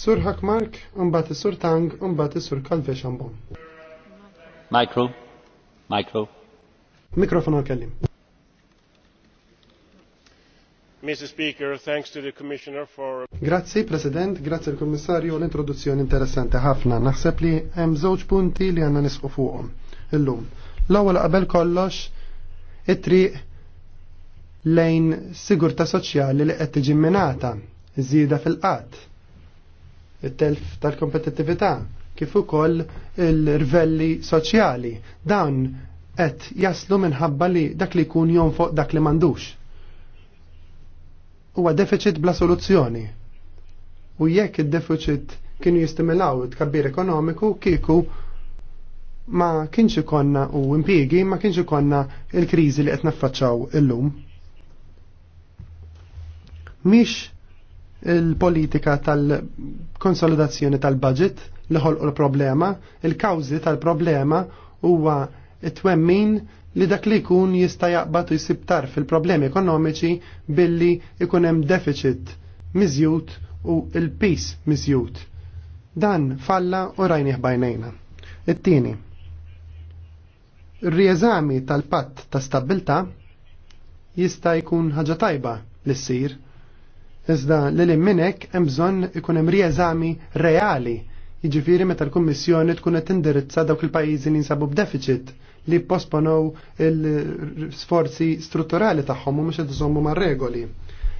Sur Hakmark, mbagħad is-Sur Tang, mbagħad is-Sur Kalve Micro. Micro. Mikrofon għal-kellim. Mr. Speaker, thanks to the Commissioner for... Grazzi, President, grazzi l Commissario, l-introduzzjoni interessanti ħafna. Naħseb li hemm żewġ punti li għandna nisqu fuqhom illum. L-ewwel qabel kollox it-triq lejn sigurta soċjali li qed tiġi minata, żieda fil-qatt, it-telf tal-kompetittività, kif ukoll il-rivelli soċjali. Dawn qed jaslu minħabba li dak li jkun jom fuq dak li m'għandux. Huwa deficit bla soluzzjoni. U jekk id-deficit kienu jistimilaw it-kabbir ekonomiku kieku ma kienx ikonna u impiegi ma kienx ikonna il-kriżi li qed naffaċċaw illum. Mhix il-politika tal-konsolidazzjoni tal-budget li ħolqu l-problema, il-kawżi tal-problema huwa it-twemmin li dak li jkun jista' jaqbad u jsib tarf il-problemi ekonomiċi billi ikun hemm deficit miżjud u il peace miżjud. Dan falla u rajnih bajnejna. It-tieni, rieżami tal-patt ta' stabilta jista' jkun ħaġa tajba li ssir. Iżda li l minnek hemm bżonn ikun hemm rieżami reali. Jiġifieri meta l-Kummissjoni tkun qed tindirizza dawk il-pajjiżi li jinsabu b'deficit li posponow l-sforzi strutturali tagħhom u mhux qed isommu mar-regoli.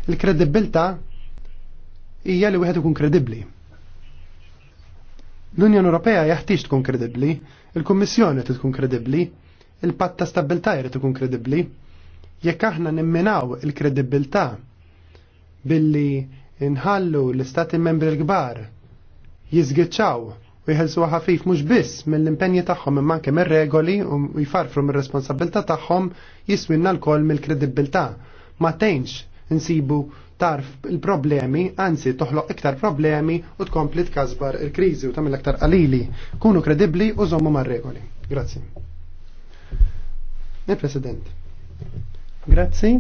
Il-kredibilità hija li wieħed ikun kredibbli. L-Unjoni Ewropea jaħtix tkun kredibbli, il-Kummissjoni tkun kredibbli, il-patt ta' stabilta' jrid ikun kredibbli. Jekk aħna nimminaw il kredibilta billi nħallu l-istati membri l-kbar jizgiċċaw u jħelsu ħafif mhux biss mill-impenji tagħhom imma anke mir-regoli u jfarfru mir responsabilta tagħhom jiswinna l-kol mill kredibilta Ma tgħinx insibu tarf il-problemi, anzi toħloq iktar problemi u tkompli tkazbar il-krizi u tamil iktar qalili. Kunu kredibli u zommu mar-regoli. Grazie. Il-President. Grazzi,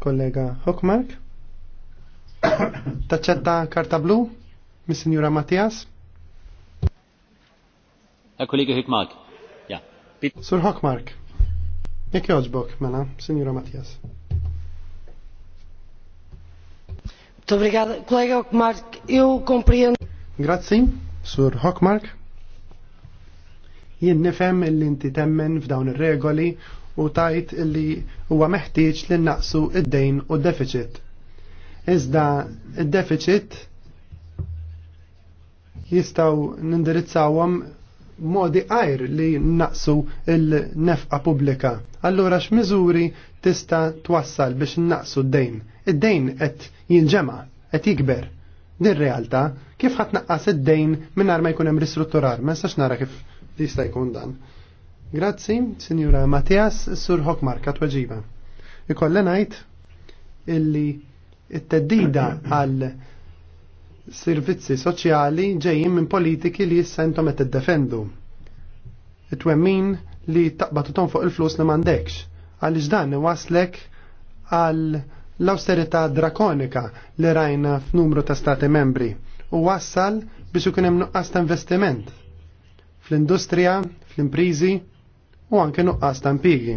kollega Hockmark. Taċċetta karta blu, mis-Sinjura Mattias. Kollega Hockmark. Ja. Sur Hockmark. Jekk joġbok, mela, Signora Mattias. Obrigada, colega Hockmark. Eu compreendo. Grazzi, Sur Hockmark. Jien nifhem li inti temmen f'dawn ir-regoli u tajt li huwa meħtieġ li naqsu id-dejn u d-deficit. Iżda id-deficit jistaw nindirizzawhom modi għajr li naqsu il-nefqa publika. Allura x'miżuri tista' twassal biex naqsu d-dejn? Id-dejn qed jinġema, qed jikber. Din realtà kif ħadd naqqas id-dejn mingħajr ma jkun hemm ristrutturar, ma nistax nara kif jista' jkun dan. Grazzi, Sinjura Mattias, Sur Hokmarka tweġiba. Ikolle ngħid illi it-teddida għal servizzi soċjali ġejjin minn politiki li issa intom qed tiddefendu. It-twemmin li taqbatu fuq il-flus li m'għandekx għaliex dan waslek għal l austerita drakonika li rajna f'numru ta' stati membri u wassal biex ikun hemm nuqqas ta' investiment fl-industrija, fl-imprizi, u anke nuqqas ta' impigi.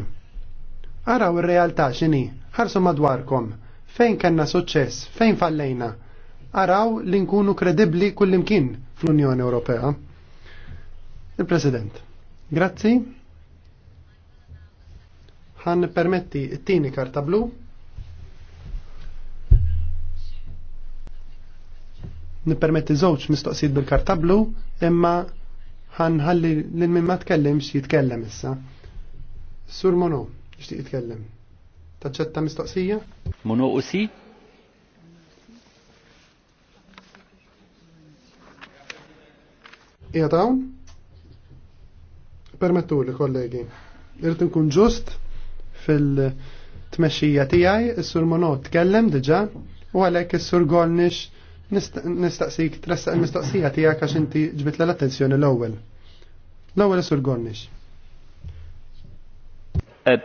Araw ir-realtà x'inhi, ħarsu madwarkom, fejn kellna suċċess, fejn fallejna. Araw li nkunu kredibbli kullimkien fl-Unjoni Ewropea. Il-President, grazzi. Ħan permetti it-tieni karta blu. Nippermetti żewġ mistoqsijiet bil-karta blu imma ħanħalli lil min ma tkellimx jitkellem issa. Sur Mono, xtiq jitkellem. Taċċetta mistoqsija? Mono si? Ija dawn? Permettu li kollegi. Irrit nkun ġust fil-tmexxija tiegħi, is-sur Mono tkellem diġà u għalhekk is-sur Golnix nistaqsik tressaq il-mistaqsija tija għax inti ġbitla l-attenzjoni l-ewwel. L-ewwel sur Gornix. Äh,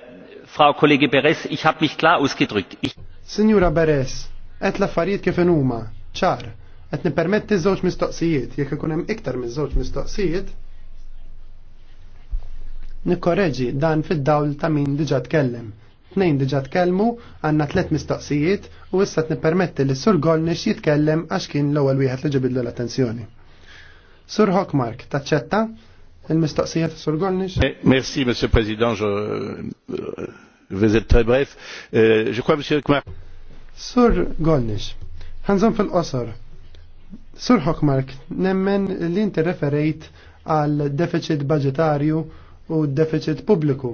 Frau kollegi Beres, ich habe mich klar ausgedrückt. Signora Beres, et l-affarijiet kif huma, ċar, qed nippermetti żewġ mistoqsijiet, jekk ikun hemm iktar minn żewġ mistoqsijiet. Nikkorreġi dan fid-dawl ta' min diġà tkellem tnejn diġa tkellmu, għandna tliet mistoqsijiet u issa nippermetti li sur Golnix jitkellem għax kien l-ewwel wieħed li ġibidlu l-attenzjoni. Sur Hokmark, taċċetta il-mistoqsija ta' Sur Golnix? Eh, merci, Monsieur President, je euh, vais être très bref. Euh, je crois, Monsieur Hockmark. Sur Golnix, ħanżon fil-qosor. Sur Hokmark, nemmen li inti referejt għal deficit budgetarju u deficit pubbliku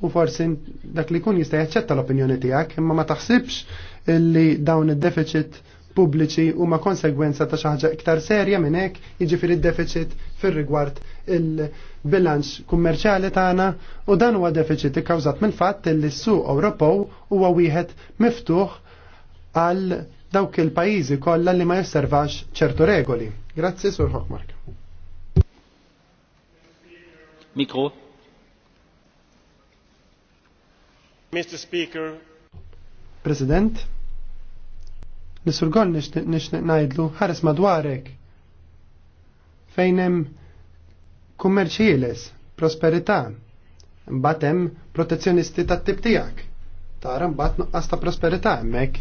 u forsi dak li kun jista' jaċċetta l-opinjoni tiegħek, imma ma taħsibx li dawn id-deficit pubbliċi huma konsegwenza ta' xi ħaġa iktar serja minn hekk, jiġifieri d-deficit fir-rigward il-bilanċ kummerċjali tagħna u dan huwa deficit ikkawżat mill-fatt li s-suq Ewropew huwa wieħed miftuħ għal dawk il-pajjiżi kollha li ma josservax ċertu regoli. Grazzi, Sur Hockmark. Mikro. Mr. Speaker. President, nisurgon surgon nix najdlu ħares madwarek fejnem kummerċieles, prosperità, mbatem protezzjonisti tat tip tijak. Tara mbat nuqqas ta' prosperità emmek,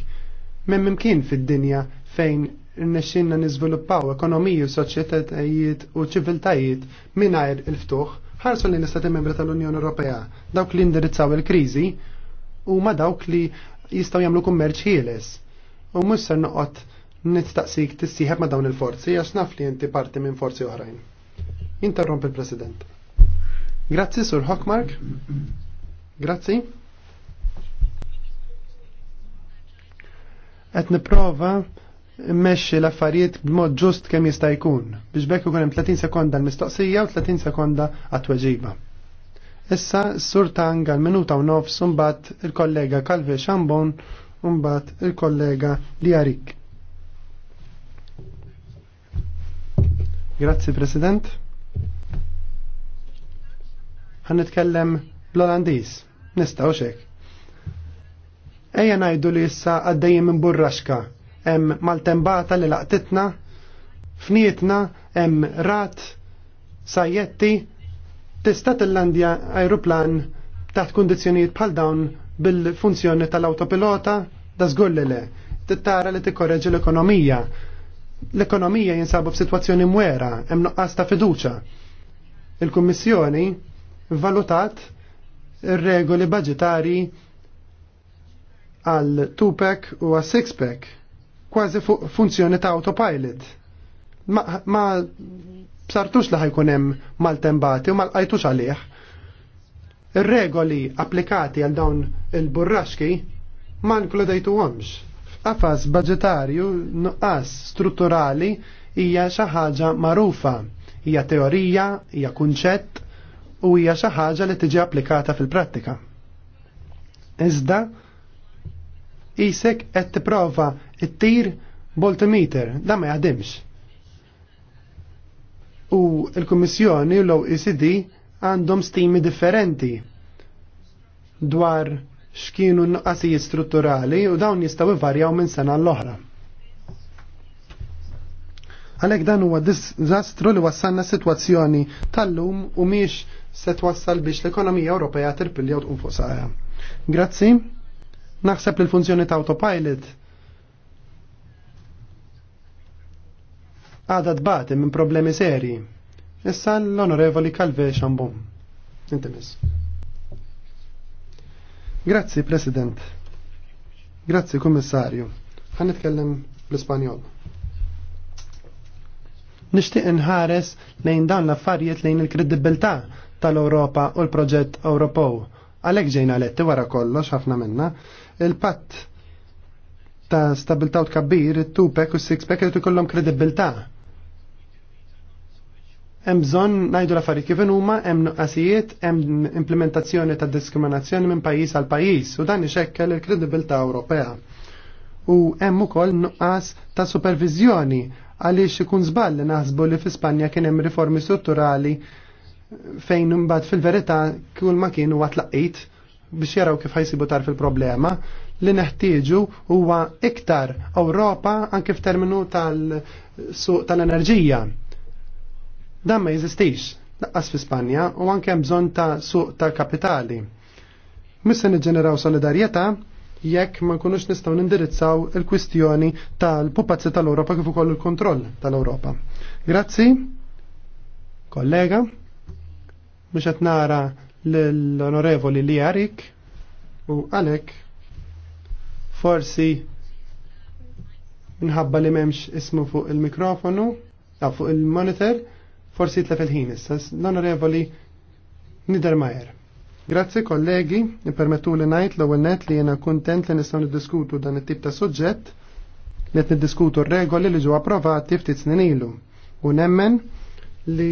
minn mimkien fid-dinja fejn rnexxinna niżviluppaw ekonomiju, soċjetajiet u ċiviltajiet mingħajr il-ftuħ ħarsu li nistati membri tal-Unjoni Ewropea dawk li indirizzaw il-kriżi ma dawk li jistgħu jagħmlu kummerċ ħieles. U mhux ser noqgħod nistaqsik tissiħab ma' dawn il-forzi għax naf li inti parti minn forzi oħrajn. Interromp il-President. Grazzi, Sur Hockmark. Grazzi. Qed nipprova mmexxi l-affarijiet b'mod ġust kemm jista' jkun biex bekk ikun hemm 30 sekonda l-mistoqsija u 30 sekonda għat-tweġiba. Issa s-sur tanga l-minuta u nofs unbat il-kollega Kalve Xambon unbat il-kollega Diarik. Grazzi President. Għan nitkellem bl-Olandis, u xek. Eja najdu li issa għaddejjem minn burraxka, em maltembata li laqtitna, fnietna, em rat, sajjetti, tista' tillandja ajruplan taħt kundizzjonijiet bħal dawn bil-funzjoni tal-autopilota da żgur le. Tittara li tikkoreġi l-ekonomija. L-ekonomija jinsabu f'sitwazzjoni mwera, hemm noqqas ta' fiduċa. Il-Kummissjoni valutat ir-regoli budgetari għal 2-pack u għal 6-pack kważi fuq funzjoni ta' autopilot. Ma, ma b'sartux li ħajkun hemm mal-tembati u ma lqajtux għalih. Ir-regoli applikati għal dawn il-burraxki ma nkludejtuhomx. għomx. F'qafas budgetarju nuqqas strutturali hija xi ħaġa magħrufa, hija teorija, hija kunċett u hija xi ħaġa li tiġi applikata fil-prattika. Iżda isek qed tipprova ttir voltmeter, da ma jaħdimx u l-Kummissjoni u l-OECD għandhom stimi differenti dwar x'kienu n-nuqqasijiet strutturali u dawn jistgħu ivarjaw minn sena l-oħra. Għalhekk dan huwa diżastru li wassalna sitwazzjoni tal-lum u miex se twassal biex l-ekonomija Ewropea tirpilja u fuq saħja. Grazzi. Naħseb li l-funzjoni ta' autopilot għada dbati minn problemi seri. Issa l-onorevoli Calve Xambum. Intemis. Grazzi, President. Grazzi, Kommissarju. Għan nitkellem l-Ispanjol. Nishtiq nħares lejn dan l-affarijiet lejn il-kredibilità tal-Europa u l-proġett Ewropew. Għalek ġejna letti wara kollox ħafna minna, il-patt ta' stabilta' u tkabbir, il-tupek u s-sixpek li kollom kredibilta hemm bżonn ngħidu l-affarijiet kif huma hemm nuqqasijiet hemm implementazzjoni ta' diskriminazzjoni minn pajjiż għal pajjiż u dan ixekkel il-kredibilità Ewropea. U hemm ukoll nuqqas ta' supervizjoni għaliex ikun żball li naħsbu li f'Ispanja kien hemm riformi strutturali fejn imbagħad fil-verità kull ma kienu għatlaqit biex jaraw kif ħajsibu tar fil-problema li neħtieġu huwa iktar Ewropa anke f'terminu tal-suq tal-enerġija. tal suq tal enerġija Dan ma jeżistix, naqqas fi Spanja u anke hemm bżonn ta' suq ta' kapitali. Missa niġġeneraw solidarjetà jekk ma nkunux nistgħu nindirizzaw il-kwistjoni tal-pupazzi tal-Ewropa kif ukoll il-kontroll tal-Ewropa. Grazzi, kollega, mhux qed nara l-onorevoli li għarik u għalek forsi minħabba li memx ismu fuq il-mikrofonu, ah, fuq il-monitor, forsi tlef il-ħin issa, l-onorevoli Niedermayer. Grazzi kollegi, permettu li najt l ewwel net li jena kontent li nistaw niddiskutu dan it-tip ta' suġġett, li qed niddiskutu regoli li ġew approvati ftit snin ilu. U nemmen li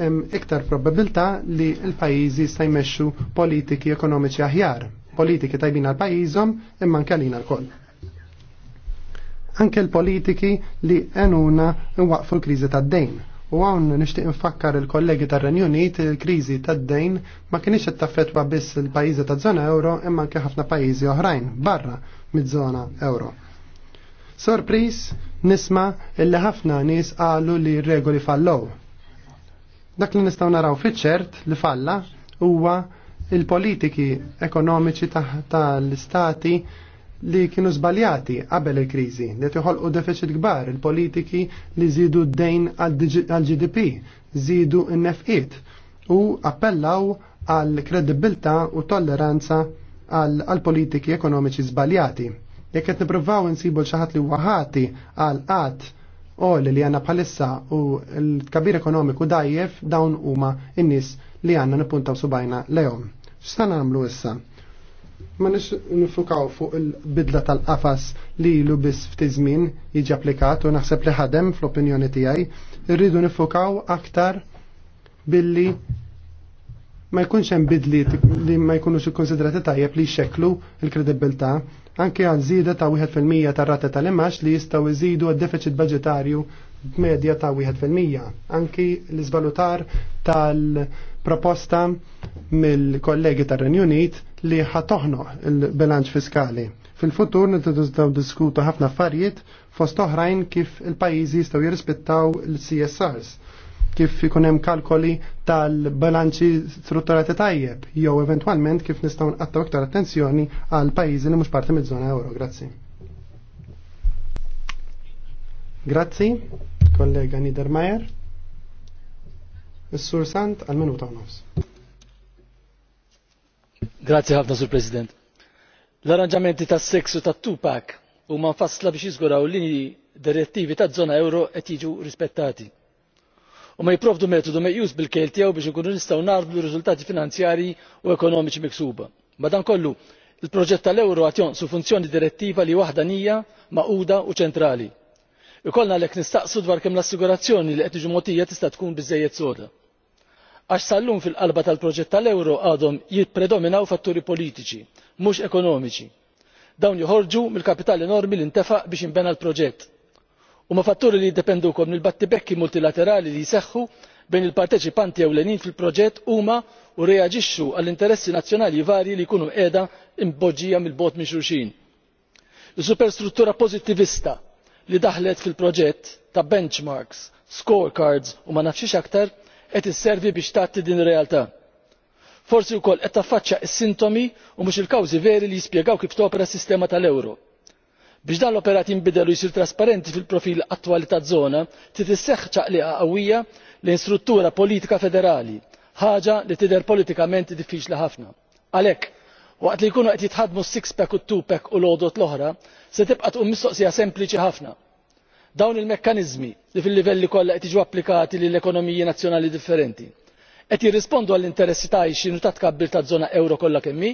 hemm iktar probabilta li l-pajjiżi jista' jmexxu politiki ekonomiċi aħjar, politiki tajbin għal pajjiżhom imma nkalina l-koll. Anke l-politiki li enuna nwaqfu l-kriżi tad-dejn U għawn nishtiq nfakkar il-kollegi tar Unit il-krizi tad-dejn ma kienx qed taffetwa biss il-pajjiżi taż-żona euro imma anke ħafna pajjiżi oħrajn barra mid-żona euro. Sorpris nisma illi ħafna nies qalu li r-regoli fallow. Dak li nistgħu naraw fiċ-ċert li falla huwa il-politiki ekonomiċi tal-istati ta li kienu zbaljati qabel il-krizi li u deficit kbar il-politiki li zidu d-dejn għal-GDP, zidu n-nefqiet u appellaw għal-kredibilta u tolleranza għal-politiki ekonomiċi zbaljati. Jekk qed nippruvaw insibu ċaħat li waħati għal qatt oli li għanna bħalissa u l-kabir ekonomiku dajjef dawn huma in-nies li għanna nipuntaw subajna lejhom. X'sa nagħmlu issa? ma nix nifukaw fuq il-bidla tal-qafas li ilu biss ftit żmien jiġi applikat u naħseb li ħadem fl-opinjoni tiegħi, irridu nifukaw aktar billi ma jkunx hemm bidli li ma jkunux ikkonsidrati tajjeb li jxekklu l-kredibilità anke għal żieda ta' 1% tar-rata tal-imax li jistgħu jżidu d-deficit budgetarju b'medja ta' 1%. Anki l-iżvalutar tal-proposta mill-kollegi tar-Renju Unit li ħatoħno il-bilanċ fiskali. Fil-futur nittiżdaw diskutu ħafna affarijiet fost oħrajn kif il-pajjiżi jistgħu jirrispettaw il-CSRs kif ikun hemm kalkoli tal-bilanċi strutturati tajjeb, jew eventwalment kif nistgħu nqattaw iktar attenzjoni għal pajjiżi li mhux parti mid żona euro. Grazzi. Grazzi, kollega Niedermayer. Is-Sur Sant għal minuta u nofs. Grazie ħafna sur President. L-arranġamenti tas seksu tat Tupac huma fassla biex jiżguraw linji direttivi taż zona euro qed jiġu rispettati. U ma jipprovdu metodu meqjus bil-kejl tiegħu biex ikunu nistgħu narblu riżultati finanzjarji u ekonomiċi miksuba. Madankollu, il-proġett tal-euro qed su funzjoni direttiva li waħdanija maquda u ċentrali. l għalhekk nistaqsu dwar kemm l-assigurazzjoni li qed tiġi mogħtija tista' tkun biżżejjed soda għax sa fil qalba tal proġett tal ewro għadhom jippredominaw fatturi politiċi mhux ekonomiċi dawn joħorġu mill kapital enormi li ntefaq biex inbena l-proġett huma fatturi li jiddependu wkoll mill battibekki multilaterali li jseħħu bejn il parteċipanti ewlenin fil proġett huma u reaġixxu għall interessi nazzjonali varji li jkunu qiegħda mboġġija mil bogħod minn xulxin. is superstruttura pożittivista li daħlet fil proġett ta' benchmarks scorecards u ma nafx aktar qed isservi biex tagħti din ir-realtà. forsi wkoll qed taffaċċja s sintomi u mhux il kawżi veri li jispjegaw kif topra s-sistema tal ewro. biex dan l operat jinbidel u jsir trasparenti fil profil attwali taż-żona trid isseħħ ċaqliqa qawwija lejn struttura politika federali ħaġa li tidher politikament diffiċli ħafna. għalhekk waqt li jkunu qed jitħaddmu s six pack u t two pack u l għodot l oħra se tibqa' tkun mistoqsija sempliċi ħafna dawn il mekkaniżmi li fil livelli kollha qed jiġu applikati lil ekonomiji nazzjonali differenti qed jirrispondu għall interessi ta' għajxin u ta' tkabbir taż-żona euro kollha kemm hi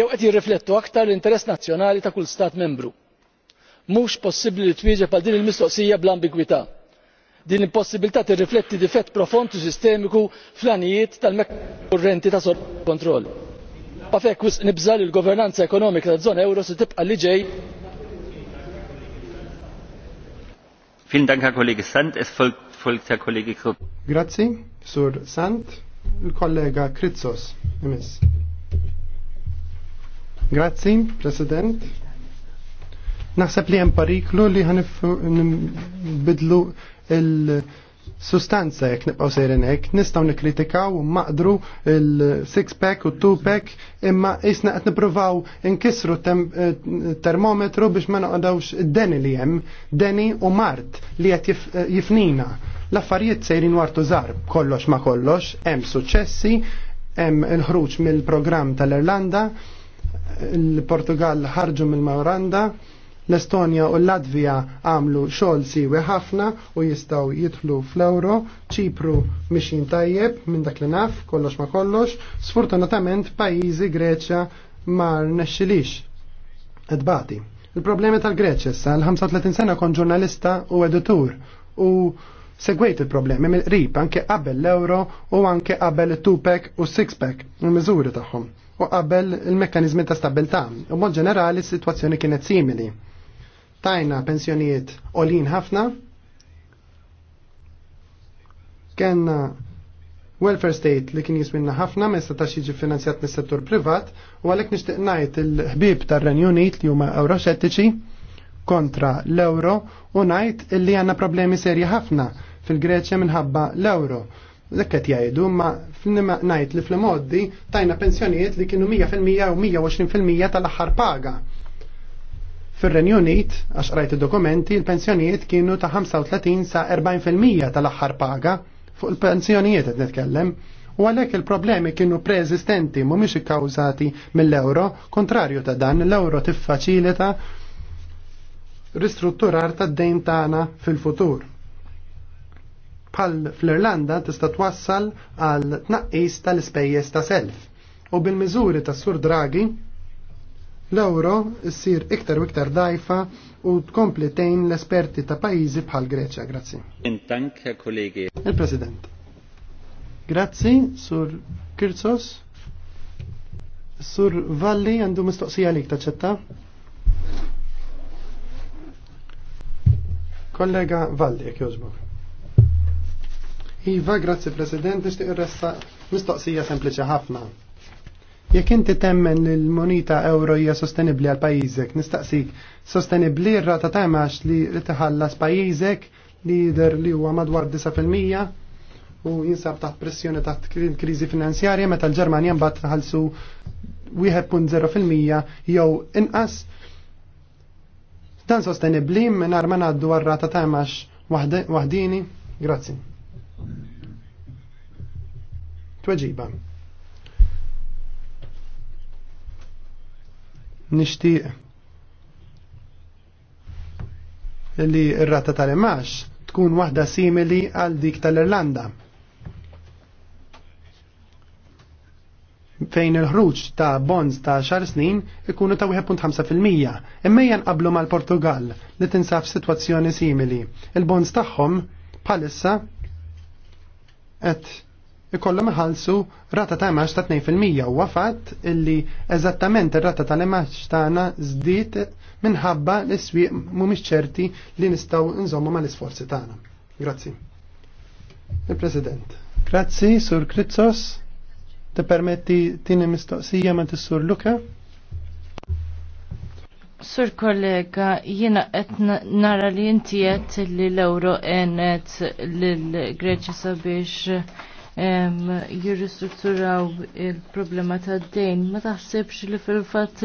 jew qed jirriflettu aktar l-interess nazzjonali ta' kull stat membru. mhux possibbli li twieġeb għal din il mistoqsija bla ambigwità. din l-impossibilità tirrifletti difett profond u sistemiku fl għanijiet tal mekkaniżmi kurrenti ta' sorveljanza kontroll. għalhekk wisq nibżal li l governanza ekonomika taż-żona euro se tibqa' li ġej Vielen Dank, Herr Kollege Sand. Es folgt, folgt Herr Kollege Krupp. Grazie, Sur Sand. Il-kollega Kritzos, emis. Grazie, President. Naħseb li jem pariklu li ħanif bidlu il- sustanza jek nibqaw sejren hekk nistgħu nikkritikaw u maqdru il-six pack u two pack imma isna qed nippruvaw inkisru eh, termometru biex ma noqgħdawx id-deni li hemm, deni u mart li qed eh, jifnina. L-affarijiet sejrin wartu żarb kollox ma kollox, hemm suċċessi, hemm il-ħruġ mill-programm tal-Irlanda, il-Portugal ħarġu mill-Mawranda, L-Estonja u l-Latvija għamlu xogħol siwi ħafna u jistgħu jidħlu fl-euro, Ċipru mixin tajjeb minn dak li naf, kollox ma kollox, sfortunatament pajjiżi Greċja ma rnexxilix. Edbati. Il-problemi tal-Greċja issa l-35 sena kon ġurnalista u editur u segwejt il-problemi mill-qrib anke qabel l-euro u anke qabel il-2-pack u 6-pack u miżuri tagħhom u qabel il-mekkanizmi ta' stabilta. U mod ġenerali s-situazzjoni kienet simili tajna pensjonijiet olin ħafna, kenna welfare state li kien jisminna ħafna ma ta' jiġi finanzjat mis-settur privat u għalhekk nixtieq ngħid il-ħbieb tar-Renju Unit li huma euroxettiċi kontra l-euro u ngħid li għandna problemi serji ħafna fil-Greċja minħabba l-euro. Lekket jgħidu, ma f'nima ngħid li fl-modi tajna pensjonijiet li kienu 100% u 120% tal-aħħar paga Fir-Renju Unit, għax rajt id-dokumenti, il-pensjonijiet kienu ta' 35 sa 40% tal-aħħar paga fuq il-pensjonijiet qed nitkellem. U għalhekk il-problemi kienu preeżistenti mhumiex ikkawżati mill-euro, kontrarju ta' dan l-euro tiffaċilita ristrutturar tad-dejn tagħna fil-futur bħal fl-Irlanda tista' twassal għal tnaqqis tal-ispejjeż ta' self. U bil-miżuri tas Sur Draghi L-euro ssir iktar u iktar dajfa u tkompli tejn l-esperti ta' pajizi bħal Greċja. Grazzi. Intank, kollegi. Il-President. Grazzi, Sur Kirzos. Sur Valli għandu mistoqsija li ċetta. Kollega Valli, jek jożbok. Iva, grazzi President, nishtiq resta mistoqsija sempliċi ħafna. Jekk inti temmen li l-monita euro hija sostenibbli għal pajjiżek, nistaqsik sostenibbli r-rata ta' li tħallas pajjiżek li jidher li huwa madwar 9% u jinsab taħt pressjoni taħt kriżi finanzjarja meta l-Ġermanja mbagħad tħallsu 1.0% jew inqas. Dan sostenibbli mingħajr ma ngħaddu għar-rata ta' imax waħdini. Grazzi. Tweġiba. nixtieq li r-rata tal-imax tkun waħda simili għal dik tal-Irlanda. fejn il-ħruġ ta' bonds ta' xar snin ikunu ta' 1.5%. Imma janqablu mal-Portugal li tinsab situazzjoni simili. Il-bonds tagħhom bħalissa qed ikollhom iħallsu rata ta' imax ta' 2% huwa fatt illi eżattament ir-rata tal-imax tagħna żdied minħabba l swieq mhumiex ċerti li nistgħu nżommu mal-isforzi tagħna. Grazzi. Il-President. Grazzi, Sur Kritzos. Te permetti tini mistoqsija ma sur Luka? Sur kollega, jiena qed nara li inti qed li l-euro għenet lill greċi sabiex jirristrutturaw il-problema ta' d-dejn. Ma taħsibx li fil-fat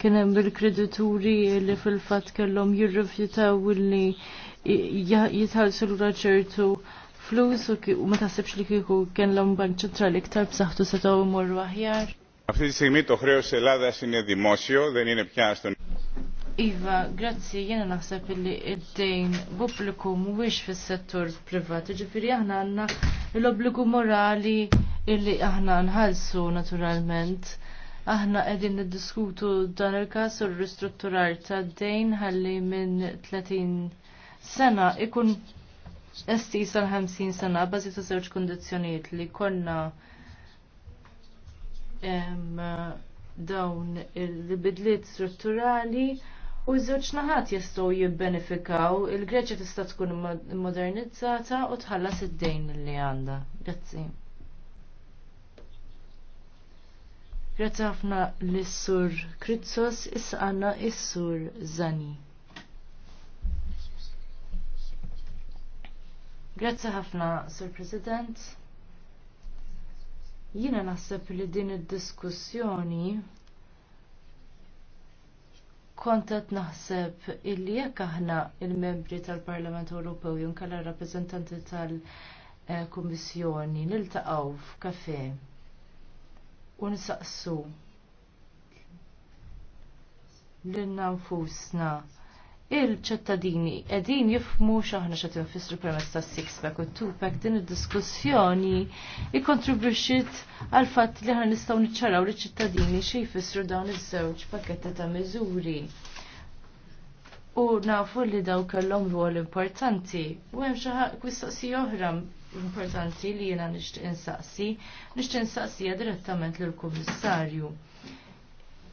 kienem bil kredituri li fil-fat kellhom jirrifjutaw li jitħallsu l ċertu flus u ma taħsibx li kieku kien l-om bank ċentrali iktar b'saħħtu setgħu morru aħjar. Għafti τη στιγμή το χρέος της sinja είναι δημόσιο, δεν είναι πια Iva, grazzi, jena naħseb li id-dejn pubbliku mhuwiex fis-settur privat, ġifieri aħna għandna l-obbligu morali illi aħna nħallsu naturalment. Aħna qegħdin niddiskutu dan il-każ u r-ristrutturar tad-dejn ħalli minn 30 sena ikun estis għal 50 sena bażi ta' żewġ kundizzjonijiet li konna dawn il-bidliet strutturali u żewġ naħat jistgħu jibbenefikaw, il-Greċja tista' tkun modernizzata u tħallas id-dejn li għandha. Grazzi. Grazzi ħafna lis-sur Kritzos issa għandna is-sur Zani. Grazzi ħafna, Sur President. Jiena naħseb li din id-diskussjoni kontet naħseb illi jekk aħna il-membri tal-Parlament Ewropew r rappreżentanti tal-Kummissjoni niltaqgħu f'kafè u nsaqsu lil nfusna il-ċittadini edin jifmu xaħna xi tinfissru permess ta' six-pack u two-pack din il-diskussjoni jikontribuxit għal fatt li ħan nistaw niċċaraw li ċittadini xie jfissru dawn iż-żewġ pakketta ta' miżuri. U nafu li daw kellhom rwol importanti u hemm xi kwistaqsi oħra importanti li jiena nixtieq insaqsi, nixtieq insaqsija direttament lill-Kummissarju.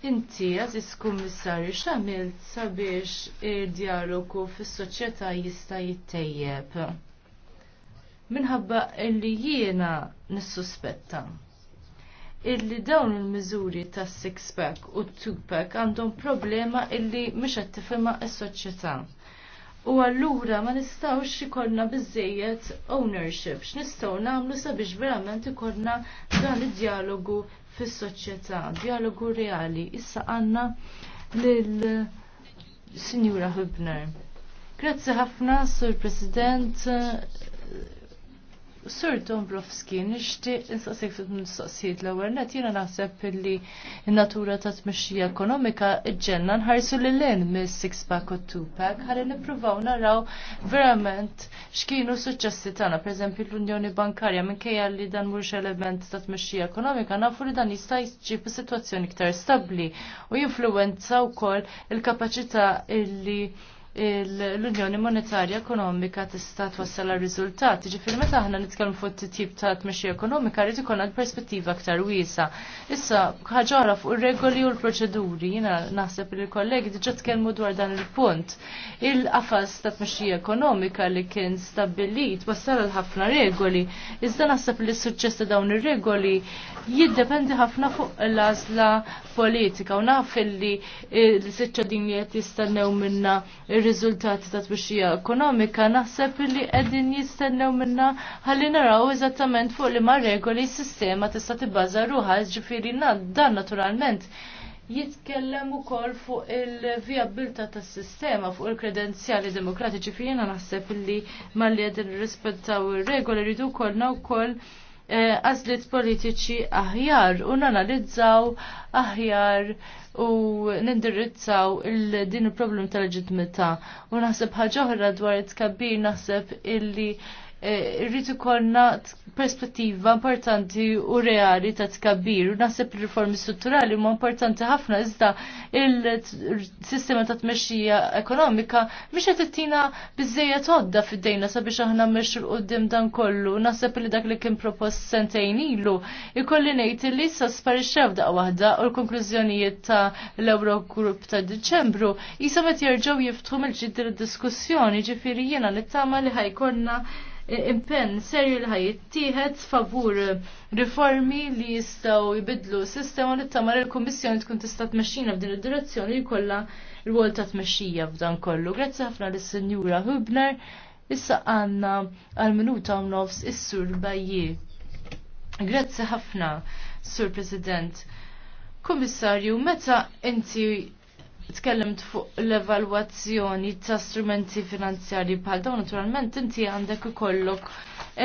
Inti, għaziz kummissarju, xamilt sabiex il-dialogu fis soċjetà jista' jittejjeb? Minħabba illi jiena nissuspetta illi dawn il-miżuri ta' six-pack u two-pack għandhom problema illi mhux qed tifhimha s-soċjetà. U allura ma nistgħux ikollna biżejjed ownership, x'nistgħu nagħmlu sabiex verament ikollna dan id-dialogu fis-soċjetà, dialogu reali. Issa għandna lil Sinjura Hübner. Grazzi ħafna, Sur President, Sur Dombrovski, nsaqsik fil mistoqsijiet l-ewwel net jiena naħseb li n-natura ta' tmexxija ekonomika ġenna nħarsu l-len mis-six pack u two pack ħalli nippruvaw naraw verament x'kienu suċċessi tagħna, pereżempju l-Unjoni Bankarja minkejja li dan mhux element ta' tmexxija ekonomika nafu li dan jista' jġib situazzjoni iktar stabbli u jinfluwenza wkoll il-kapaċità illi l-Unjoni Monetarja Ekonomika tista' twassal riżultat. Ġifieri meta aħna nitkellmu fuq tip ta' tmexxija ekonomika rrid ikollna perspettiva aktar wiesa. Issa ħaġa oħra fuq ir-regoli u l-proċeduri, jiena naħseb li l-kollegi diġà tkellmu dwar dan il-punt. Il-qafas ta' tmexxija ekonomika li kien stabbilit wassal għal ħafna regoli. Iżda naħseb li s-suċċess ta' dawn ir-regoli jiddependi ħafna fuq l-għażla politika u naf li eh, l-siċċadin li qed jistennew minna ir ir-riżultati ta' tbixxija ekonomika naħseb li qegħdin jistennew minna ħalli naraw eżattament fuq li ma' regoli s-sistema tista' tibbaża ruħha ġifieri dan naturalment jitkellem ukoll fuq il-vijabilità tas-sistema fuq il-kredenzjali demokratiċi jiena naħseb li malli qegħdin rispettaw ir-regoli rridu kollna wkoll Eh, għazlit politiċi aħjar u nanalizzaw aħjar u nindirizzaw il-din il-problem tal-ġitmita. U naħseb ħagħuħra dwar it-kabbir naħseb illi Eh, irrid ikollna perspettiva importanti u reali ta' tkabbir. Naħseb li riformi strutturali huma importanti ħafna iżda il-sistema ta' tmexxija ekonomika mhix qed tittina biżejjed għodda fid-dejna sabiex aħna mhix qudiem dan kollu. Naħseb li dak li kien propost sentejn ilu ikolli ngħid li issa sparixxew daq waħda u l-konklużjonijiet ta' l-Eurogroup ta' Diċembru jisa qed jerġgħu jiftħu mill-ġid diskussjoni ġifieri jiena nittama li ħajkollna impenn serju l ħajt tiħed favur riformi li jistgħu jbidlu sistema li tamar il komissjoni tkun tista' tmexxina f'din id-direzzjoni li kollha rwol ta' tmexxija f'dan kollu. Grazzi ħafna lis-Sinjura Hubner. Issa għanna għal-minuta u nofs is-sur bajji. Grazzi ħafna, Sur President. Komissarju, meta inti tkellimt fuq l-evalwazzjoni ta' strumenti finanzjari bħal dawn naturalment inti għandek ikollok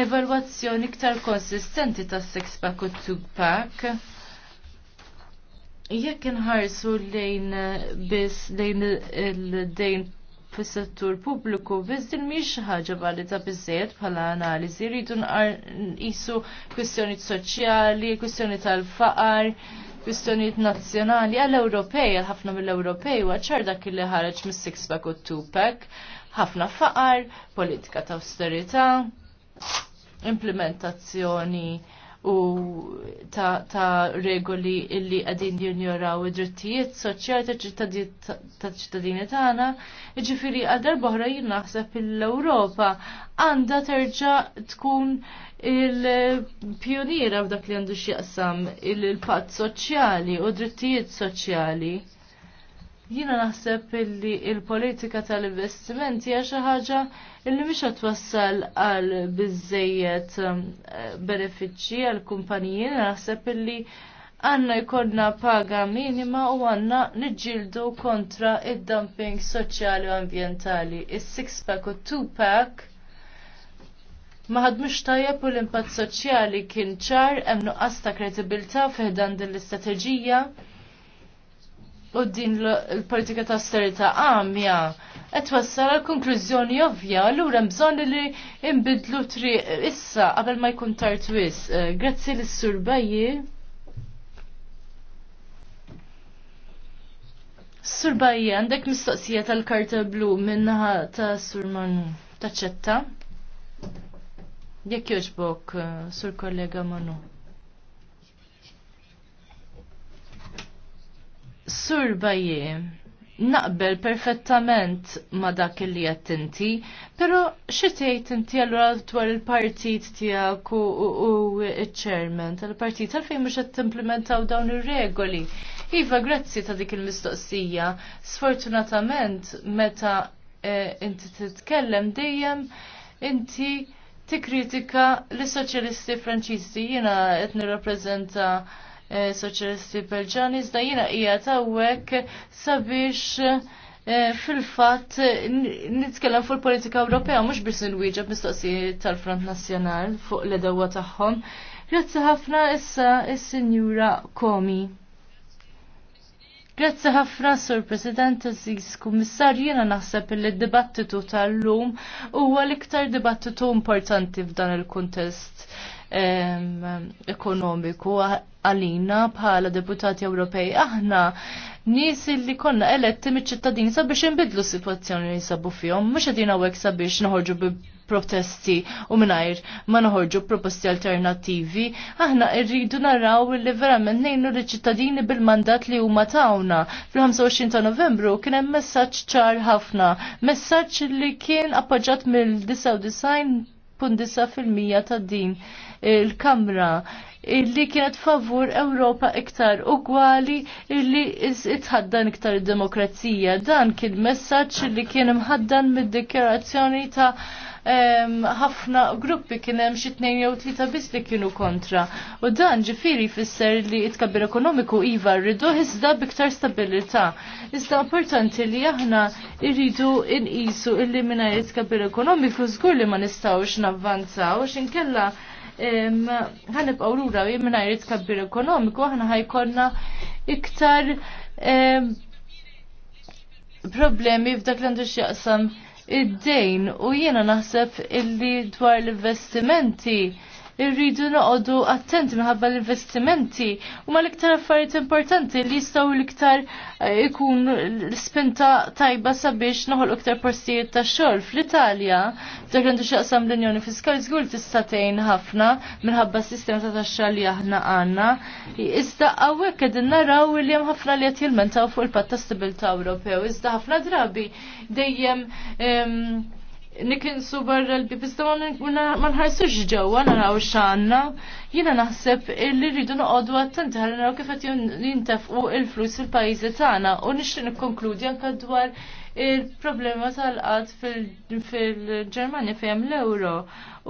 evalwazzjoni iktar konsistenti ta' six pack u two pack. Jekk inħarsu lejn biss lejn il-dejn fis-settur pubbliku biss din mhix ħaġa valida biżejjed bħala analiżi rridu nqisu kwistjoni soċjali, kwistjoni tal-faqar kwistjonijiet nazzjonali għall-Ewropej, għal ħafna mill-Ewropej, għacċar dak li ħareġ mis-sixpack u two-pack, ħafna faqar, politika ta' austerita, implementazzjoni u ta', ta regoli illi għadin jinjoraw id-drittijiet soċjali ta' ċittadini tagħna, jiġifieri għadar boħra jien naħseb l-Ewropa għandha terġa' tkun il-pjoniera f'dak li għandu x'jaqsam il-patt soċjali u drittijiet soċjali. Jina naħseb illi il-politika tal-investimenti hija xi ħaġa illi mhix twassal għal biżejjed um, benefiċċji għal kumpaniji, naħseb illi għanna jkollna paga minima u għanna niġġieldu kontra id-dumping soċjali u ambjentali. Is-six pack u two pack ma ħadmux tajjeb u l-impatt soċjali kien ċar hemm nuqqas ta' kredibilità fiħdan din l-istrateġija u din l-politika ta' austerità għamja. Qed wassal għal konklużjoni ovvja lura bżonn li nbidlu triq issa qabel ma jkun tard wis. E, grazzi lis-sur Bajji. Sur Bajji, għandek mistoqsija tal-karta blu minnaħa ta' Sur Manu. Taċċetta? Jekk joġbok, eh, sur kollega Manu. Sur Bajje, naqbel perfettament ma dak li qed inti, però xi tgħid inti għallura dwar il-partit tiegħek u il chairman tal-partit għalfejn mhux qed timplementaw dawn ir-regoli. Iva, grazzi ta' dik il-mistoqsija. Sfortunatament meta eh, inti titkellem dejjem inti tikkritika l-soċjalisti Franċiżi jiena qed nirrappreżenta eh, soċjalisti Belġani iżda jiena qiegħed hawnhekk sabiex eh, fil-fat nitkellem fuq politika Ewropea mhux biss il-wieġeb mistoqsijiet tal-Front Nazzjonal fuq l-edewwa tagħhom. Grazzi ħafna issa is-Sinjura Komi. Grazzi ħafna, Sur President, Aziz Kummissar, jena naħseb li d-dibattitu tal-lum huwa l-iktar dibattitu importanti f'dan il-kontest ekonomiku għalina bħala deputati Ewropej. Aħna nies li konna eletti miċ-ċittadini sabiex inbidlu s-sitwazzjoni li sabu fihom, mhux qegħdin hawnhekk sabiex noħorġu bi protesti u mingħajr ma naħorġu proposti alternattivi, aħna rridu naraw li verament ngħinu li ċittadini bil-mandat li huma tawna. Fil-25 ta' Novembru kien hemm messaġġ ċar ħafna, messaġġ li kien appoġġat mill-99.9% ta' din il-Kamra illi kienet favur Ewropa iktar ugwali illi itħaddan iktar demokrazija. Dan kien messaċ li kien imħaddan mid-dikjerazzjoni ta' ħafna gruppi kien hemm xi tnejn jew tlieta biss li kienu kontra. U dan ġifieri jfisser li t tkabbir ekonomiku iva rridu iżda biktar stabilità. Iżda importanti li aħna rridu nqisu illi mingħajr tkabbir ekonomiku żgur li ma nistgħux navvanzaw x'inkella ħanibqaw lura jien mingħajr tkabbir ekonomiku aħna ħajkonna iktar problemi f'dak l-għandu x'jaqsam id-dejn u jiena naħseb illi dwar l-investimenti irridu noqogħdu attenti minħabba l-investimenti huma l-iktar affarijiet importanti li jistgħu l-iktar eh, ikun l-spinta tajba sabiex noħolqu iktar postijiet ta' xogħol fl-Italja. Dak għandu x'jaqsam l-Unjoni Fiskali żgur tista' tgħin ħafna minħabba s-sistema ta' taxxa li aħna għandna. Iżda hawnhekk qegħdin naraw li hemm ħafna li qed jilmentaw fuq il-patt ta' stabilità Ewropew. Iżda ħafna drabi dejjem nikinsu barra l-bibista ma nħarsux ġewwa naraw x'għandna. Jiena naħseb li rridu noqogħdu attenti ħalli naraw kif qed jintefqu il-flus il-pajjiżi tagħna u nixtieq nikkonkludi anke dwar il-problema tal-qad fil-Ġermanja fejn l-euro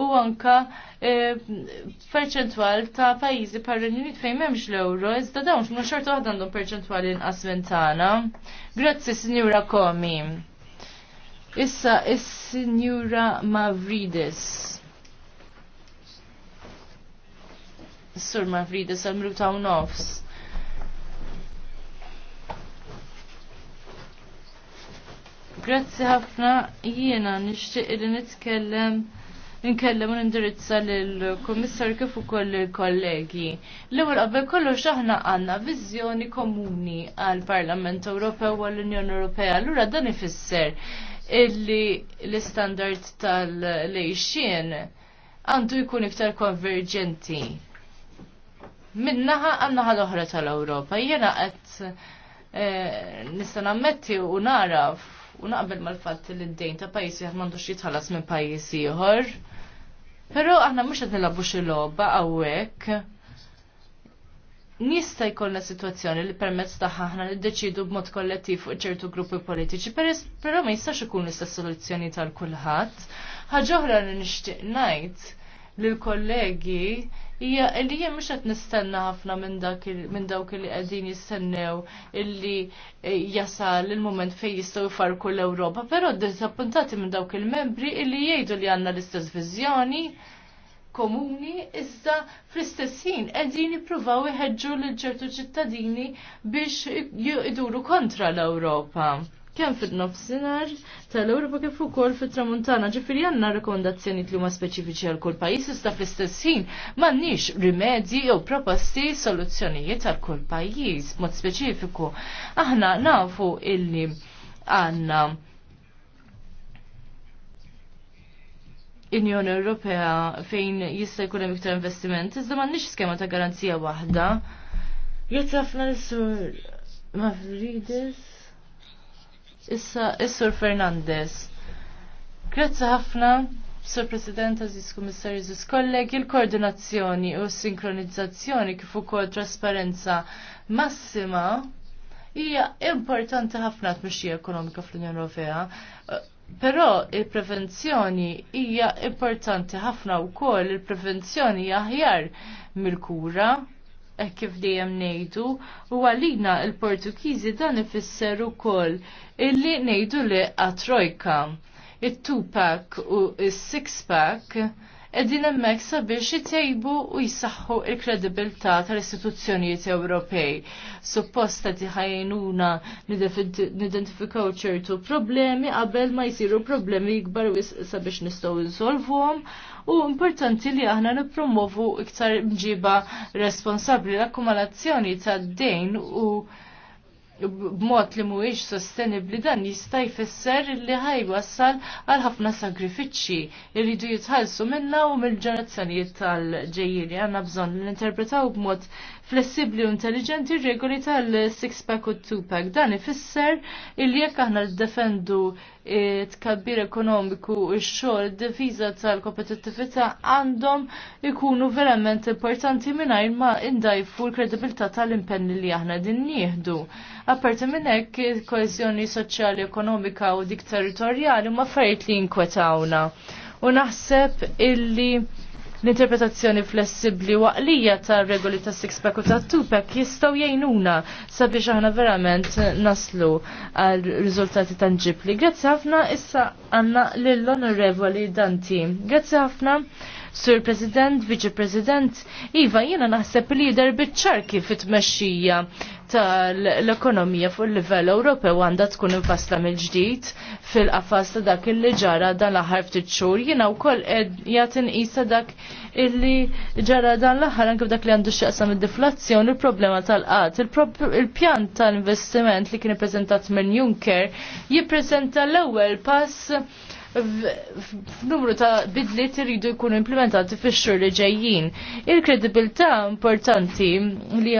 u anka eh, perċentwal ta' pajjiżi par-Renju Unit fejn m'hemmx l-euro, iżda dawn xorta waħda għandhom perċentwali inqas minn tagħna. Grazzi, Sinjura Komi. Issa is-Sinjura Mavrides. Sur Mavrides għamru ta' nofs. Grazzi ħafna jiena nixtieq li nitkellem nkellem u nindirizza lill komissar kif ukoll il-kollegi. L-ewwel qabel kollox aħna għandna viżjoni komuni għall-Parlament Ewropew u għall-Unjoni Ewropea. Allura dan ifisser illi l-standard tal-lejxien għandu jkun iktar konverġenti. Minnaħa għannaħa l-oħra tal-Ewropa. Jena għet eh, nista nammetti u naraf u naqbel mal-fatt li l dejn ta' pajisi jgħat mandu jitħallas minn pajjiż ieħor. Pero aħna mhux qed nilabu xi logħba hawnhekk nista' jkollna sitwazzjoni li permezz tagħha aħna niddeċidu b'mod kollettiv fuq ċertu gruppi politiċi, però ma jistax ikun l-istess soluzzjoni tal kulħadd. Ħaġa oħra li nixtieq ngħid lill kollegi hija li hija mhux qed nistenna ħafna minn dawk li qegħdin jistennew illi eh, jasal il-mument fejn jistgħu jfarku l-Ewropa, però disappuntati minn dawk il-membri illi jgħidu li għandna l-istess viżjoni komuni, iżda fl istessin qegħdin jippruvaw iħeġġu lil ċertu ċittadini biex iduru kontra l-Ewropa. Kemm fit nofsinhar tal-Ewropa kif ukoll fit-Tramuntana ġifieri għandna rekomendazzjoni li huma speċifiċi għal kull pajjiż iżda fl-istess ħin m'għandniex rimedji jew proposti soluzzjonijiet għal kull pajjiż mod speċifiku. Aħna nafu illi għandna Unjoni Ewropea fejn jista' jkun hemm iktar investiment, iżda m'għandniex skema ta' garanzija waħda. Jgħid ħafna l-sur Mavridis. Issa, sur Fernandez. Grazzi ħafna. Sur President, Aziz Kummissar, Aziz Kolleg, il-koordinazzjoni u sinkronizzazzjoni kif ukoll trasparenza massima hija importanti ħafna tmexxija ekonomika fl-Unjoni Ewropea. Però il-prevenzjoni hija importanti ħafna wkoll, il-prevenzjoni hija aħjar mill-kura e kif dejjem ngħidu u għalina il-Portugiżi dan ifisser ukoll illi ngħidu li għatrojka. It-two-pack u s-six-pack edin emmek sabiex jitjajbu u jisaxħu il-kredibilta tal-istituzzjonijiet Ewropej. Supposta tiħajnuna nidentifikaw ċertu problemi qabel ma jisiru problemi jikbar sabiex nistaw għom u importanti li aħna nipromovu iktar mġiba responsabli l-akkumulazzjoni tad-dejn u b'mod li mhuwiex sostenibbli dan jista' jfisser li ħajwassal għal ħafna sagrifiċċji irridu jitħallsu minna u mill-ġenerazzjonijiet tal-ġejjieni għandna bżonn li ninterpretaw b'mod flessibli u intelligenti regoli tal-six-pack u two-pack. Dan ifisser illi jekk aħna defendu tkabbir ekonomiku u x-xogħol id-diviża tal-kompetittività għandhom ikunu verament importanti mingħajr ma indajfu l-kredibilità tal-impenni li aħna din nieħdu. Apparti minn hekk koeżjoni soċjali, ekonomika u dik territorjali ma fejt li jinkwetawna. U naħseb illi l-interpretazzjoni flessibli waqlija ta' regoli ta' six-pack u ta' two-pack jistaw jgħinuna sabiex aħna verament naslu għal rizultati tangibli. Grazzi ħafna issa għanna l-onorevoli Danti. Grazzi ħafna. Sur President, Vice President, Iva, jena naħseb li jider ċarki fit-mexxija tal-ekonomija fuq il-livell Ewropew għandha tkun infasta mill-ġdid fil-qafas ta' dak illi ġara dan l-aħħar ftit xhur jiena wkoll qed inqis dak illi ġara dan l-aħħar anke dak li għandu x'jaqsam id-deflazzjoni il-problema tal-qatt. Il-pjan tal-investiment li kien ippreżentat minn Juncker jippreżenta l-ewwel pass f'numru ta' bidliet iridu jkunu implementati fix-xhur li ġejjin. Il-kredibilità importanti li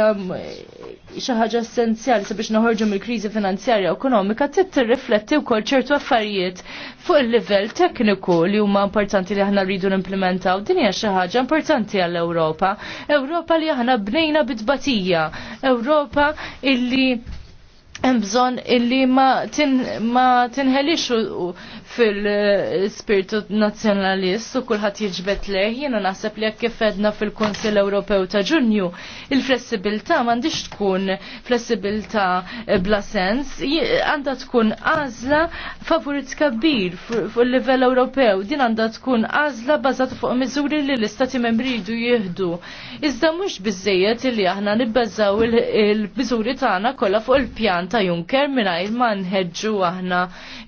xi ħaġa essenzjali sabiex noħorġu mill-kriżi finanzjarja u ekonomika trid tirrifletti wkoll ċertu affarijiet fuq il-livell tekniku li huma importanti li aħna rridu nimplementaw. Din hija xi ħaġa importanti għall europa Ewropa li aħna bnejna bitbatija. Ewropa illi hemm bżonn illi ma, ma tinħelix fil-spiritu nazjonalist u kulħadd jiġbet leħ, jiena naħseb li jekk fedna fil-Kunsill Ewropew ta' Ġunju, il-flessibilità m'għandix tkun flessibilità bla sens, għandha tkun għażla favorit kabbir fuq il-livell Ewropew, din għandha tkun għażla bazat fuq miżuri li l-istati membri jridu jieħdu. Iżda mhux biżejjed li aħna nibbażaw il-miżuri tagħna kollha fuq il-pjan ta' Juncker mingħajr ma nħeġġu aħna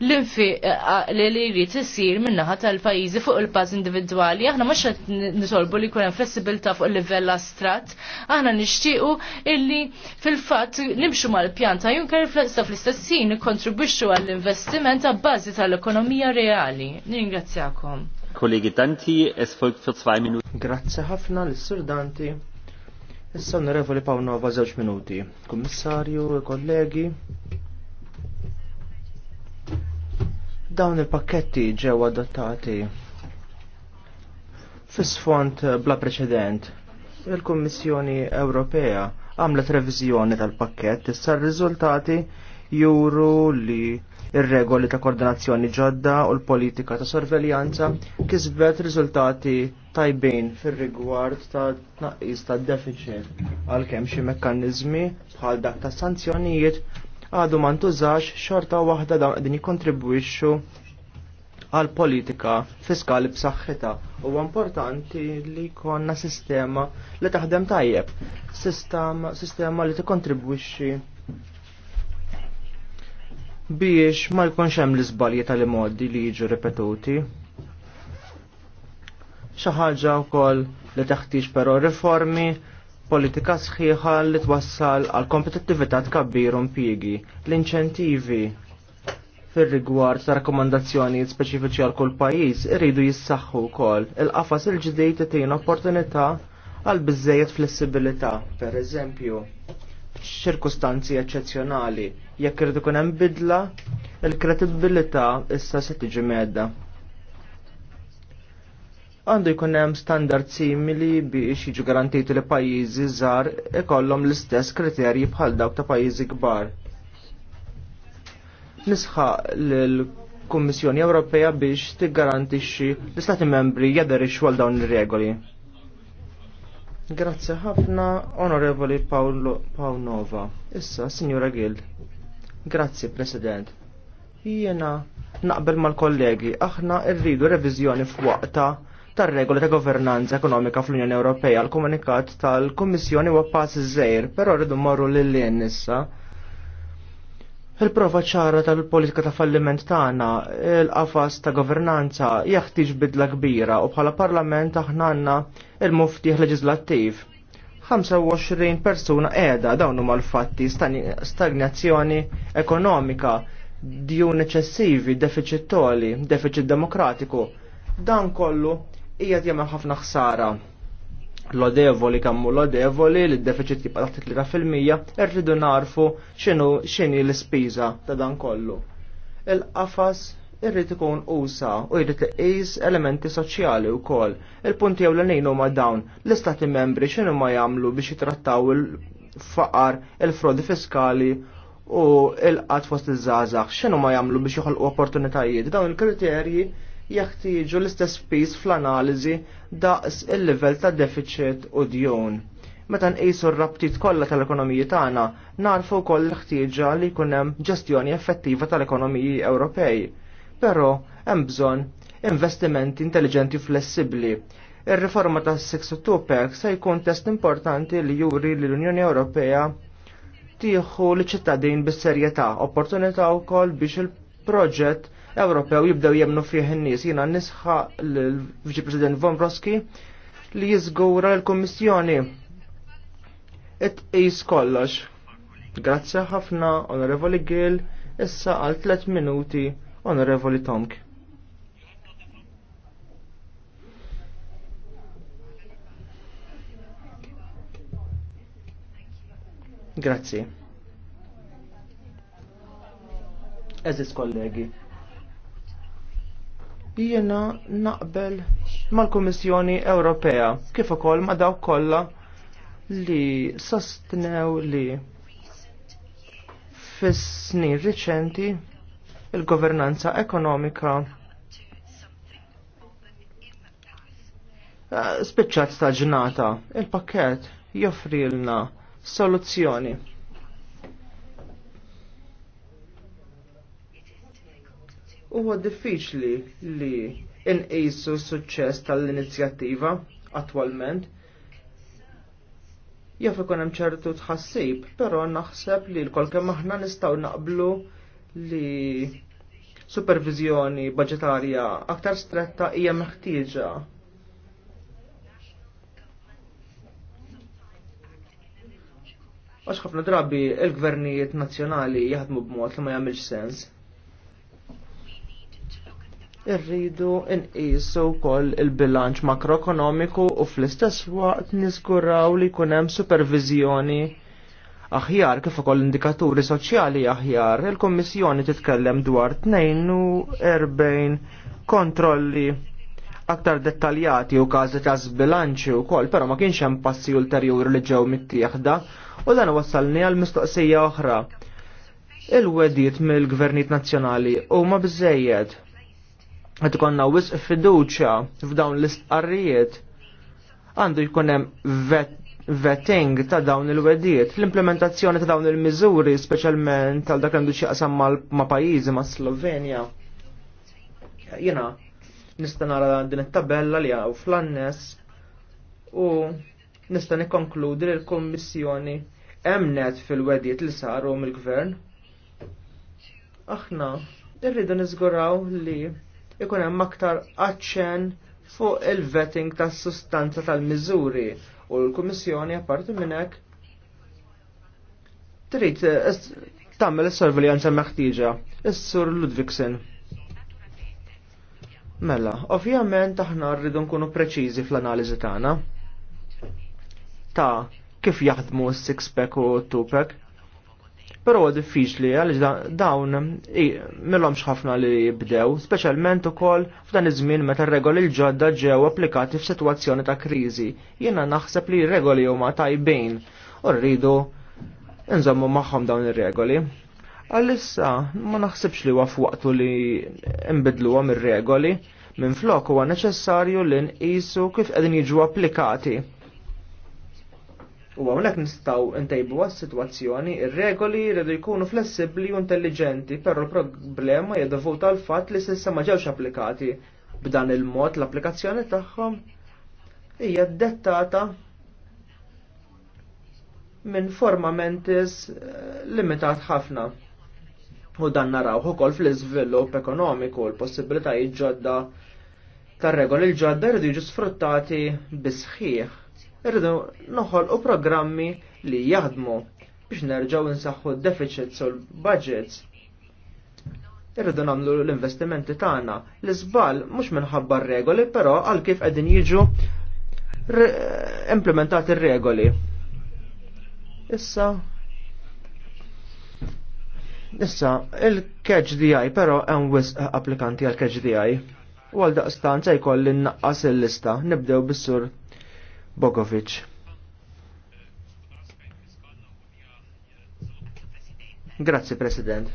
l-infiq li li jrid isir minnaħat tal-pajjiżi fuq il-pass individwali. Aħna mhux qed nisolbu li jkun hemm flessibilità fuq il-livell astrat. Aħna nixtiequ illi fil-fatt nimxu mal-pjanta Juncker sa fl-istess ħin ikkontribwixxu għall-investiment għabbażi tal-ekonomija reali. Ningrazzjakom. Kollegi Danti, es folgt für 2 minuti. Grazzi ħafna l-Sur Danti. Issa onorevoli Pawnova żewġ minuti. Kummissarju, kollegi, Dawn il-pakketti ġew adottati fis-sfond bla preċedent. Il-Kummissjoni Ewropea għamlet reviżjoni tal-pakkett issa r-riżultati juru li ir-regoli ta' koordinazzjoni ġodda u l-politika ta' sorveljanza kisbet riżultati tajbin fir-rigward ta' tnaqqis ta' deficit għalkemm xi mekkaniżmi bħal dak ta' sanzjonijiet għadu ma ntużax xorta waħda dawn qegħdin jikkontribwixxu għal politika fiskali b'saħħitha. Huwa importanti li jkollna sistema li taħdem tajjeb, sistema li tikkontribwixxi biex ma jkunx hemm l-iżbalji tal-imoddi li jiġu ripetuti. Xi ħaġa wkoll li teħtieġ però riformi politika sħiħa li twassal għal kompetittività tkabbir impjiegi. L-inċentivi fir rigward ta' rakkomandazzjonijiet speċifiċi għal kull pajjiż iridu jissaħħu wkoll. Il-qafas il-ġdejt itina opportunità għal biżejjed flessibilità, per eżempju, f'ċirkustanzi eċċezzjonali jekk iridu jkun hemm bidla, il-kredibilità issa se tiġi medda għandu jkun hemm standard simili biex jiġu garantiti li pajjiżi żgħar ikollhom l-istess kriterji bħal dawk ta' pajjiżi kbar. Nisħaq l-Kummissjoni Ewropea biex tiggarantixxi l-Istati membri jaderixxu għal dawn ir-regoli. Grazzi ħafna, Onorevoli Paolo Paunova. Issa, Signora Gild. Grazzi, President. Jiena naqbel mal-kollegi, aħna rridu reviżjoni f'waqta tar-regoli ta' governanza ekonomika fl-Unjoni Ewropea. L-komunikat tal-Kummissjoni huwa pass żejr, però rridu morru lil lien issa. Il-prova ċara tal-politika ta' falliment tagħna, il-qafas ta' governanza jeħtieġ bidla kbira u bħala parlament aħna għandna il-muftiħ leġislattiv. 25 persuna qiegħda dawn huma l-fatti stagnazzjoni ekonomika, djun eċessivi, deficit toli, deficit demokratiku. Dan kollu hija jagħmel ħafna ħsara. Lodevoli kammu lodevoli li d-deficit jibqa' taħt 3% irridu narfu x'inhu x'inhi l-ispiża ta' dan kollu. Il-qafas irrid ikun usa u jrid iqis elementi soċjali wkoll. Il-punti nejnu ma dawn l-istati membri xinu ma jagħmlu biex jitrattaw il-faqar, il-frodi fiskali u il-qatt fost iż-żgħażagħ x'inhu ma jagħmlu biex joħolqu opportunitajiet. Dawn il-kriterji jaħtijġu l-istess piż fl-analiżi daqs il-livell ta' deficit u djun. Meta nqisu r rabtit kollha tal-ekonomiji tagħna, narfu wkoll l-ħtieġa li jkun hemm ġestjoni effettiva tal-ekonomiji Ewropej. Però hemm bżonn investimenti intelligenti flessibbli. Ir-riforma tas six pack se jkun test importanti li juri li l-Unjoni Ewropea tieħu l-ċittadin bis-serjetà, opportunità wkoll biex il-proġett Ewropew jibdew jemnu fih in-nies. Jiena nisħa l-Viċi President Von Broski li jiżgura l-Kummissjoni it-qis kollox. Grazzi ħafna, Onorevoli Gil, issa għal 3 minuti, Onorevoli Tomk. Grazzi. Eżis kollegi. Jiena naqbel mal-Kummissjoni Ewropea kif ukoll ma' dawk kollha li sostnew li fis-snin riċenti il-governanza ekonomika eh, spiċċat staġnata. Il-pakket joffrilna soluzzjoni. huwa diffiċli li inqisu s-suċċess tal-inizjattiva attwalment. Jaf ikun hemm ċertu tħassib, però naħseb li l-kol kemm aħna nistgħu naqblu li supervizjoni budgetarja aktar stretta hija meħtieġa. Għax ħafna drabi il-gvernijiet nazzjonali jaħdmu b'mod li ma jagħmilx sens irridu nqisu wkoll il-bilanċ makroekonomiku u fl-istess waqt niskuraw li jkun hemm supervizjoni aħjar kif ukoll indikaturi soċjali aħjar. Il-Kummissjoni titkellem dwar 42 kontrolli aktar dettaljati u każi ta' zbilanċi wkoll, però ma kienx hemm passi ulterjuri li ġew mittieħda u dan wassalni għal mistoqsija oħra. Il-wedit mill-gvernijiet nazzjonali huma biżejjed Għet konna wisq fiduċa f'dawn l-istqarrijiet għandu jkunem vet vetting ta' dawn il wediet l-implementazzjoni ta' dawn il-miżuri, specialment tal dak għandu xieqsam ma' pajizi, ma' Slovenja. Jena, nista' nara din it-tabella li għaw fl-annes u nista' nikkonkludi li l-Kommissjoni emnet fil wediet li saru mill-Gvern. Aħna, irridu nizguraw li ikun hemm aktar aċċen fuq il-vetting tas sustanza tal-miżuri u l-Kummissjoni apparti minn hekk trid eh, tagħmel is-sorveljanza meħtieġa. Is-Sur Ludwigsen. Mela, ovvjament aħna rridu nkunu preċiżi fl-analiżi tagħna ta' kif jaħdmu s sixpack pack u 2 pack Però diffiċli għaliex dawn millhomx ħafna li jibdew, speċjalment ukoll f'dan iż-żmien meta regoli l-ġodda ġew applikati f'sitwazzjoni ta' kriżi. Jiena naħseb li regoli huma tajbejn u rridu nżommu magħhom dawn ir-regoli. Għalissa ma naħsibx li huwa f'waqtu li nbidluhom ir-regoli, minn flok huwa neċessarju li nqisu kif qegħdin jiġu applikati U għamlek nistaw ntejbu għas-situazzjoni, ir-regoli jridu jkunu flessibli u intelligenti, però l-problema jedovuta l fatt li sissa ma ġewx applikati b'dan il-mod l-applikazzjoni tagħhom hija dettata minn formamentis eh, limitat ħafna. U dan naraw ukoll fl-iżvilupp ekonomiku l-possibilitajiet ġodda tar-regoli l-ġodda rridu jiġu sfruttati bisħiħ irridu noħolqu programmi li jaħdmu biex nerġgħu nsaħħu d-deficits u l-budgets. Irridu nagħmlu l-investimenti tagħna. L-iżbal mhux minħabba r-regoli, però għal kif qegħdin jiġu implementati r-regoli. Issa Issa, il-catch DI, però hemm wisq applikanti għal catch DI. U għal daqstan se jkolli naqqas il-lista, nibdew bis-sur Bogovic. Grazzi President.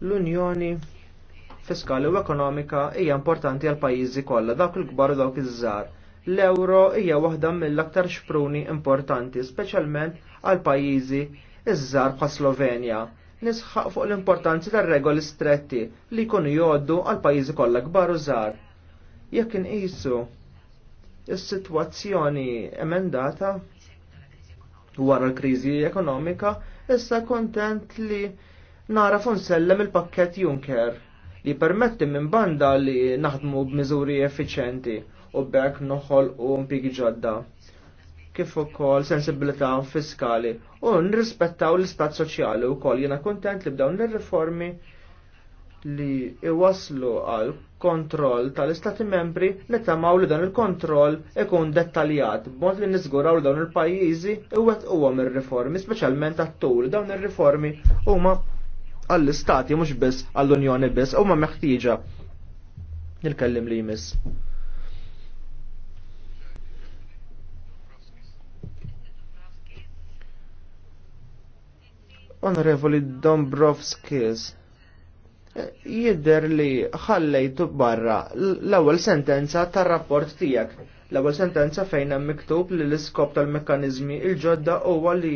L-Unjoni fiskali u ekonomika hija importanti għal pajjiżi kollha dawk il-kbar u dawk iż-żgħar. L-euro hija waħda mill-aktar xpruni importanti, speċjalment għal pajjiżi iż-żgħar bħal Slovenja. Nisħaq fuq l-importanzi tar-regoli stretti li jkunu jgħoddu għal pajjiżi kollha kbar u żgħar. Jekk inqisu is-sitwazzjoni emendata wara l-kriżi ekonomika, issa kontent li nara fonsellem il-pakket Juncker li permetti minn banda li naħdmu b'miżuri effiċenti u bekk noħol u mpigi ġodda kif ukoll sensibilità fiskali u nrispettaw l-istat soċjali wkoll jiena kuntent li b'dawn ir-riformi li iwaslu għal kontroll tal-Istati membri nittamaw li dan il-kontroll ikun dettaljat b'mod li niżguraw li dawn il-pajjiżi iwet u ir-riformi, speċjalment għat-tul dawn ir-riformi huma għall-istati mhux biss għall-Unjoni biss huma meħtieġa nil-kellim li jmiss. Onorevoli Dombrovskis jidder li ħallejtu barra l-ewwel sentenza tar-rapport tiegħek. L-ewwel sentenza fejn hemm miktub li l-iskop tal-mekkaniżmi il-ġodda huwa li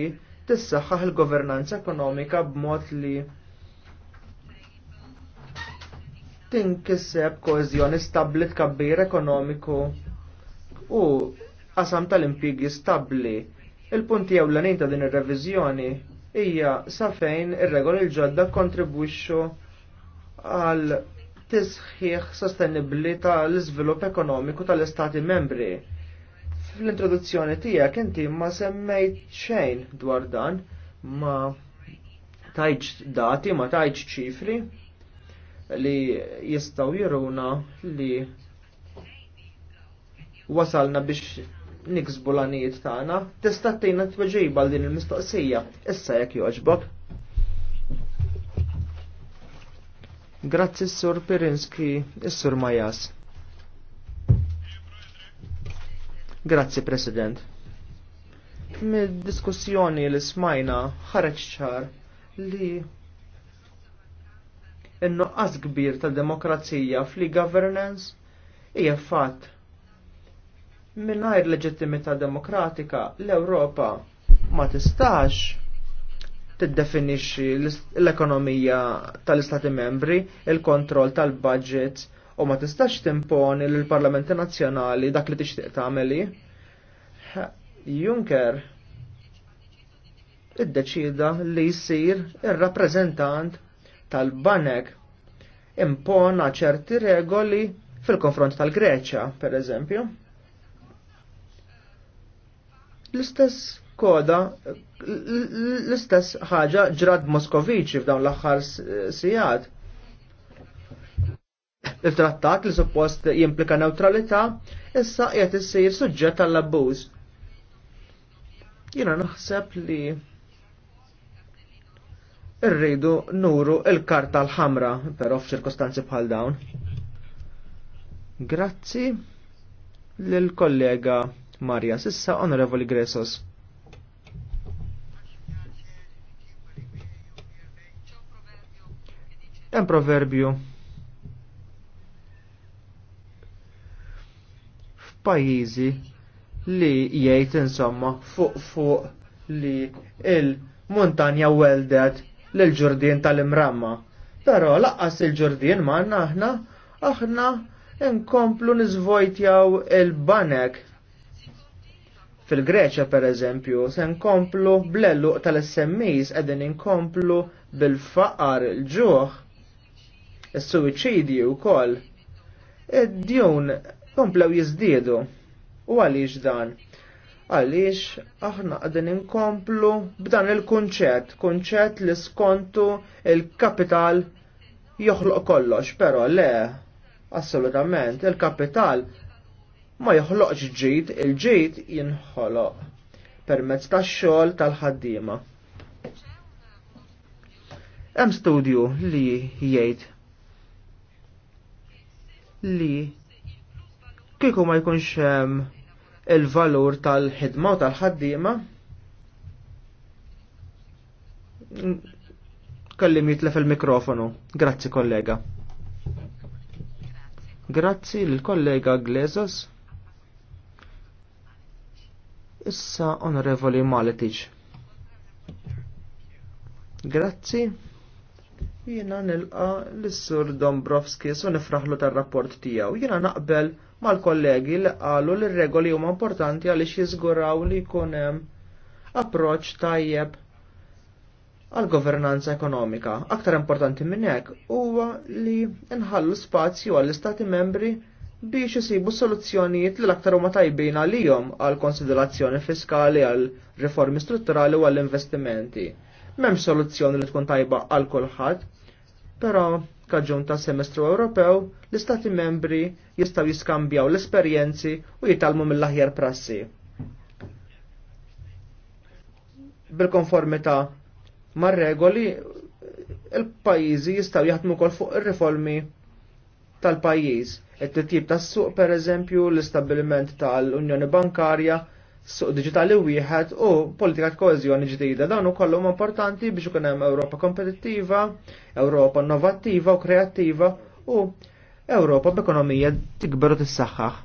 tissaħħaħ il-governanza ekonomika b'mod li tinkisseb koeżjoni stabbli tkabbir ekonomiku u qasam tal-impjigi stabbli. Il-punti ewlenin ta' din ir-reviżjoni hija sa fejn ir-regoli l-ġodda kontribwixxu għal tisħiħ sostenibbli tal-iżvilupp ekonomiku tal-Istati membri. Fl-introduzzjoni tiegħek inti ma semmejt xejn dwar dan, ma tajċ dati, ma tajċ ċifri li jistaw jiruna li wasalna biex niksbu l-għanijiet tagħna, tista' tina tweġiba din il-mistoqsija, issa jekk joġbok. Grazzi s-sur Pirinski, s-sur Majas. Grazzi, President. Mid-diskussjoni li smajna ħareġ ċar li in-nuqqas kbir ta' demokrazija fli governance hija fatt. Mingħajr leġittimità demokratika l-Ewropa ma tistax tiddefinixxi l-ekonomija tal-Istati membri, il-kontroll tal-budget u ma tistax timponi lill-Parlamenti Nazzjonali dak li tixtieq tagħmeli. Juncker iddeċida li jsir ir-rappreżentant tal-Banek impona ċerti regoli fil-konfront tal-Greċja, per eżempju. L-istess koda L-istess ħaġa ġrad Moskoviċi f'dawn l-aħħar sijad. Il-trattat li suppost jimplika neutralità issa qiegħed jissir suġġett tal-abbuż. Jiena naħseb li irridu nuru il-karta l-ħamra, però f'ċirkostanzi bħal dawn. Grazzi l kollega Marja Sissa, Onorevoli Gresos. Hemm proverbju. F'pajjiżi li jgħid insomma fuq fuq li il-montanja weldet lil ġurdien tal-imramma. Però laqqas il-ġurdien manna aħna aħna nkomplu nizvojtjaw il-banek. Fil-Greċja per eżempju, se nkomplu blelluq tal-SMEs edin inkomplu bil-faqar il-ġuħ Is-suwiċidi wkoll id djon komplew jiżdiedu. U għaliex dan? Għaliex aħna qegħdin inkomplu b'dan il-kunċett, kunċett li skontu il-kapital joħloq kollox, però le, assolutament, il-kapital ma joħloqx ġid, il-ġid jinħoloq permezz tax-xogħol tal-ħaddiema. Hemm studju li jgħid li kieku ma jkunx hemm il-valur tal-ħidma u tal-ħaddiema kellim jitlef il-mikrofonu. Grazzi kollega. Grazzi l-kollega Glezos. Issa onorevoli Maletic. Grazzi. Jiena nilqa l-Sur Dombrovskis su nifraħlu tar-rapport tiegħu. Jiena naqbel mal-kollegi li qalu li r-regoli huma importanti għaliex jiżguraw li jkun hemm approċċ tajjeb għal governanza ekonomika. Aktar importanti minn hekk huwa li nħallu spazju għall istati membri biex isibu soluzzjonijiet li l-aktar huma tajbin għalihom għal konsiderazzjoni fiskali għal riformi strutturali u għall investimenti. M'hemm soluzzjoni li tkun tajba għal kulħadd, però kaġun ta' semestru Ewropew l-Istati membri jistaw jiskambjaw l-esperjenzi u jitalmu mill-aħjar prassi. Bil-konformità mar regoli il-pajjiżi jistaw jaħdmu kol fuq ir-riformi tal-pajjiż. it titjib tas-suq pereżempju l-istabbiliment tal-Unjoni Bankarja, suq digitali wieħed u politika koeżjoni ġdida. Dawn ukollhom importanti biex ikun hemm Ewropa kompetittiva, Ewropa innovattiva u kreattiva u Ewropa b'ekonomija tikber u tissaħħaħ.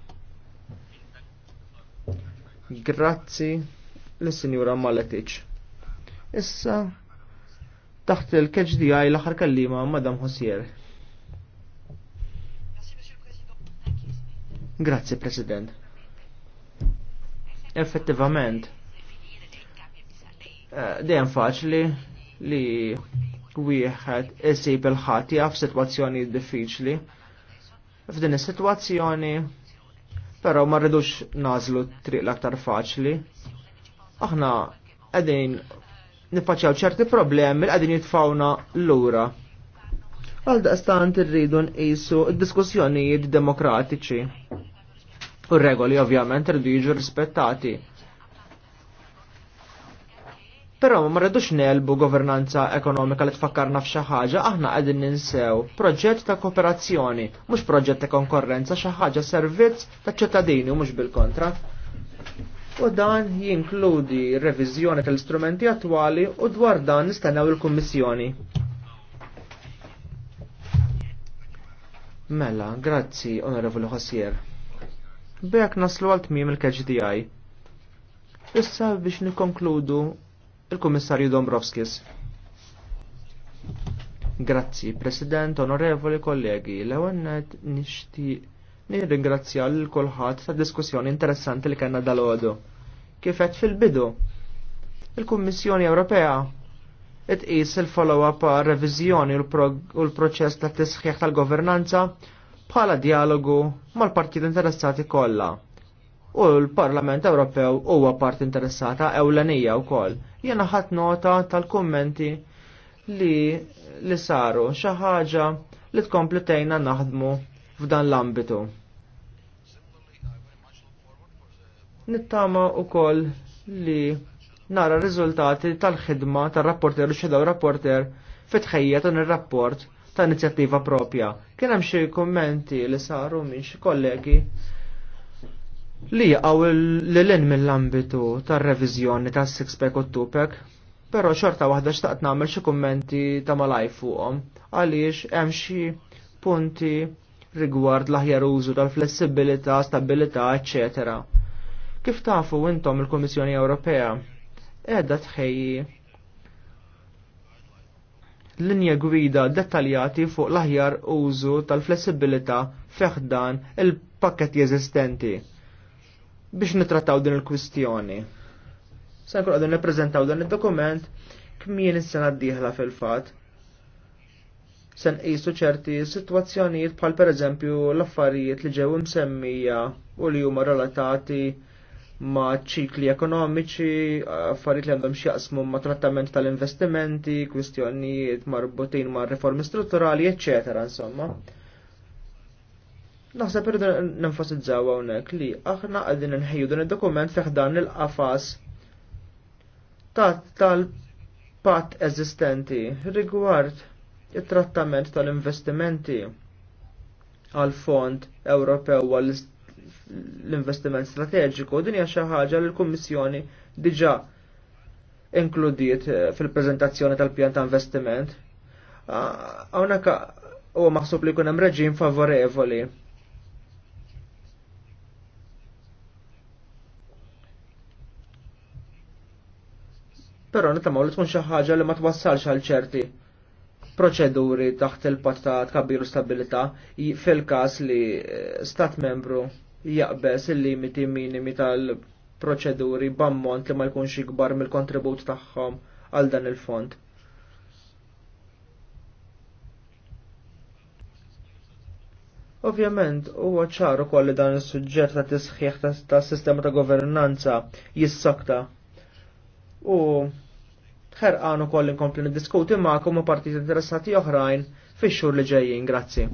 Grazzi lis-Sinjura Maletic. Issa taħt il-KHDI l-aħħar kallima Madam Hosier. Grazie President effettivament eh, dejjem faċli li wieħed isib il-ħadd jaf sitwazzjoni diffiċli. F'din is-sitwazzjoni però ma rridux nażlu triq l-aktar faċli. Aħna qegħdin nifaċċjaw ċerti problemi li qegħdin jitfawna lura. Għal daqstant irridu nqisu d-diskussjonijiet demokratiċi. U regoli ovvjament rridu jiġu rispettati. Però ma rridux nelbu governanza ekonomika li tfakkarna f'xi ħaġa, aħna qegħdin ninsew proġett ta' kooperazzjoni, mhux proġett ta' konkurrenza, xi ħaġa servizz ta' ċittadini u mhux bil-kontra. U dan jinkludi reviżjoni tal-istrumenti attwali u dwar dan nistennew il-Kummissjoni. Mela, grazzi, Onorevoli Hossier. Bek naslu għal tmiem il-KGDI. Issa biex nikkonkludu il-Kummissarju Dombrovskis. Grazzi, President, onorevoli kollegi, l-ewennet nishti nirringrazzja l-kolħat ta' diskussjoni interessanti li kena dal-ħodu. Kifet fil-bidu, il-Kummissjoni Ewropea it-qis il-follow-up revizjoni u l-proċess ta' tisħiħ tal-governanza bħala dialogu mal-partit interessati kollha. U l-Parlament Ewropew huwa part interessata ewlenija wkoll. Jiena ħadd nota tal-kummenti li li saru xi ħaġa li tkompli naħdmu f'dan l-ambitu. Nittama wkoll li nara riżultati tal-ħidma tal-rapporter u xedaw rapporter fitħejja dan ir-rapport ta' inizjattiva propja. Kien hemm xi kummenti li saru minn xi kollegi li jaqgħu l in mill-ambitu tar-reviżjoni tas-sixpack u t-tupek, però xorta waħda xtaqt nagħmel xi kummenti ta' malaj fuqhom għaliex hemm xi punti rigward l-aħjar użu tal-flessibilità, stabilità, eccetera. Kif tafu intom il-Komissjoni Ewropea? Edda tħejji linja gwida dettaljati fuq l-aħjar użu tal-flessibilità feħdan il-pakket jeżistenti biex nitrattaw din il-kwistjoni. Sa' għadu għadin neprezentaw dan il-dokument kmien is-sena d-dieħla fil-fat. Sen qisu ċerti situazzjonijiet bħal per eżempju l-affarijiet li ġew msemmija u li huma relatati ma' ċikli ekonomiċi, affarijiet li għandhom x'jaqsmu ma' trattament tal-investimenti, kwistjonijiet marbutin ma' riformi strutturali, eccetera. insomma. Naħseb irridu nenfasizzaw hawnhekk li aħna qegħdin inħejju dan id-dokument fih dan il-qafas tal-pat eżistenti rigward it-trattament tal-investimenti għal fond Ewropew għall l-investiment strateġiku din hija xi ħaġa li l-Kummissjoni diġà inkludiet eh, fil-preżentazzjoni tal-pjan ta' investiment. Ah, hawnhekk huwa maħsub li jkun hemm reġim favorevoli. Però nitamaw li tkun xi ħaġa li ma twassalx għal ċerti proċeduri taħt il-patt ta' tkabbir u stabilità fil-każ li eh, stat membru jaqbes il-limiti minimi tal-proċeduri b'ammont li ma jkunx ikbar mill-kontribut tagħhom għal dan il-fond. Ovvjament, huwa ċar koll li dan is-suġġett ta' tisħiħ ta' sistema ta' governanza jissakta. U ħerqan ukoll inkompli niddiskuti magħkom u partiti interessati oħrajn fix-xhur li ġejjin, grazzi.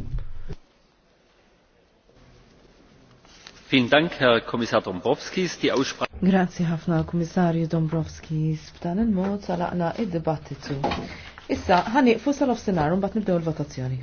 Grazzi ħafna Kommissarju Dombrovskis b'dan il-mod salaqna id-dibattitu. Issa, ħaniqfu sal-ofsenar un bat nibdew il-votazzjoni.